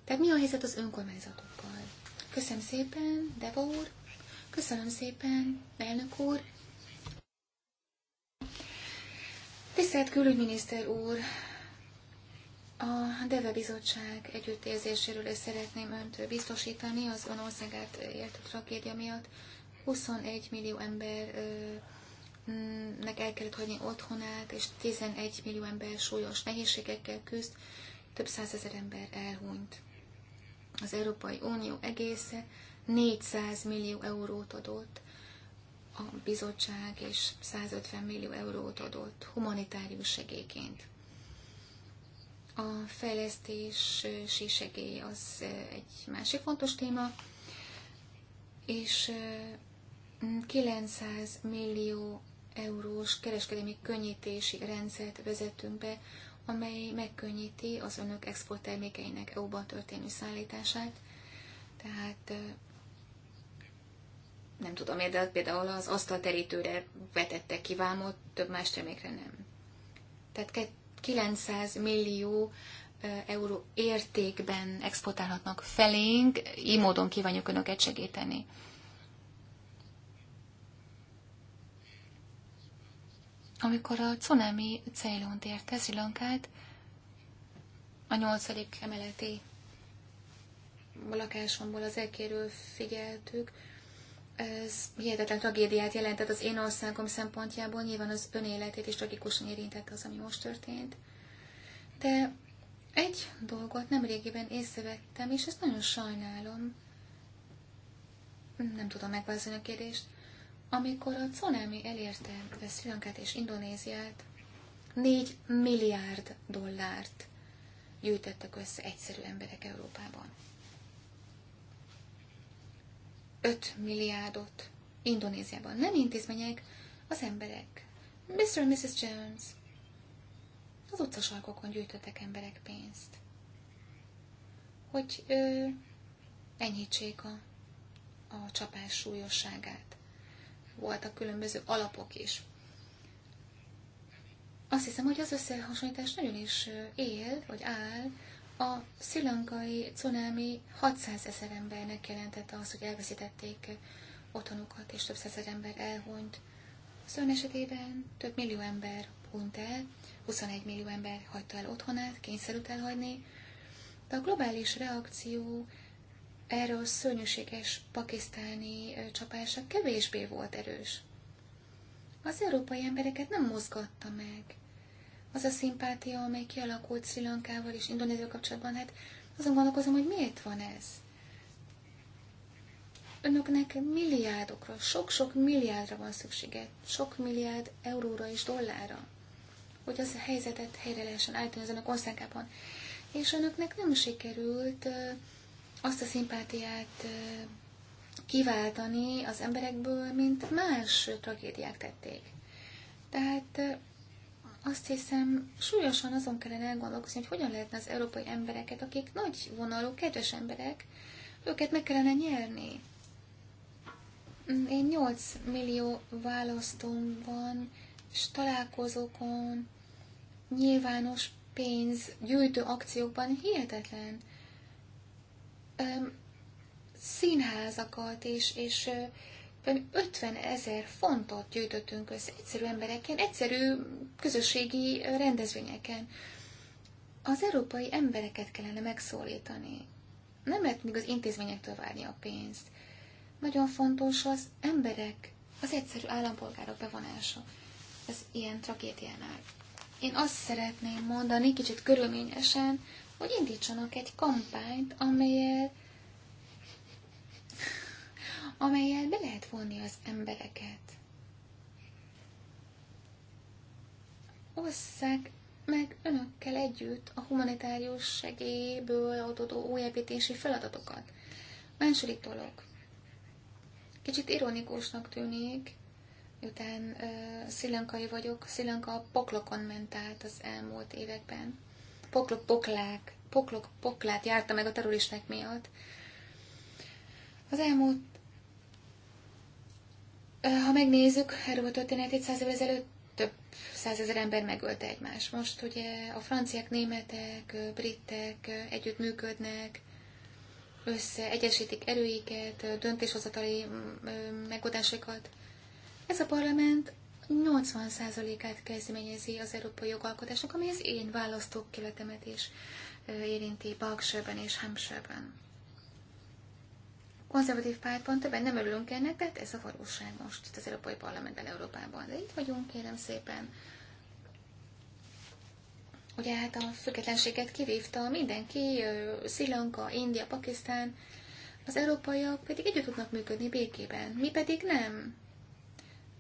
Tehát mi a helyzet az önkormányzatokkal? Köszönöm szépen, Deva úr! Köszönöm szépen, elnök úr! Tisztelt külügyminiszter úr! A DEVE bizottság együttérzéséről is szeretném önt biztosítani az ön országát ért tragédia miatt. 21 millió ember nek el kellett hagyni otthonát, és 11 millió ember súlyos nehézségekkel küzd, több százezer ember elhunyt. Az Európai Unió egésze 400 millió eurót adott, a bizottság és 150 millió eurót adott humanitárius segélyként. A fejlesztési segély az egy másik fontos téma, és 900 millió eurós kereskedelmi könnyítési rendszert vezetünk be, amely megkönnyíti az önök exporttermékeinek EU-ba történő szállítását. Tehát nem tudom, de például az asztalterítőre vetette kivámot, több más termékre nem. Tehát 900 millió euró értékben exportálhatnak felénk, így módon kívánjuk önöket segíteni. Amikor a cunami Ceylont érte Sri Lankát, a nyolcadik emeleti lakásomból az elkérül figyeltük, ez hihetetlen tragédiát jelentett az én országom szempontjából, nyilván az önéletét is tragikusan érintett az, ami most történt. De egy dolgot nemrégiben észrevettem, és ezt nagyon sajnálom. Nem tudom megválaszolni a kérdést. Amikor a cunami elérte Sri Lankát és Indonéziát, 4 milliárd dollárt gyűjtettek össze egyszerű emberek Európában. 5 milliárdot Indonéziában. Nem intézmények, az emberek. Mr. and Mrs. Jones. Az utcasarkokon gyűjtöttek emberek pénzt. Hogy ő enyhítsék a, a csapás súlyosságát voltak különböző alapok is. Azt hiszem, hogy az összehasonlítás nagyon is él, vagy áll. A szilankai cunámi 600 ezer embernek jelentette az, hogy elveszítették otthonukat, és több százezer ember elhunyt. Az ön esetében több millió ember hunyt el, 21 millió ember hagyta el otthonát, kényszerült elhagyni, de a globális reakció erre a szörnyűséges pakisztáni csapása kevésbé volt erős. Az európai embereket nem mozgatta meg. Az a szimpátia, amely kialakult Sri Lankával és Indonézia kapcsolatban, hát azon gondolkozom, hogy miért van ez. Önöknek milliárdokra, sok-sok milliárdra van szüksége, sok milliárd euróra és dollárra, hogy az a helyzetet helyre lehessen állítani az önök országában. És önöknek nem sikerült azt a szimpátiát kiváltani az emberekből, mint más tragédiák tették. Tehát azt hiszem, súlyosan azon kellene elgondolkozni, hogy hogyan lehetne az európai embereket, akik nagy vonalú, kedves emberek, őket meg kellene nyerni. Én 8 millió választómban és találkozókon, nyilvános pénz gyűjtő akciókban hihetetlen színházakat is, és 50 ezer fontot gyűjtöttünk össze egyszerű embereken, egyszerű közösségi rendezvényeken. Az európai embereket kellene megszólítani. Nem lehet még az intézményektől várni a pénzt. Nagyon fontos az emberek, az egyszerű állampolgárok bevonása ez ilyen tragédiánál. Én azt szeretném mondani, kicsit körülményesen, hogy indítsanak egy kampányt, amelyel amelyel be lehet vonni az embereket. Osszák meg önökkel együtt a humanitárius segélyből adódó újépítési feladatokat. Második dolog. Kicsit ironikusnak tűnik, miután uh, szilankai vagyok, szilanka a poklokon ment át az elmúlt években poklok, poklák, poklok, poklát járta meg a terroristák miatt. Az elmúlt ha megnézzük, erről a történetét száz évvel ezelőtt több százezer ember megölte egymást. Most ugye a franciák, németek, britek együtt működnek, össze, egyesítik erőiket, döntéshozatali mm, megoldásokat. Ez a parlament 80%-át kezdeményezi az európai jogalkotásnak, ami az én választókéletemet is érinti Baksőben és Hampshire-ben. Konzervatív pártban többen nem örülünk ennek, de hát ez a valóság most itt az Európai Parlamentben, Európában. De itt vagyunk, kérem szépen. Ugye hát a függetlenséget kivívta mindenki, Sri Lanka, India, Pakisztán, az európaiak pedig együtt tudnak működni békében, mi pedig nem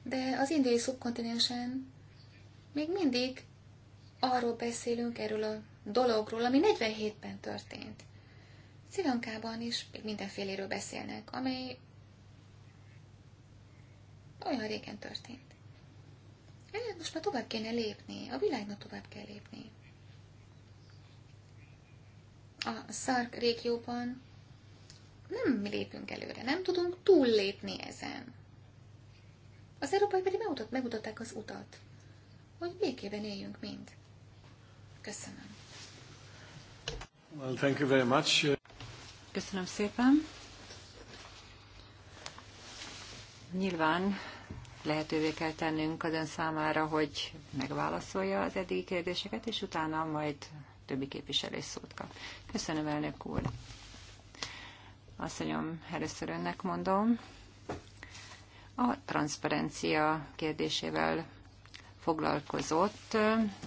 de az indiai szubkontinensen még mindig arról beszélünk, erről a dologról, ami 47-ben történt. Szilankában is még mindenféléről beszélnek, amely olyan régen történt. Most már tovább kéne lépni, a világnak tovább kell lépni. A szark régióban nem mi lépünk előre, nem tudunk túllépni ezen. Az európai pedig megmutat, megmutatták az utat, hogy békében éljünk mind. Köszönöm. Well, thank you very much. Köszönöm szépen. Nyilván lehetővé kell tennünk az ön számára, hogy megválaszolja az eddigi kérdéseket, és utána majd többi képviselő szót kap. Köszönöm, elnök úr. Azt mondjam, először önnek mondom, a transzparencia kérdésével foglalkozott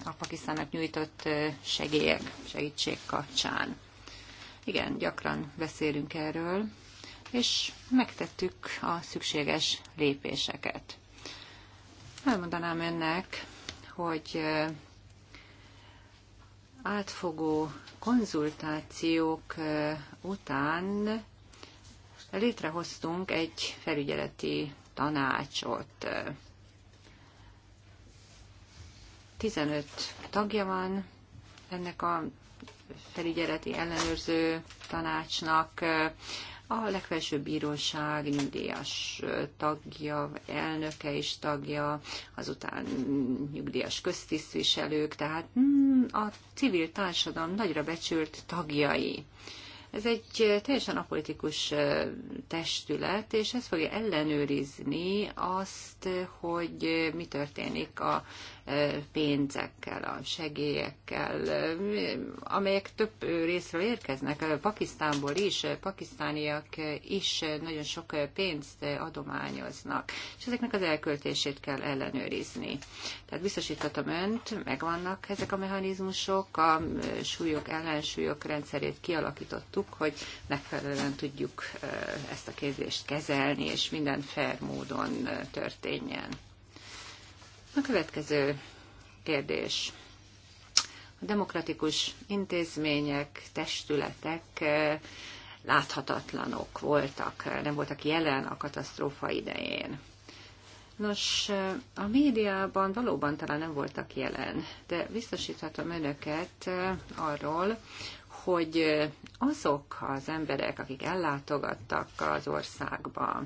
a Pakisztánnak nyújtott segélyek, segítség kapcsán. Igen, gyakran beszélünk erről, és megtettük a szükséges lépéseket. Elmondanám önnek, hogy átfogó konzultációk után létrehoztunk egy felügyeleti tanácsot. 15 tagja van ennek a felügyeleti ellenőrző tanácsnak. A legfelsőbb bíróság nyugdíjas tagja, elnöke is tagja, azután nyugdíjas köztisztviselők, tehát hmm, a civil társadalom nagyra becsült tagjai. Ez egy teljesen apolitikus testület, és ez fogja ellenőrizni azt, hogy mi történik a pénzekkel, a segélyekkel, amelyek több részről érkeznek, Pakisztánból is, pakisztániak is nagyon sok pénzt adományoznak, és ezeknek az elköltését kell ellenőrizni. Tehát biztosíthatom önt, megvannak ezek a mechanizmusok, a súlyok, ellensúlyok rendszerét kialakítottuk, hogy megfelelően tudjuk eh, ezt a kérdést kezelni, és minden fair módon eh, történjen. A következő kérdés. A demokratikus intézmények, testületek eh, láthatatlanok voltak, eh, nem voltak jelen a katasztrófa idején. Nos, eh, a médiában valóban talán nem voltak jelen, de biztosíthatom önöket arról, hogy azok az emberek, akik ellátogattak az országba,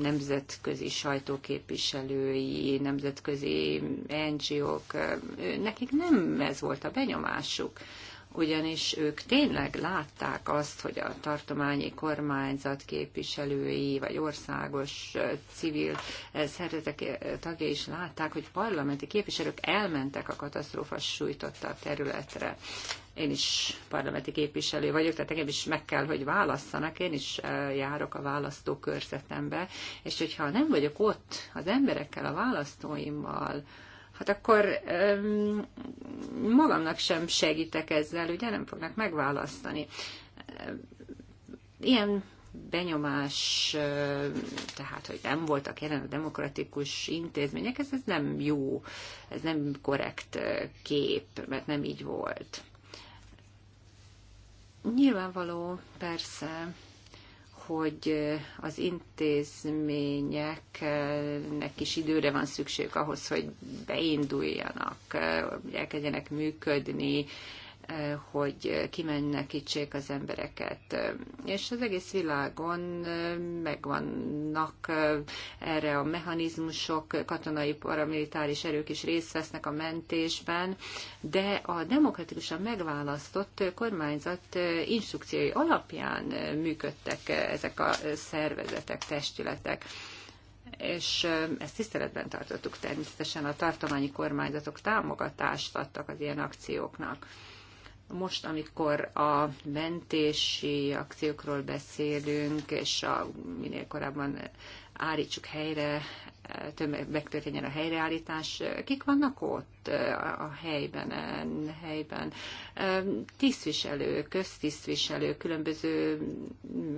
nemzetközi sajtóképviselői, nemzetközi NGO-k, nekik nem ez volt a benyomásuk ugyanis ők tényleg látták azt, hogy a tartományi kormányzat képviselői, vagy országos civil szervezetek tagjai is látták, hogy parlamenti képviselők elmentek a katasztrófa sújtotta a területre. Én is parlamenti képviselő vagyok, tehát engem is meg kell, hogy válasszanak. Én is eh, járok a választókörzetembe, és hogyha nem vagyok ott az emberekkel, a választóimmal, hát akkor öm, magamnak sem segítek ezzel, ugye nem fognak megválasztani. Ilyen benyomás, eh, tehát, hogy nem voltak jelen a demokratikus intézmények, ez, ez nem jó, ez nem korrekt eh, kép, mert nem így volt. Nyilvánvaló persze, hogy az intézményeknek is időre van szükség ahhoz, hogy beinduljanak, elkezdjenek működni, hogy kimenekítsék az embereket. És az egész világon megvannak eh, erre a mechanizmusok, katonai paramilitáris erők is részt vesznek a mentésben, de a demokratikusan megválasztott kormányzat eh, instrukciói alapján eh, működtek ezek a szervezetek, testületek és ezt tiszteletben tartottuk természetesen, a tartományi kormányzatok támogatást adtak az ilyen akcióknak most, amikor a mentési akciókról beszélünk, és a, minél korábban állítsuk helyre, tömeg, megtörténjen a helyreállítás, kik vannak ott a helyben, a helyben? Tisztviselő, köztisztviselő, különböző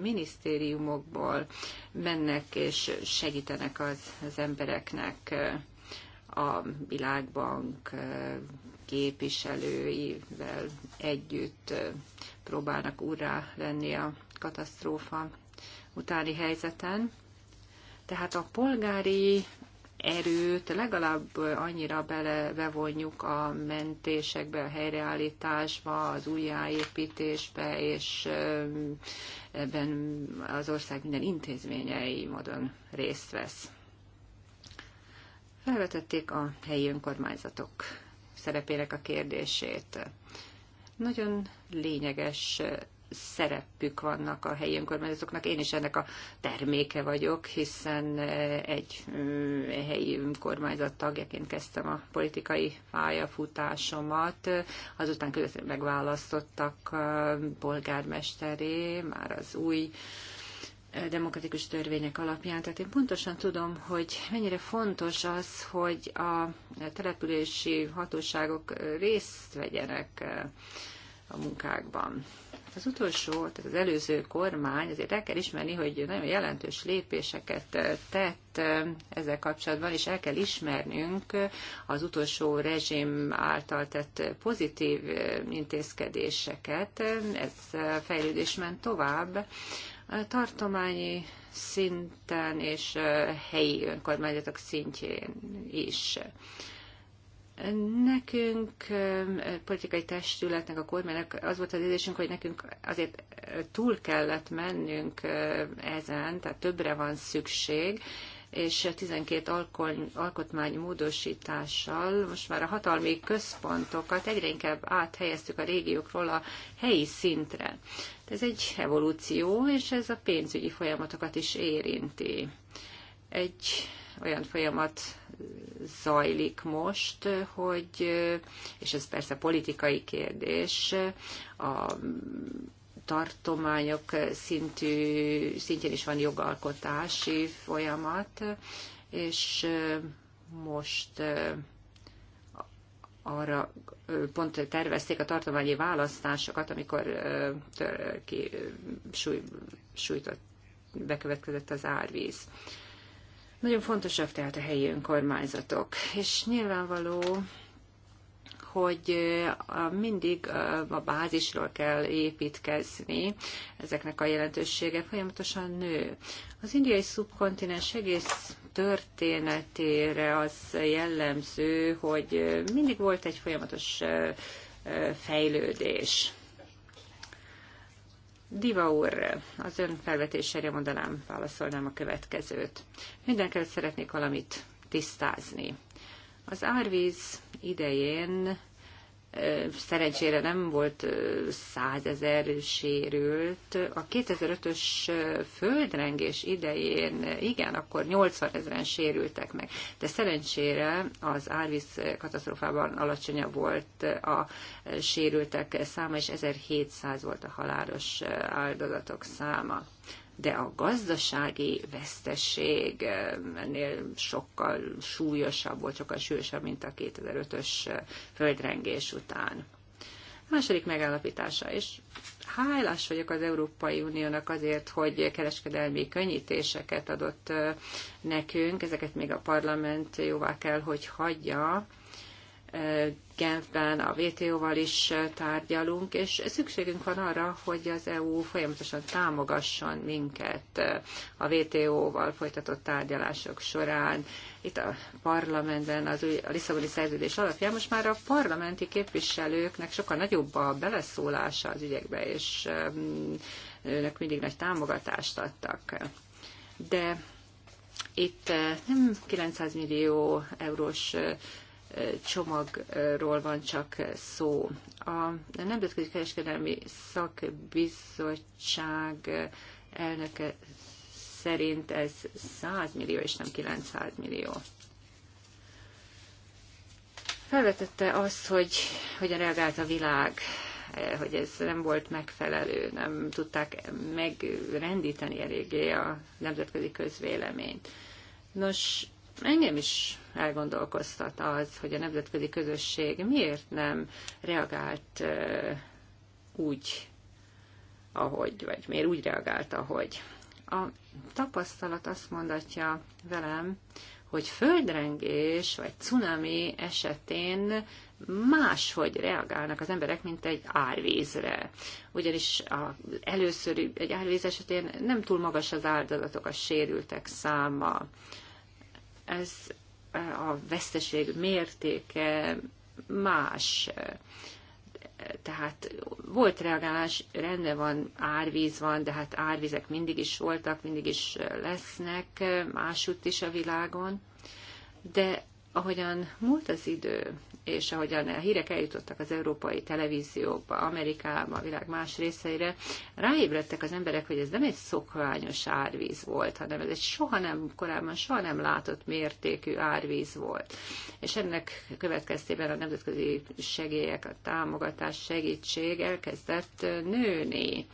minisztériumokból mennek és segítenek az, az embereknek a Világbank, képviselőivel együtt próbálnak úrrá lenni a katasztrófa utáni helyzeten. Tehát a polgári erőt legalább annyira bele bevonjuk a mentésekbe, a helyreállításba, az újjáépítésbe, és ebben az ország minden intézményei módon részt vesz. Felvetették a helyi önkormányzatok szerepének a kérdését. Nagyon lényeges szerepük vannak a helyi önkormányzatoknak. Én is ennek a terméke vagyok, hiszen eh, egy mm, helyi önkormányzat tagjaként kezdtem a politikai pályafutásomat. Azután közben megválasztottak eh, polgármesteré, már az új demokratikus törvények alapján. Tehát én pontosan tudom, hogy mennyire fontos az, hogy a települési hatóságok részt vegyenek a munkákban. Az utolsó, tehát az előző kormány, azért el kell ismerni, hogy nagyon jelentős lépéseket tett ezzel kapcsolatban, és el kell ismernünk az utolsó rezsim által tett pozitív intézkedéseket. Ez fejlődés ment tovább tartományi szinten és helyi önkormányzatok szintjén is. Nekünk, politikai testületnek, a kormánynak az volt az érzésünk, hogy nekünk azért túl kellett mennünk ezen, tehát többre van szükség, és 12 alkony, alkotmány módosítással most már a hatalmi központokat egyre inkább áthelyeztük a régiókról a helyi szintre. Ez egy evolúció, és ez a pénzügyi folyamatokat is érinti. Egy olyan folyamat zajlik most, hogy, és ez persze politikai kérdés, a tartományok szintű, szintjén is van jogalkotási folyamat, és most arra pont tervezték a tartományi választásokat, amikor ki súly, sújtott, bekövetkezett az árvíz. Nagyon fontosak tehát a helyi önkormányzatok, és nyilvánvaló, hogy mindig a bázisról kell építkezni, ezeknek a jelentősége folyamatosan nő. Az indiai szubkontinens egész történetére az jellemző, hogy mindig volt egy folyamatos fejlődés. Diva úr, az ön felvetésére mondanám, válaszolnám a következőt. Mindenkel szeretnék valamit tisztázni. Az árvíz idején Szerencsére nem volt százezer sérült. A 2005-ös földrengés idején, igen, akkor 80 ezeren sérültek meg. De szerencsére az árvíz katasztrófában alacsonyabb volt a sérültek száma, és 1700 volt a halálos áldozatok száma de a gazdasági veszteség eh, ennél sokkal súlyosabb volt, sokkal súlyosabb, mint a 2005-ös eh, földrengés után. A második megállapítása, és hálás vagyok az Európai Uniónak azért, hogy kereskedelmi könnyítéseket adott eh, nekünk, ezeket még a parlament jóvá kell, hogy hagyja, Genfben a WTO-val is tárgyalunk, és szükségünk van arra, hogy az EU folyamatosan támogasson minket a WTO-val folytatott tárgyalások során. Itt a parlamentben, az új, a Lisszaboni szerződés alapján most már a parlamenti képviselőknek sokkal nagyobb a beleszólása az ügyekbe, és um, őnek mindig nagy támogatást adtak. De itt uh, nem 900 millió eurós uh, csomagról van csak szó. A Nemzetközi Kereskedelmi Szakbizottság elnöke szerint ez 100 millió és nem 900 millió. Felvetette azt, hogy hogyan reagált a világ, hogy ez nem volt megfelelő, nem tudták megrendíteni eléggé a nemzetközi közvéleményt. Nos, engem is elgondolkoztat az, hogy a nemzetközi közösség miért nem reagált úgy, ahogy, vagy miért úgy reagált, ahogy. A tapasztalat azt mondatja velem, hogy földrengés vagy cunami esetén máshogy reagálnak az emberek, mint egy árvízre. Ugyanis a, először egy árvíz esetén nem túl magas az áldozatok, a sérültek száma. Ez a veszteség mértéke más. Tehát volt reagálás, rendben van, árvíz van, de hát árvizek mindig is voltak, mindig is lesznek, másutt is a világon. De ahogyan múlt az idő, és ahogyan a hírek eljutottak az európai televíziókba, Amerikába, a világ más részeire, ráébredtek az emberek, hogy ez nem egy szokványos árvíz volt, hanem ez egy soha nem, korábban soha nem látott mértékű árvíz volt. És ennek következtében a nemzetközi segélyek, a támogatás, segítség elkezdett nőni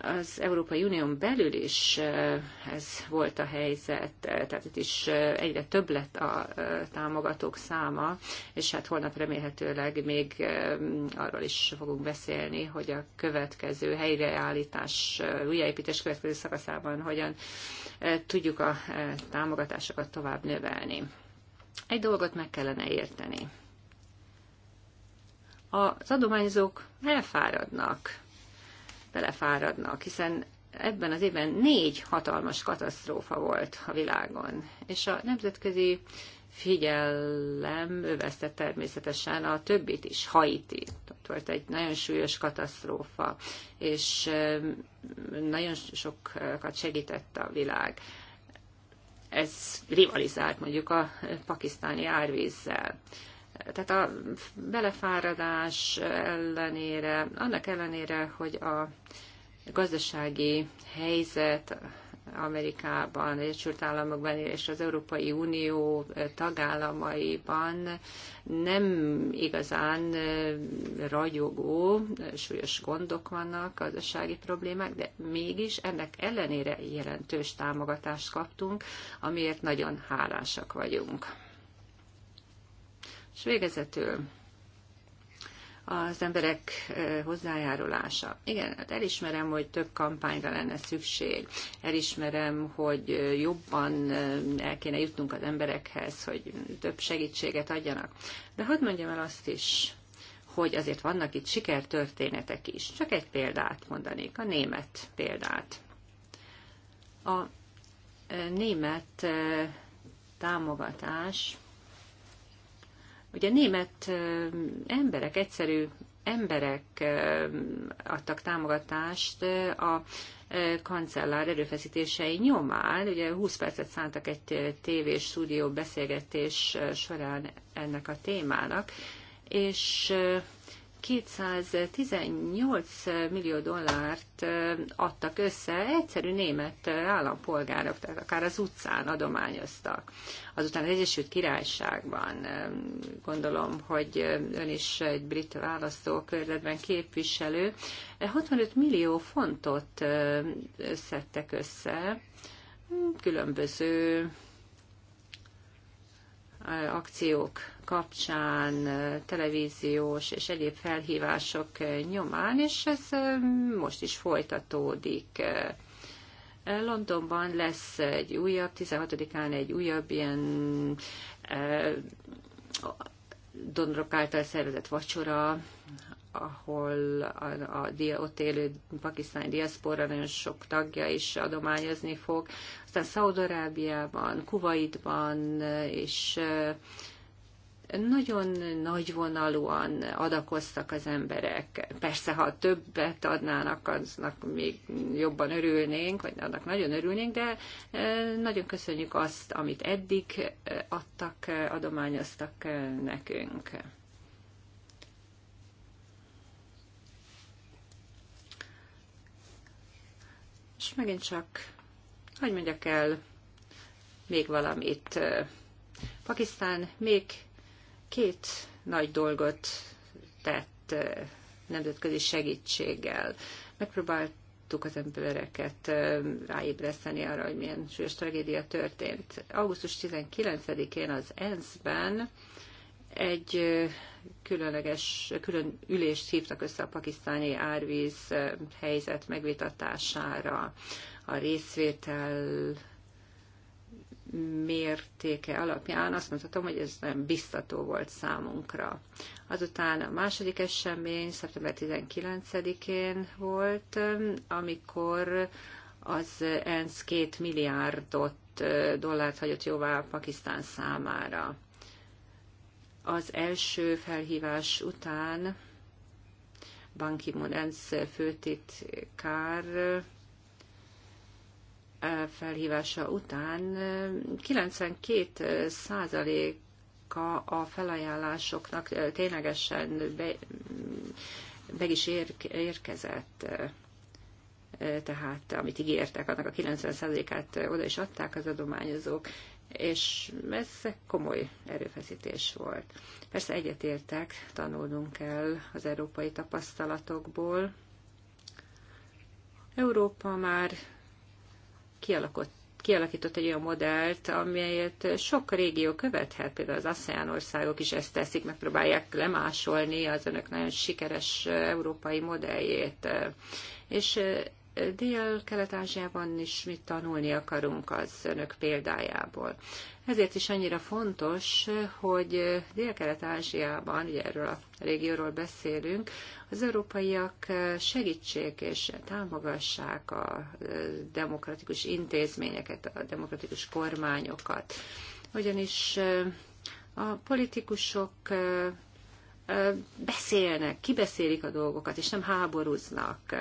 az Európai Unión belül is eh, ez volt a helyzet, eh, tehát itt is eh, egyre több lett a támogatók száma, és hát holnap remélhetőleg még arról is fogunk beszélni, hogy a következő helyreállítás, újjáépítés következő szakaszában hogyan tudjuk a támogatásokat tovább növelni. Egy dolgot meg kellene érteni. Az adományzók elfáradnak, belefáradnak, hiszen ebben az évben négy hatalmas katasztrófa volt a világon, és a nemzetközi figyelem övezte természetesen a többit is, Haiti. Ott volt egy nagyon súlyos katasztrófa, és um, nagyon sokat segített a világ. Ez rivalizált mondjuk a pakisztáni árvízzel tehát a belefáradás ellenére, annak ellenére, hogy a gazdasági helyzet Amerikában, Egyesült Államokban és az Európai Unió tagállamaiban nem igazán ragyogó, súlyos gondok vannak, gazdasági problémák, de mégis ennek ellenére jelentős támogatást kaptunk, amiért nagyon hálásak vagyunk. És végezetül az emberek hozzájárulása. Igen, hát elismerem, hogy több kampányra lenne szükség. Elismerem, hogy jobban el kéne jutnunk az emberekhez, hogy több segítséget adjanak. De hadd mondjam el azt is, hogy azért vannak itt sikertörténetek is. Csak egy példát mondanék, a német példát. A német támogatás Ugye német emberek, egyszerű emberek adtak támogatást a kancellár erőfeszítései nyomán. Ugye 20 percet szántak egy tévés stúdió beszélgetés során ennek a témának, és 218 millió dollárt adtak össze egyszerű német állampolgárok, tehát akár az utcán adományoztak. Azután az Egyesült Királyságban gondolom, hogy ön is egy brit választókörzetben képviselő, 65 millió fontot szedtek össze különböző akciók kapcsán, televíziós és egyéb felhívások nyomán, és ez most is folytatódik. Londonban lesz egy újabb, 16-án egy újabb ilyen donorok által szervezett vacsora, ahol a, a ott élő pakisztáni diaszpora nagyon sok tagja is adományozni fog. Aztán Szaudarábiában, Kuwaitban és eh, nagyon nagyvonalúan adakoztak az emberek. Persze, ha többet adnának, aznak még jobban örülnénk, vagy annak nagyon örülnénk, de eh, nagyon köszönjük azt, amit eddig eh, adtak, adományoztak nekünk. És megint csak, hogy mondjak el, még valamit. Pakisztán még két nagy dolgot tett eh, nemzetközi segítséggel. Megpróbáltuk az embereket eh, ráébreszteni arra, hogy milyen súlyos tragédia történt. Augusztus 19-én az ENSZ-ben egy különleges, külön ülést hívtak össze a pakisztáni árvíz helyzet megvitatására. A részvétel mértéke alapján azt mondhatom, hogy ez nem biztató volt számunkra. Azután a második esemény szeptember 19-én volt, amikor az ENSZ két milliárdot dollárt hagyott jóvá Pakisztán számára. Az első felhívás után Ban Ki-moon ENSZ főtitkár e, felhívása után 92 e, százaléka a felajánlásoknak e, ténylegesen be, be is érkezett. Tehát amit ígértek, annak a 90%-át oda is adták az adományozók és ez komoly erőfeszítés volt. Persze egyetértek, tanulnunk kell az európai tapasztalatokból. Európa már kialakott kialakított egy olyan modellt, amelyet sok régió követhet, például az ASEAN országok is ezt teszik, megpróbálják lemásolni az önök nagyon sikeres európai modelljét. És Dél-Kelet-Ázsiában is mit tanulni akarunk az önök példájából. Ezért is annyira fontos, hogy Dél-Kelet-Ázsiában, ugye erről a régióról beszélünk, az európaiak segítsék és támogassák a demokratikus intézményeket, a demokratikus kormányokat. Ugyanis a politikusok beszélnek, kibeszélik a dolgokat, és nem háborúznak.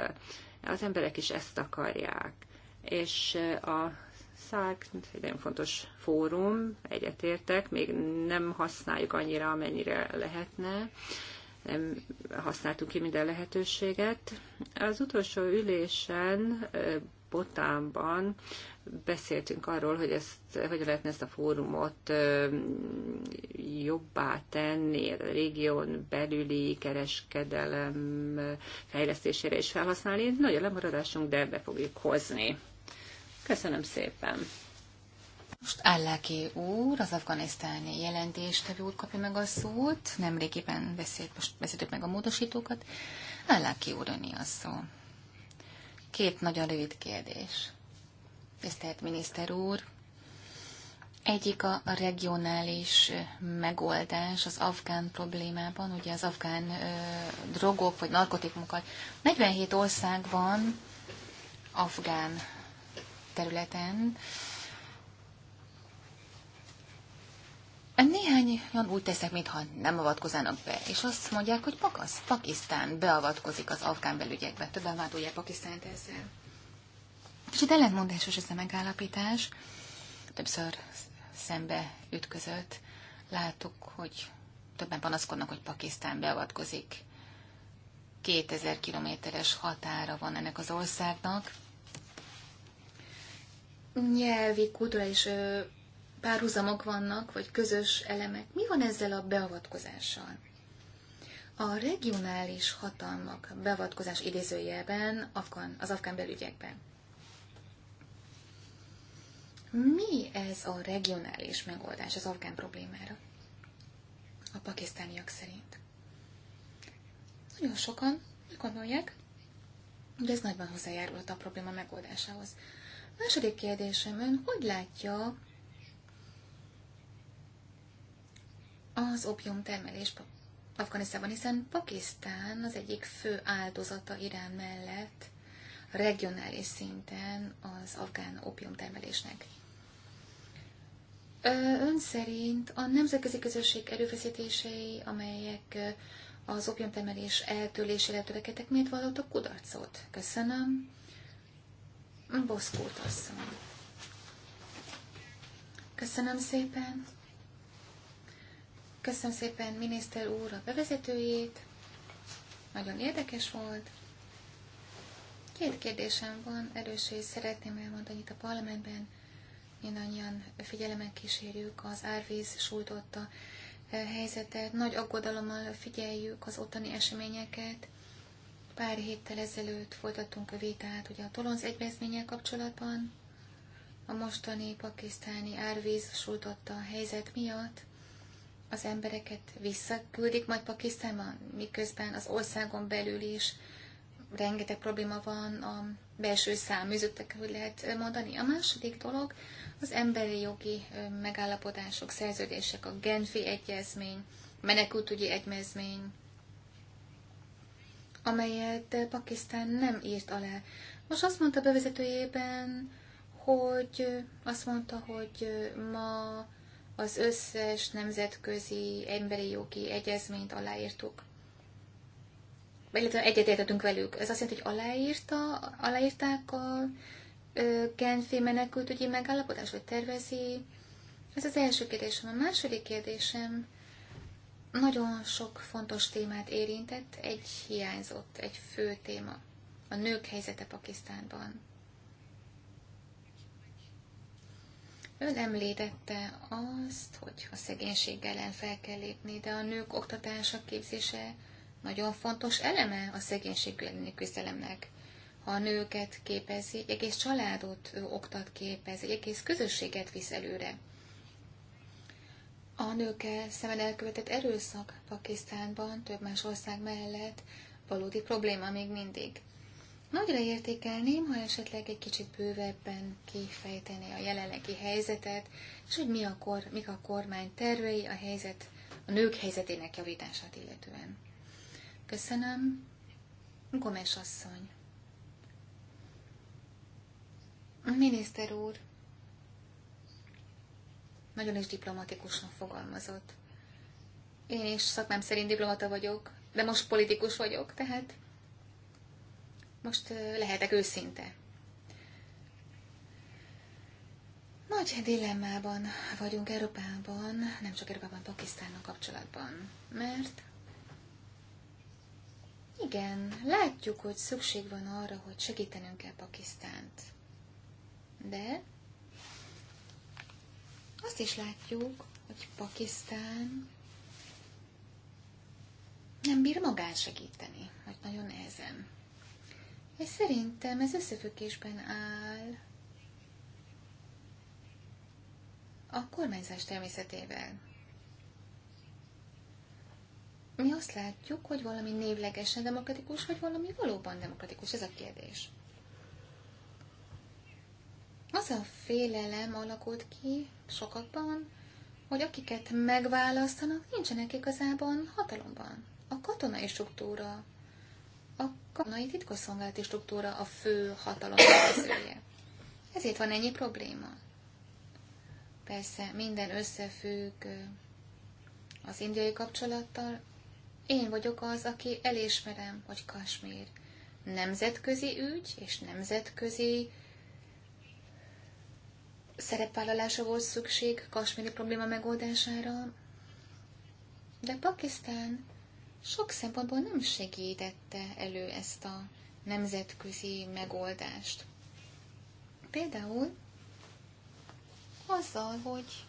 Az emberek is ezt akarják. És eh, a szák egy nagyon fontos fórum, egyetértek, még nem használjuk annyira, amennyire lehetne, nem használtuk ki minden lehetőséget. Az utolsó ülésen eh, Botánban beszéltünk arról, hogy ezt, hogy lehetne ezt a fórumot jobbá tenni, a régión belüli kereskedelem fejlesztésére is felhasználni. Nagy a lemaradásunk, de be fogjuk hozni. Köszönöm szépen! Most Álláki úr, az afganisztáni jelentéstevő úr kapja meg a szót. Nemrégiben beszélt, most beszéltük meg a módosítókat. Álláki úr öni a szó. Két nagyon rövid kérdés tisztelt miniszter úr! Egyik a regionális megoldás az afgán problémában, ugye az afgán ö, drogok vagy narkotikumokat. 47 ország van afgán területen. néhány olyan úgy teszek, mintha nem avatkozának be, és azt mondják, hogy Pakisztán beavatkozik az afgán belügyekbe. Többen vádolják Pakisztánt ezzel. Kicsit ellentmondásos ez a megállapítás. Többször szembe ütközött. Láttuk, hogy többen panaszkodnak, hogy Pakisztán beavatkozik. 2000 kilométeres határa van ennek az országnak. Nyelvi, kulturális párhuzamok vannak, vagy közös elemek. Mi van ezzel a beavatkozással? A regionális hatalmak beavatkozás idézőjelben az afgán belügyekben. Mi ez a regionális megoldás az afgán problémára? A pakisztániak szerint. Nagyon sokan gondolják, de ez nagyban hozzájárulhat a probléma megoldásához. A második kérdésem ön, hogy látja az opium termelés Afganisztában, hiszen Pakisztán az egyik fő áldozata Irán mellett regionális szinten az afgán termelésnek. Ön szerint a nemzetközi közösség erőfeszítései, amelyek az opiumtermelés eltörlésére törekedtek, miért vallottak kudarcot? Köszönöm. Boszkót asszony. Köszönöm szépen. Köszönöm szépen miniszter úr a bevezetőjét. Nagyon érdekes volt. Két kérdésem van, erősé szeretném elmondani itt a parlamentben mindannyian figyelemmel kísérjük az árvíz sújtotta eh, helyzetet, nagy aggodalommal figyeljük az ottani eseményeket. Pár héttel ezelőtt folytattunk a vitát ugye a Tolonz egyezménnyel kapcsolatban, a mostani pakisztáni árvíz sújtotta a helyzet miatt az embereket visszaküldik majd Pakisztánba, miközben az országon belül is rengeteg probléma van a belső száműzöttek, hogy lehet mondani. A második dolog az emberi jogi megállapodások, szerződések, a Genfi Egyezmény, menekültügyi egyezmény, amelyet Pakisztán nem írt alá. Most azt mondta bevezetőjében, hogy azt mondta, hogy ma az összes nemzetközi emberi jogi egyezményt aláírtuk illetve egyetértettünk velük. Ez azt jelenti, hogy aláírta, aláírták a Genfi menekültügyi megállapodás, vagy tervezi. Ez az első kérdésem. A második kérdésem nagyon sok fontos témát érintett, egy hiányzott, egy fő téma. A nők helyzete Pakisztánban. Ön említette azt, hogy a szegénység ellen fel kell lépni, de a nők oktatása, képzése nagyon fontos eleme a szegénység elleni küzdelemnek. Ha a nőket képezi, egy egész családot oktat képez, egy egész közösséget visz előre. A nőkkel szemben elkövetett erőszak Pakisztánban, több más ország mellett valódi probléma még mindig. Nagyra értékelném, ha esetleg egy kicsit bővebben kifejteni a jelenlegi helyzetet, és hogy mi a kor, mik a kormány tervei a helyzet, a nők helyzetének javítását illetően. Köszönöm. Gomes asszony. Miniszter úr, nagyon is diplomatikusnak fogalmazott. Én is szakmám szerint diplomata vagyok, de most politikus vagyok, tehát most lehetek őszinte. Nagy dilemmában vagyunk Európában, nem csak Európában, Pakisztánnal kapcsolatban, mert igen, látjuk, hogy szükség van arra, hogy segítenünk kell Pakisztánt. De azt is látjuk, hogy Pakisztán nem bír magát segíteni, vagy nagyon nehezen. És szerintem ez összefüggésben áll a kormányzás természetével mi azt látjuk, hogy valami névlegesen demokratikus, vagy valami valóban demokratikus, ez a kérdés. Az a félelem alakult ki sokakban, hogy akiket megválasztanak, nincsenek igazában hatalomban. A katonai struktúra, a katonai titkosszolgálati struktúra a fő hatalom szerzője. Ezért van ennyi probléma. Persze minden összefügg az indiai kapcsolattal, én vagyok az, aki elismerem, hogy Kasmír nemzetközi ügy és nemzetközi szerepvállalása volt szükség kasmiri probléma megoldására, de Pakisztán sok szempontból nem segítette elő ezt a nemzetközi megoldást. Például azzal, hogy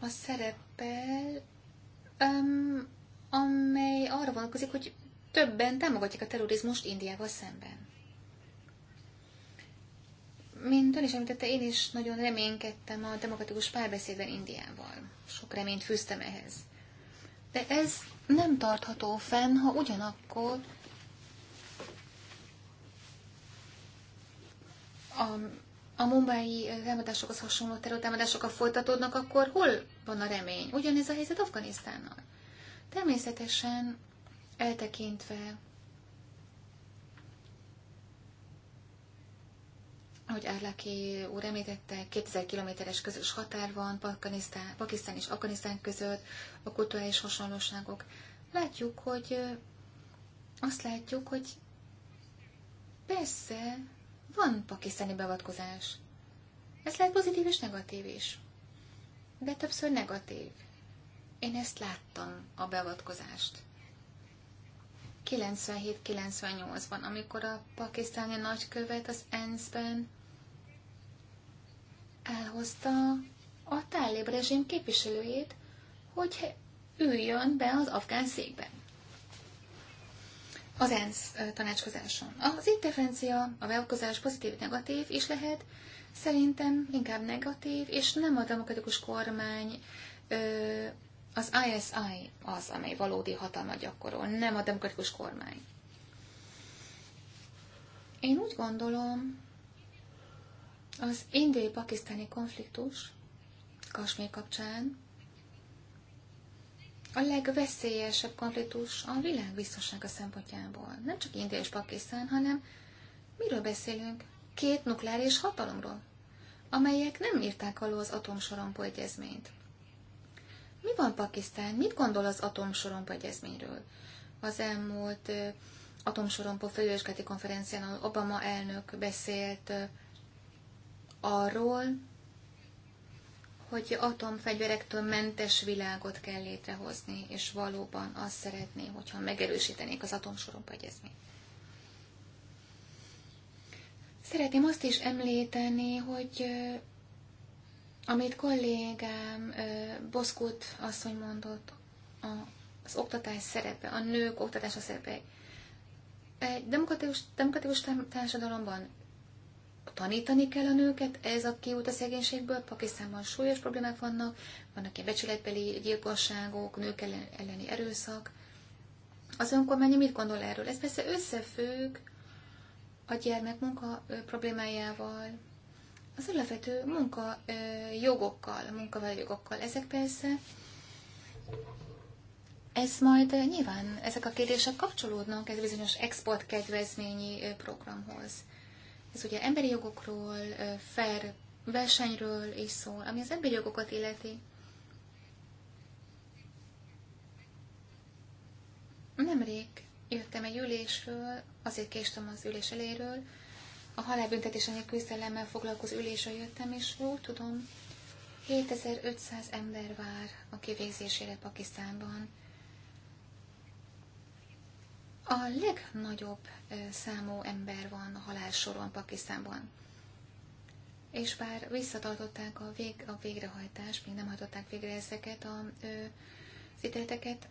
a szereppel, um, amely arra vonatkozik, hogy többen támogatják a terrorizmust Indiával szemben. Mint ön is említette, én is nagyon reménykedtem a demokratikus párbeszédben Indiával. Sok reményt fűztem ehhez. De ez nem tartható fenn, ha ugyanakkor a a mumbai eh, támadásokhoz hasonló a folytatódnak, akkor hol van a remény? Ugyanez a helyzet Afganisztánnal. Természetesen eltekintve, ahogy Árláki úr említette, 2000 kilométeres közös határ van Pakisztán, Pakisztán és Afganisztán között, a kulturális hasonlóságok. Látjuk, hogy eh, azt látjuk, hogy persze van pakisztáni beavatkozás. Ez lehet pozitív és negatív is. De többször negatív. Én ezt láttam, a beavatkozást. 97-98-ban, amikor a pakisztáni nagykövet az ENSZ-ben elhozta a tálib rezsim képviselőjét, hogy üljön be az afgán székben az ENSZ tanácskozáson. Az interferencia, a beokozás pozitív-negatív is lehet, szerintem inkább negatív, és nem a demokratikus kormány, az ISI az, amely valódi hatalmat gyakorol, nem a demokratikus kormány. Én úgy gondolom, az indiai-pakisztáni konfliktus Kasmér kapcsán a legveszélyesebb konfliktus a világ biztonsága szempontjából. Nem csak India és Pakisztán, hanem miről beszélünk? Két nukleáris hatalomról, amelyek nem írták alól az atomsorompó egyezményt. Mi van Pakisztán? Mit gondol az atomsorompó egyezményről? Az elmúlt atomsorompó felülvizsgálati konferencián Obama elnök beszélt arról, hogy atomfegyverektől mentes világot kell létrehozni, és valóban azt szeretné, hogyha megerősítenék az atomsorompa egyezményt. Szeretném azt is említeni, hogy amit kollégám Boszkut asszony mondott, az oktatás szerepe, a nők oktatása szerepe. Egy demokratikus, demokratikus társadalomban tanítani kell a nőket, ez a kiút a szegénységből. Pakisztánban súlyos problémák vannak, vannak ilyen becsületbeli gyilkosságok, nők elleni erőszak. Az önkormány mit gondol erről? Ez persze összefügg a gyermekmunka problémájával, az alapvető munka jogokkal, munkavállalójogokkal. Ezek persze, ez majd nyilván, ezek a kérdések kapcsolódnak ez bizonyos export kedvezményi programhoz. Ez ugye emberi jogokról, fair versenyről is szól, ami az emberi jogokat illeti. Nemrég jöttem egy ülésről, azért késtem az ülés eléről, a halálbüntetés a küzdelemmel foglalkozó ülésre jöttem, és úgy tudom, 7500 ember vár a kivégzésére Pakisztánban. A legnagyobb számú ember van a halálsoron Pakisztánban. És bár visszatartották a, vég, a végrehajtást, még nem hajtották végre ezeket a, az ítéleteket,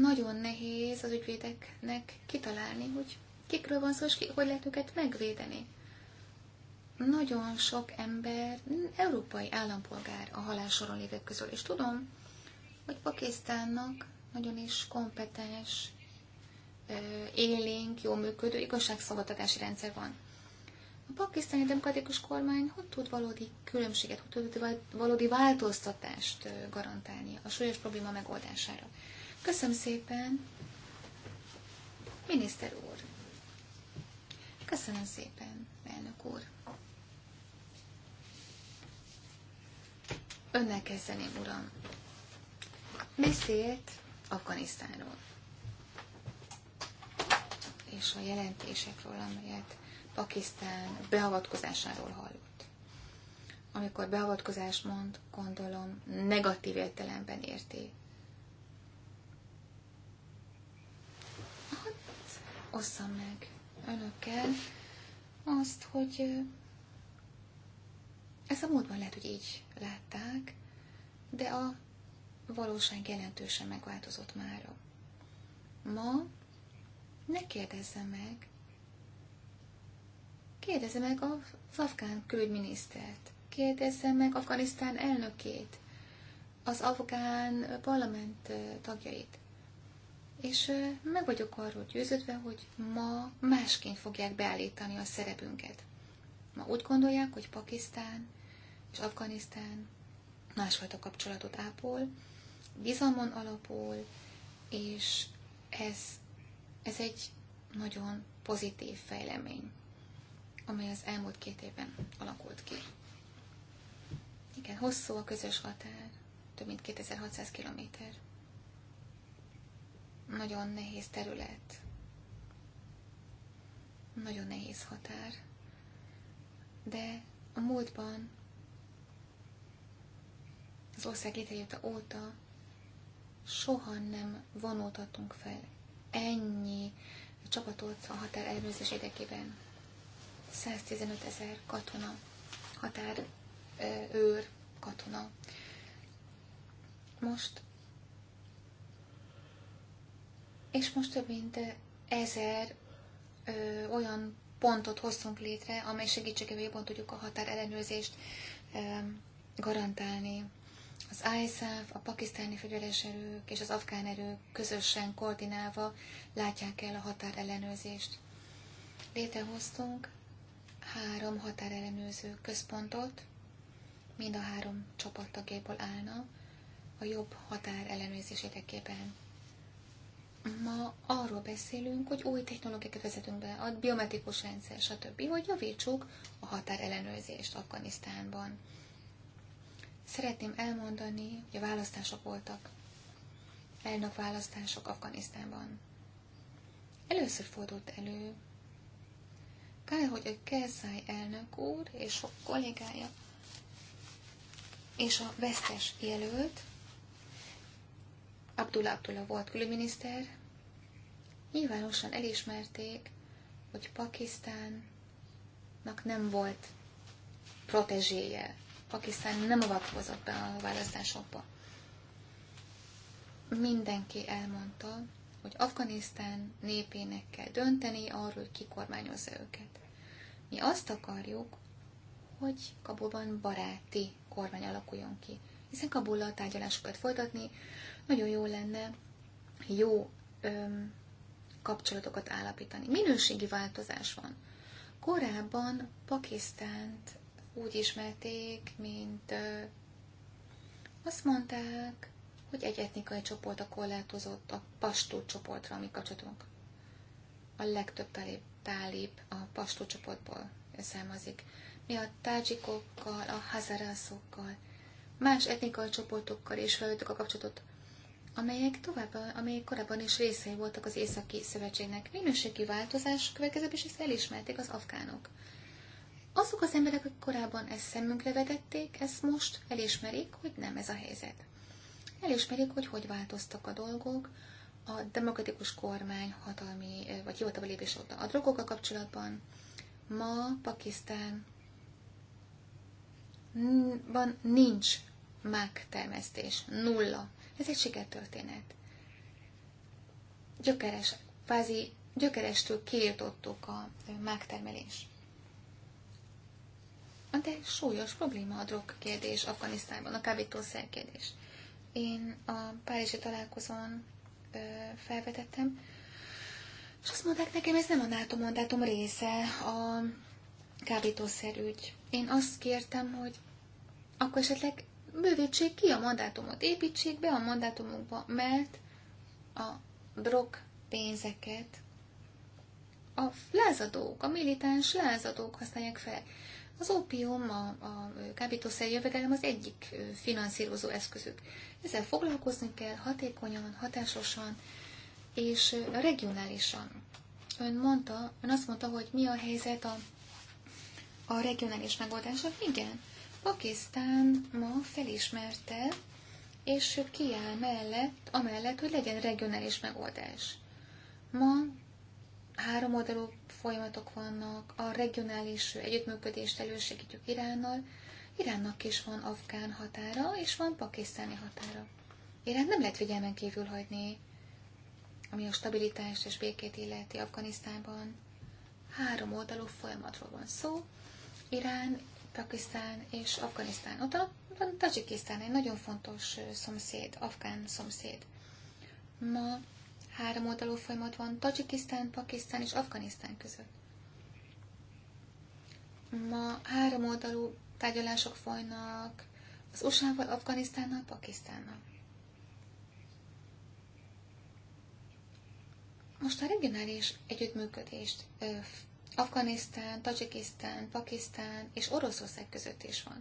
nagyon nehéz az ügyvédeknek kitalálni, hogy kikről van szó, és ki, hogy lehet őket megvédeni. Nagyon sok ember európai állampolgár a halálsoron lévők közül, és tudom, hogy Pakisztánnak nagyon is kompetens élénk, jó működő igazságszolgáltatási rendszer van. A pakisztáni demokratikus kormány hogy tud valódi különbséget, hogy tud valódi változtatást garantálni a súlyos probléma megoldására? Köszönöm szépen, miniszter úr! Köszönöm szépen, elnök úr! Önnel kezdeném, uram. Beszélt Afganisztánról és a jelentésekről, amelyet Pakisztán beavatkozásáról hallott. Amikor beavatkozást mond, gondolom negatív értelemben érti. Hát, osszam meg önökkel azt, hogy ez a módban lehet, hogy így látták, de a valóság jelentősen megváltozott mára. Ma ne kérdezze meg. Kérdezze meg az afgán külügyminisztert, kérdezze meg Afganisztán elnökét, az afgán parlament tagjait. És meg vagyok arról győződve, hogy ma másként fogják beállítani a szerepünket. Ma úgy gondolják, hogy Pakisztán és Afganisztán másfajta kapcsolatot ápol, bizalmon alapul, és ez ez egy nagyon pozitív fejlemény, amely az elmúlt két évben alakult ki. Igen, hosszú a közös határ, több mint 2600 kilométer. Nagyon nehéz terület, nagyon nehéz határ, de a múltban az ország létrejötte óta soha nem vonultatunk fel ennyi csapatot a határ ellenőrzés érdekében. 115 ezer katona, határ őr katona. Most és most több mint ezer ö, olyan pontot hoztunk létre, amely segítségével jobban tudjuk a határ ellenőrzést ö, garantálni. Az ISAF, a pakisztáni fegyveres erők és az afgán erők közösen koordinálva látják el a határellenőrzést. Létrehoztunk három határellenőrző központot, mind a három csapattagéból állna a jobb határ ellenőrzés érdekében. Ma arról beszélünk, hogy új technológiákat vezetünk be, a biometrikus rendszer, stb., hogy javítsuk a határ ellenőrzést Afganisztánban. Szeretném elmondani, hogy a választások voltak. Elnök választások Afganisztánban. Először fordult elő, kár, hogy a Kerszáj elnök úr és sok kollégája és a vesztes jelölt, Abdullah Abdullah volt külügyminiszter, nyilvánosan elismerték, hogy Pakisztánnak nem volt protezséje Pakisztán nem avatkozott be a választásokba. Mindenki elmondta, hogy Afganisztán népének kell dönteni arról, hogy ki őket. Mi azt akarjuk, hogy Kabulban baráti kormány alakuljon ki. Hiszen a tárgyalásokat folytatni nagyon jó lenne, jó öm, kapcsolatokat állapítani. Minőségi változás van. Korábban Pakisztánt úgy ismerték, mint azt mondták, hogy egy etnikai csoport a korlátozott a pastó csoportra, ami kapcsolatunk. A legtöbb tálib, tálib a pastó csoportból származik. Mi a tácsikokkal, a hazarászokkal, más etnikai csoportokkal is felvettük a kapcsolatot, amelyek tovább, amelyek korábban is részei voltak az Északi Szövetségnek. Minőségi változás következőbb is ezt elismerték az afgánok. Azok az emberek, akik korábban ezt szemünkre vetették, ezt most elismerik, hogy nem ez a helyzet. Elismerik, hogy hogy változtak a dolgok, a demokratikus kormány hatalmi vagy hivatalba lépés óta a drogokkal kapcsolatban. Ma Pakisztán van nincs mák termesztés, nulla. Ez egy sikertörténet. Gyökeres, kvázi gyökerestől kiirtottuk a mágtermelést de súlyos probléma a drog kérdés Afganisztánban, a kábítószer kérdés. Én a Párizsi találkozón ö, felvetettem, és azt mondták nekem, ez nem a NATO mandátum része a kábítószer ügy. Én azt kértem, hogy akkor esetleg bővítsék ki a mandátumot, építsék be a mandátumokba, mert a drog pénzeket a lázadók, a militáns lázadók használják fel. Az ópium, a, a kábítószer jövedelem az egyik finanszírozó eszközük. Ezzel foglalkozni kell hatékonyan, hatásosan és regionálisan. Ön mondta, ön azt mondta, hogy mi a helyzet a, a regionális megoldások. Igen, Pakisztán ma felismerte, és kiáll mellett, amellett, hogy legyen regionális megoldás. Ma három oldalú folyamatok vannak, a regionális együttműködést elősegítjük Iránnal, Iránnak is van afgán határa, és van pakisztáni határa. Irán nem lehet figyelmen kívül hagyni, ami a stabilitást és békét illeti Afganisztánban. Három oldalú folyamatról van szó. Irán, Pakisztán és Afganisztán. Ott a Tajikisztán egy nagyon fontos szomszéd, afgán szomszéd. Ma három oldalú folyamat van Tajikisztán, Pakisztán és Afganisztán között. Ma három oldalú tárgyalások folynak az USA-val, Afganisztánnal, Pakisztánnal. Most a regionális együttműködést Afganisztán, Tajikisztán, Pakisztán és Oroszország között is van.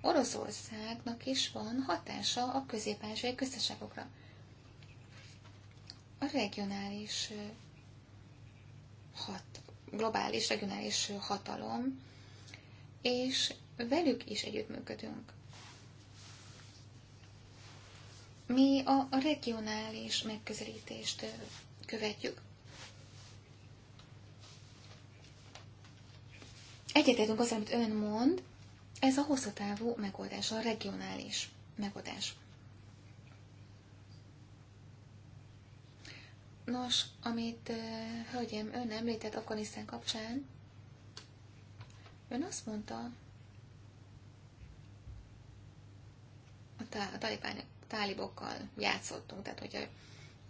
Oroszországnak is van hatása a közép-ázsiai köztársaságokra a regionális hat, globális, regionális hatalom, és velük is együttműködünk. Mi a regionális megközelítést követjük. Egyetértünk az, amit ön mond, ez a hosszatávú megoldás, a regionális megoldás. Nos, amit hölgyem ön említett Afganisztán kapcsán, ön azt mondta, a, tá- a talibán, tálibokkal játszottunk, tehát hogyha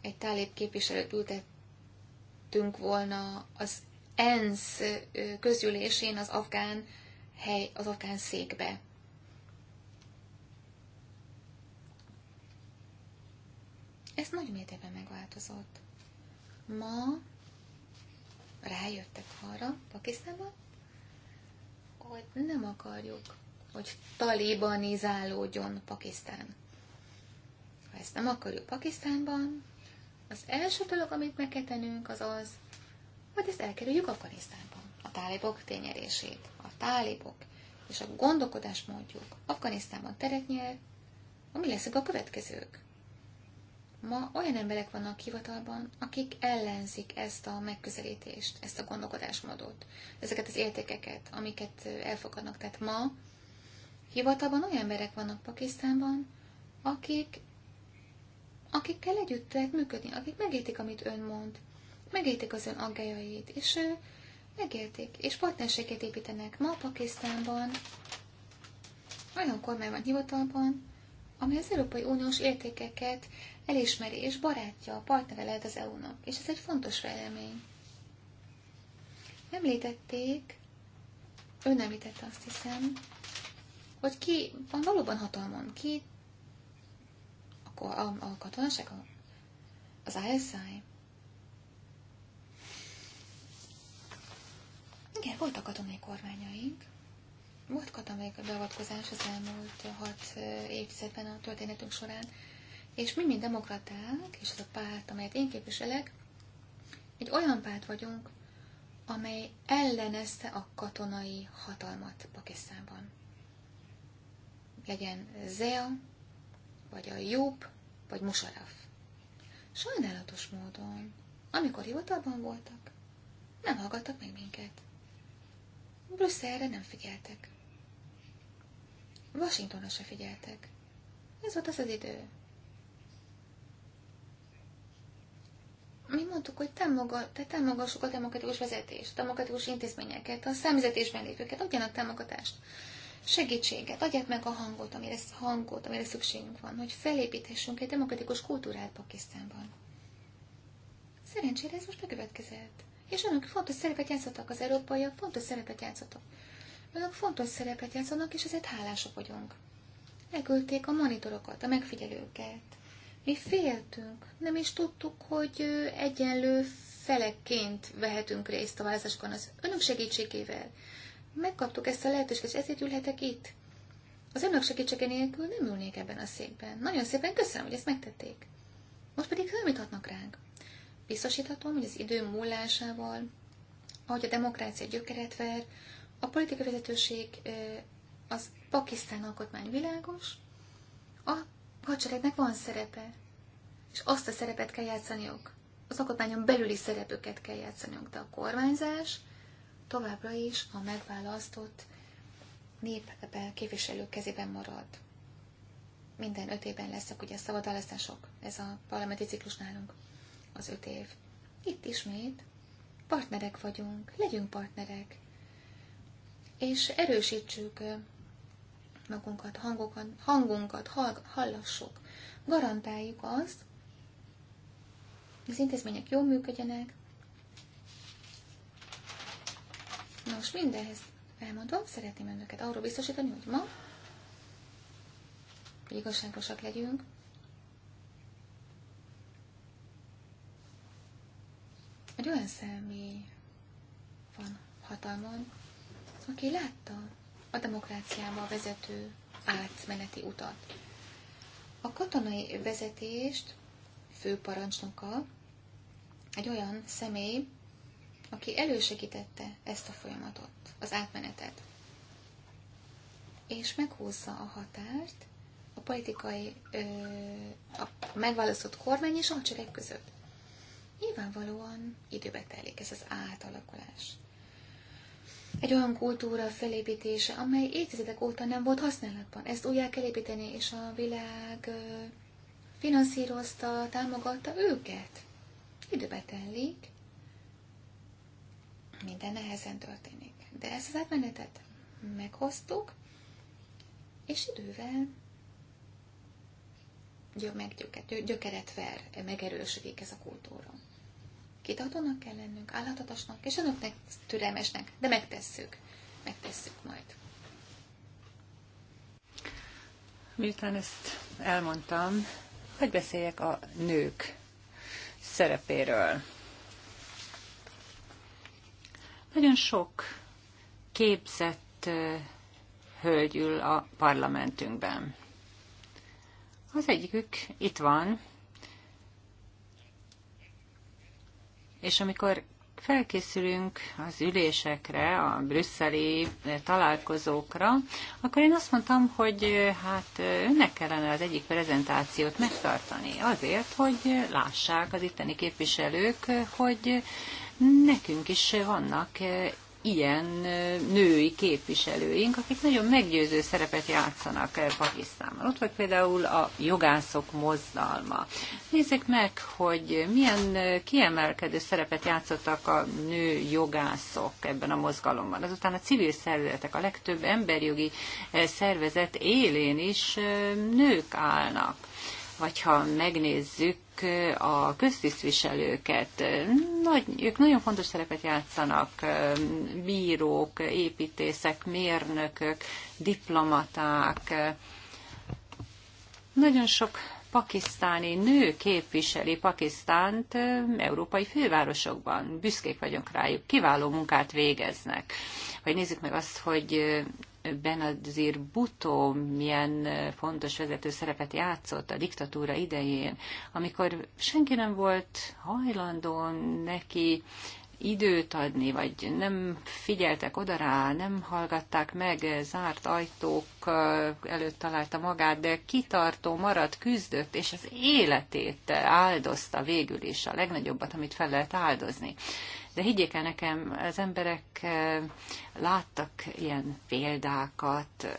egy tálib képviselőt ültettünk volna az ENSZ közgyűlésén az afgán hely, az afgán székbe. Ez nagy mértékben megváltozott ma rájöttek arra Pakisztánban, hogy nem akarjuk, hogy talibanizálódjon Pakisztán. Ha ezt nem akarjuk Pakisztánban, az első dolog, amit meg kell tennünk, az az, hogy ezt elkerüljük Afganisztánban. A tálibok tényerését, a tálibok és a gondolkodásmódjuk Afganisztánban teret nyer, ami leszünk a következők. Ma olyan emberek vannak hivatalban, akik ellenzik ezt a megközelítést, ezt a gondolkodásmódot, ezeket az értékeket, amiket elfogadnak. Tehát ma hivatalban olyan emberek vannak Pakisztánban, akik, akikkel együtt lehet működni, akik megértik, amit ön mond, megértik az ön aggájait, és megértik, és partnerséget építenek. Ma Pakisztánban olyan kormány van hivatalban, amely az Európai Uniós értékeket elismeri és barátja, partnere lehet az EU-nak, és ez egy fontos fejlemény. Említették, ön említette azt hiszem, hogy ki van valóban hatalmon, ki a, a, a katonaság, a, az ISI. Igen, voltak katonai kormányaink, volt katonai beavatkozás az elmúlt hat évtizedben a történetünk során, és mi, mint demokraták, és ez a párt, amelyet én képviselek, egy olyan párt vagyunk, amely ellenezte a katonai hatalmat Pakisztánban. Legyen Zea, vagy a Jobb, vagy Musaraf. Sajnálatos módon, amikor hivatalban voltak, nem hallgattak meg minket. Brüsszelre nem figyeltek. Washingtonra se figyeltek. Ez volt az az idő, mi mondtuk, hogy támogat, tehát támogassuk a demokratikus vezetést, demokratikus intézményeket, a számüzetésben lépőket, adjanak támogatást, segítséget, adják meg a hangot, amire, hangot, amire szükségünk van, hogy felépíthessünk egy demokratikus kultúrát Pakisztánban. Szerencsére ez most bekövetkezett. És önök fontos szerepet játszottak az európaiak, fontos szerepet játszottak. Önök fontos szerepet játszanak, és ezért hálások vagyunk. Elküldték a monitorokat, a megfigyelőket, mi féltünk, nem is tudtuk, hogy egyenlő felekként vehetünk részt a választáskon az önök segítségével. Megkaptuk ezt a lehetőséget, és ezért ülhetek itt. Az önök segítsége nélkül nem ülnék ebben a székben. Nagyon szépen köszönöm, hogy ezt megtették. Most pedig adnak ránk. Biztosíthatom, hogy az idő múlásával, ahogy a demokrácia gyökeret ver, a politikai vezetőség az Pakisztán alkotmány világos, a hadseregnek van szerepe, és azt a szerepet kell játszaniuk. Az alkotmányon belüli szerepüket kell játszaniuk, de a kormányzás továbbra is a megválasztott nép képviselők kezében marad. Minden öt évben lesznek ugye szabad választások, ez a parlamenti ciklus nálunk, az öt év. Itt ismét partnerek vagyunk, legyünk partnerek, és erősítsük magunkat, hangokat, hangunkat hall, hallassuk. Garantáljuk azt, hogy az intézmények jól működjenek. Nos, mindehez elmondom, szeretném önöket arról biztosítani, hogy ma hogy igazságosak legyünk, egy olyan személy van hatalmon, aki látta a demokráciába vezető átmeneti utat. A katonai vezetést főparancsnoka egy olyan személy, aki elősegítette ezt a folyamatot, az átmenetet, és meghúzza a határt a politikai, ö, a megválasztott kormány és a hadsereg között. Nyilvánvalóan időbe telik ez az átalakulás egy olyan kultúra felépítése, amely évtizedek óta nem volt használatban. Ezt újjá kell építeni, és a világ finanszírozta, támogatta őket. Időbe telik, minden nehezen történik. De ezt az átmenetet meghoztuk, és idővel gyökeret ver, megerősödik ez a kultúra kitartónak kell lennünk, állhatatosnak, és önöknek türelmesnek, de megtesszük. Megtesszük majd. Miután ezt elmondtam, hogy beszéljek a nők szerepéről. Nagyon sok képzett hölgyül a parlamentünkben. Az egyikük itt van, És amikor felkészülünk az ülésekre, a brüsszeli találkozókra, akkor én azt mondtam, hogy hát önnek kellene az egyik prezentációt megtartani azért, hogy lássák az itteni képviselők, hogy nekünk is vannak ilyen női képviselőink, akik nagyon meggyőző szerepet játszanak eh, Pakisztánban. Ott vagy például a jogászok mozdalma. Nézzük meg, hogy milyen kiemelkedő szerepet játszottak a nő jogászok ebben a mozgalomban. Azután a civil szervezetek, a legtöbb emberjogi eh, szervezet élén is eh, nők állnak vagy ha megnézzük eh, a köztisztviselőket, eh, nagy, ők nagyon fontos szerepet játszanak, eh, bírók, építészek, mérnökök, diplomaták. Nagyon sok pakisztáni nő képviseli Pakisztánt európai fővárosokban. Büszkék vagyunk rájuk, kiváló munkát végeznek. Vagy nézzük meg azt, hogy Benazir Butó milyen fontos vezető szerepet játszott a diktatúra idején, amikor senki nem volt hajlandó neki időt adni, vagy nem figyeltek oda rá, nem hallgatták meg, zárt ajtók előtt találta magát, de kitartó maradt, küzdött, és az életét áldozta végül is, a legnagyobbat, amit fel lehet áldozni. De higgyék el nekem, az emberek eh, láttak ilyen példákat, eh,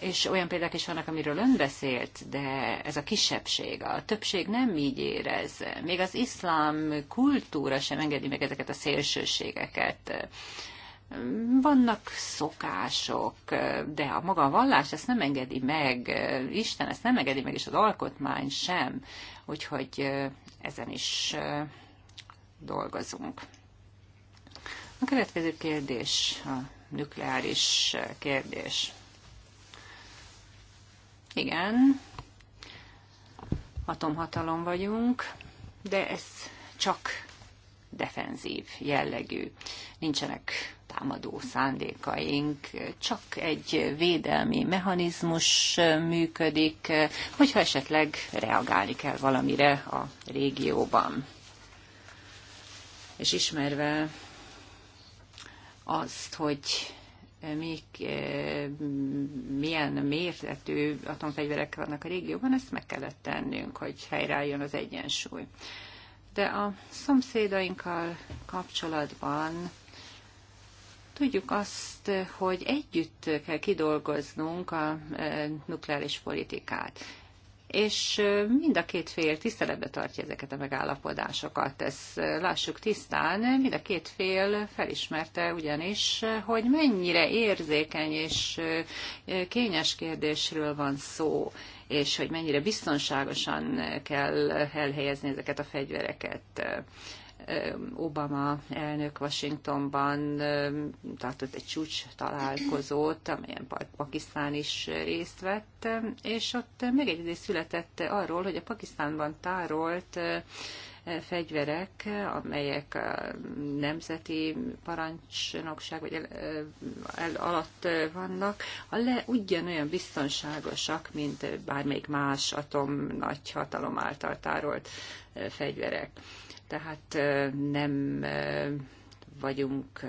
és olyan példák is vannak, amiről ön beszélt, de ez a kisebbség, a többség nem így érez. Még az iszlám kultúra sem engedi meg ezeket a szélsőségeket. Vannak szokások, de a maga a vallás ezt nem engedi meg, Isten ezt nem engedi meg, és az alkotmány sem. Úgyhogy eh, ezen is dolgozunk. A következő kérdés a nukleáris kérdés. Igen, atomhatalom vagyunk, de ez csak defenzív jellegű. Nincsenek támadó szándékaink, csak egy védelmi mechanizmus működik, hogyha esetleg reagálni kell valamire a régióban és ismerve azt, hogy mik, eh, milyen mértető atomfegyverek vannak a régióban, ezt meg kellett tennünk, hogy helyreálljon az egyensúly. De a szomszédainkkal kapcsolatban tudjuk azt, hogy együtt kell kidolgoznunk a eh, nukleáris politikát és mind a két fél tiszteletbe tartja ezeket a megállapodásokat. Ezt lássuk tisztán, mind a két fél felismerte ugyanis, hogy mennyire érzékeny és kényes kérdésről van szó, és hogy mennyire biztonságosan kell elhelyezni ezeket a fegyvereket. Obama elnök Washingtonban tartott egy csúcs találkozót, amelyen Pakisztán is részt vett, és ott megegyezés született arról, hogy a Pakisztánban tárolt fegyverek, amelyek a nemzeti parancsnokság vagy el, el, alatt vannak, a le ugyanolyan biztonságosak, mint bármelyik más atom nagyhatalom által tárolt fegyverek tehát nem vagyunk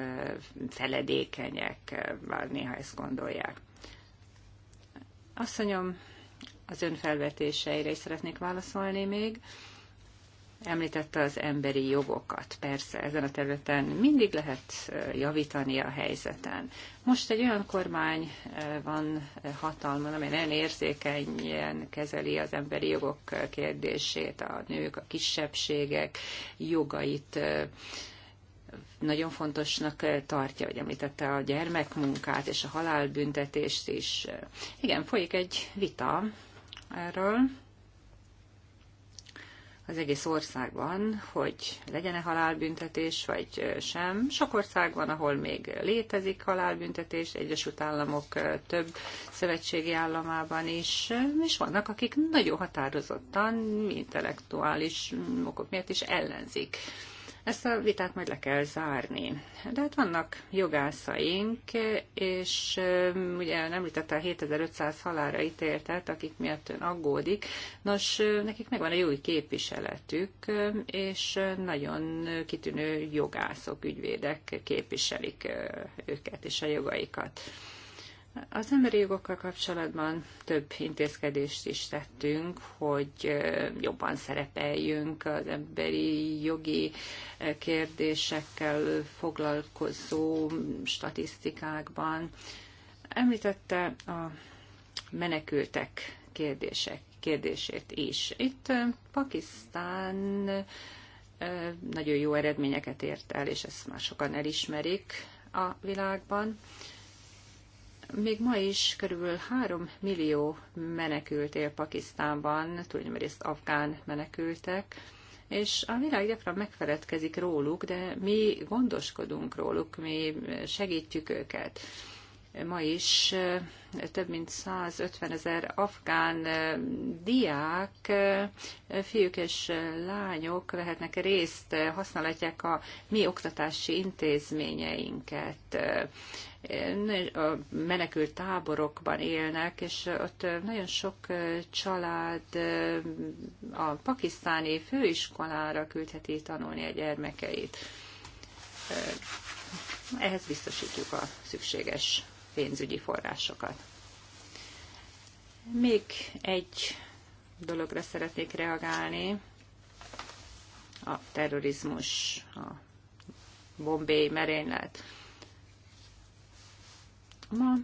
feledékenyek, bár néha ezt gondolják. mondjam, az ön felvetéseire is szeretnék válaszolni még említette az emberi jogokat. Persze, ezen a területen mindig lehet javítani a helyzeten. Most egy olyan kormány van hatalmon, amely nagyon érzékenyen kezeli az emberi jogok kérdését, a nők, a kisebbségek jogait nagyon fontosnak tartja, hogy említette a gyermekmunkát és a halálbüntetést is. Igen, folyik egy vita erről, az egész országban, hogy legyen-e halálbüntetés, vagy sem. Sok ország van, ahol még létezik halálbüntetés, Egyesült Államok több szövetségi államában is, és vannak, akik nagyon határozottan, intellektuális mm, okok miatt is ellenzik ezt a vitát majd le kell zárni. De hát vannak jogászaink, és ugye nem a 7500 halára ítéltet, akik miatt ön aggódik. Nos, nekik megvan a jó képviseletük, és nagyon kitűnő jogászok, ügyvédek képviselik őket és a jogaikat. Az emberi jogokkal kapcsolatban több intézkedést is tettünk, hogy jobban szerepeljünk az emberi jogi kérdésekkel foglalkozó statisztikákban. Említette a menekültek kérdések, kérdését is. Itt Pakisztán nagyon jó eredményeket ért el, és ezt már sokan elismerik a világban. Még ma is körülbelül 3 millió menekült él Pakisztánban, tulajdonképpen afgán menekültek, és a világ gyakran megfeledkezik róluk, de mi gondoskodunk róluk, mi segítjük őket. Ma is eh, több mint 150 ezer afgán eh, diák, eh, fiúk és lányok vehetnek részt, használhatják a mi oktatási intézményeinket a menekült táborokban élnek, és ott nagyon sok család a pakisztáni főiskolára küldheti tanulni a gyermekeit. Ehhez biztosítjuk a szükséges pénzügyi forrásokat. Még egy dologra szeretnék reagálni. A terrorizmus, a bombéi merénylet. Ma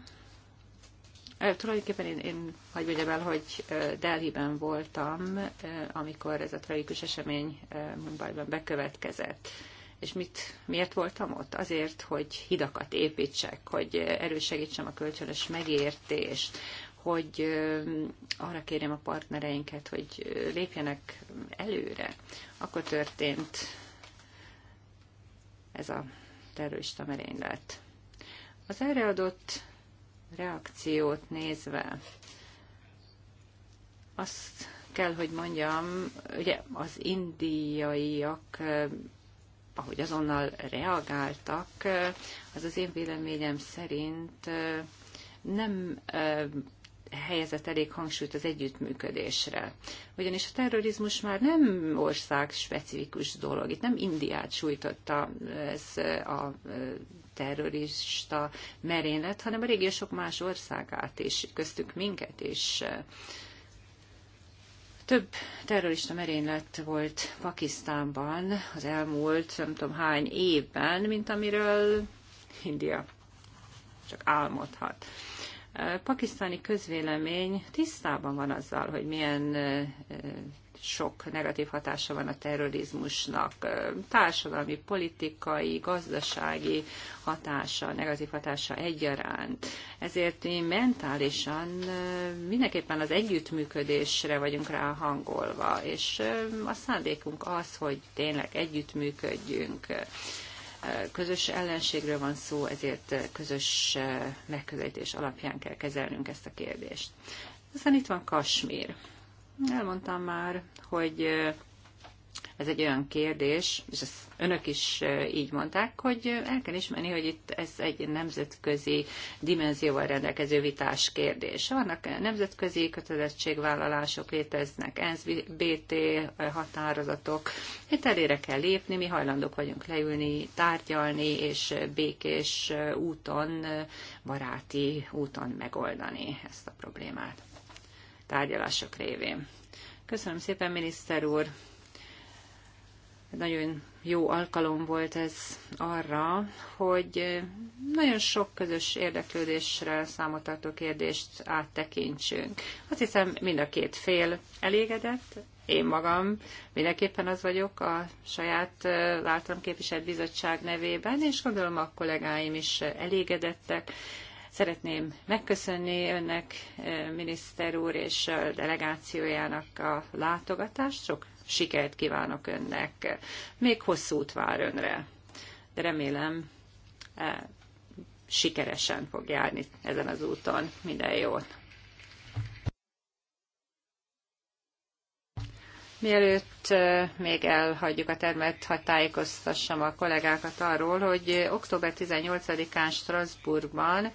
tulajdonképpen én, én hagyd mondjam el, hogy Delhi-ben voltam, amikor ez a tragikus esemény Mumbai-ban bekövetkezett. És mit, miért voltam ott? Azért, hogy hidakat építsek, hogy erősegítsem a kölcsönös megértést, hogy arra kérjem a partnereinket, hogy lépjenek előre. Akkor történt ez a terrorista merénylet. Az erre adott reakciót nézve azt kell, hogy mondjam, ugye az indiaiak eh, ahogy azonnal reagáltak, eh, az az én véleményem szerint eh, nem helyezett elég hangsúlyt az együttműködésre. Ugyanis a terrorizmus már nem ország specifikus dolog, itt nem Indiát sújtotta ez a terrorista merénylet, hanem a régi sok más országát is, köztük minket is. Több terrorista merénylet volt Pakisztánban az elmúlt nem tudom hány évben, mint amiről India csak álmodhat. A pakisztáni közvélemény tisztában van azzal, hogy milyen eh, sok negatív hatása van a terrorizmusnak. Társadalmi, politikai, gazdasági hatása, negatív hatása egyaránt. Ezért mi mentálisan mindenképpen az együttműködésre vagyunk ráhangolva, és a szándékunk az, hogy tényleg együttműködjünk közös ellenségről van szó, ezért közös megközelítés alapján kell kezelnünk ezt a kérdést. Aztán itt van Kasmír. Elmondtam már, hogy ez egy olyan kérdés, és ezt önök is így mondták, hogy el kell ismerni, hogy itt ez egy nemzetközi dimenzióval rendelkező vitás kérdés. Vannak nemzetközi kötelezettségvállalások, léteznek ENSZ, BT határozatok. Itt elére kell lépni, mi hajlandók vagyunk leülni, tárgyalni, és békés úton, baráti úton megoldani ezt a problémát tárgyalások révén. Köszönöm szépen, miniszter úr! Nagyon jó alkalom volt ez arra, hogy nagyon sok közös érdeklődésre számot kérdést áttekintsünk. Azt hiszem, mind a két fél elégedett, én magam mindenképpen az vagyok a saját általam képviselt bizottság nevében, és gondolom a kollégáim is elégedettek, Szeretném megköszönni önnek, eh, miniszter úr és a delegációjának a látogatást. Sok sikert kívánok önnek. Még hosszú út vár önre, de remélem eh, sikeresen fog járni ezen az úton. Minden jót! Mielőtt még elhagyjuk a termet, ha tájékoztassam a kollégákat arról, hogy október 18-án Strasbourgban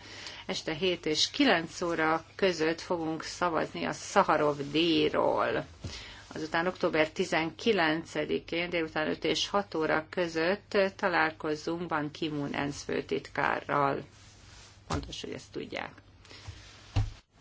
este 7 és 9 óra között fogunk szavazni a Szaharov díjról. Azután október 19-én délután 5 és 6 óra között találkozunk van Kimun ENSZ főtitkárral. Fontos, hogy ezt tudják.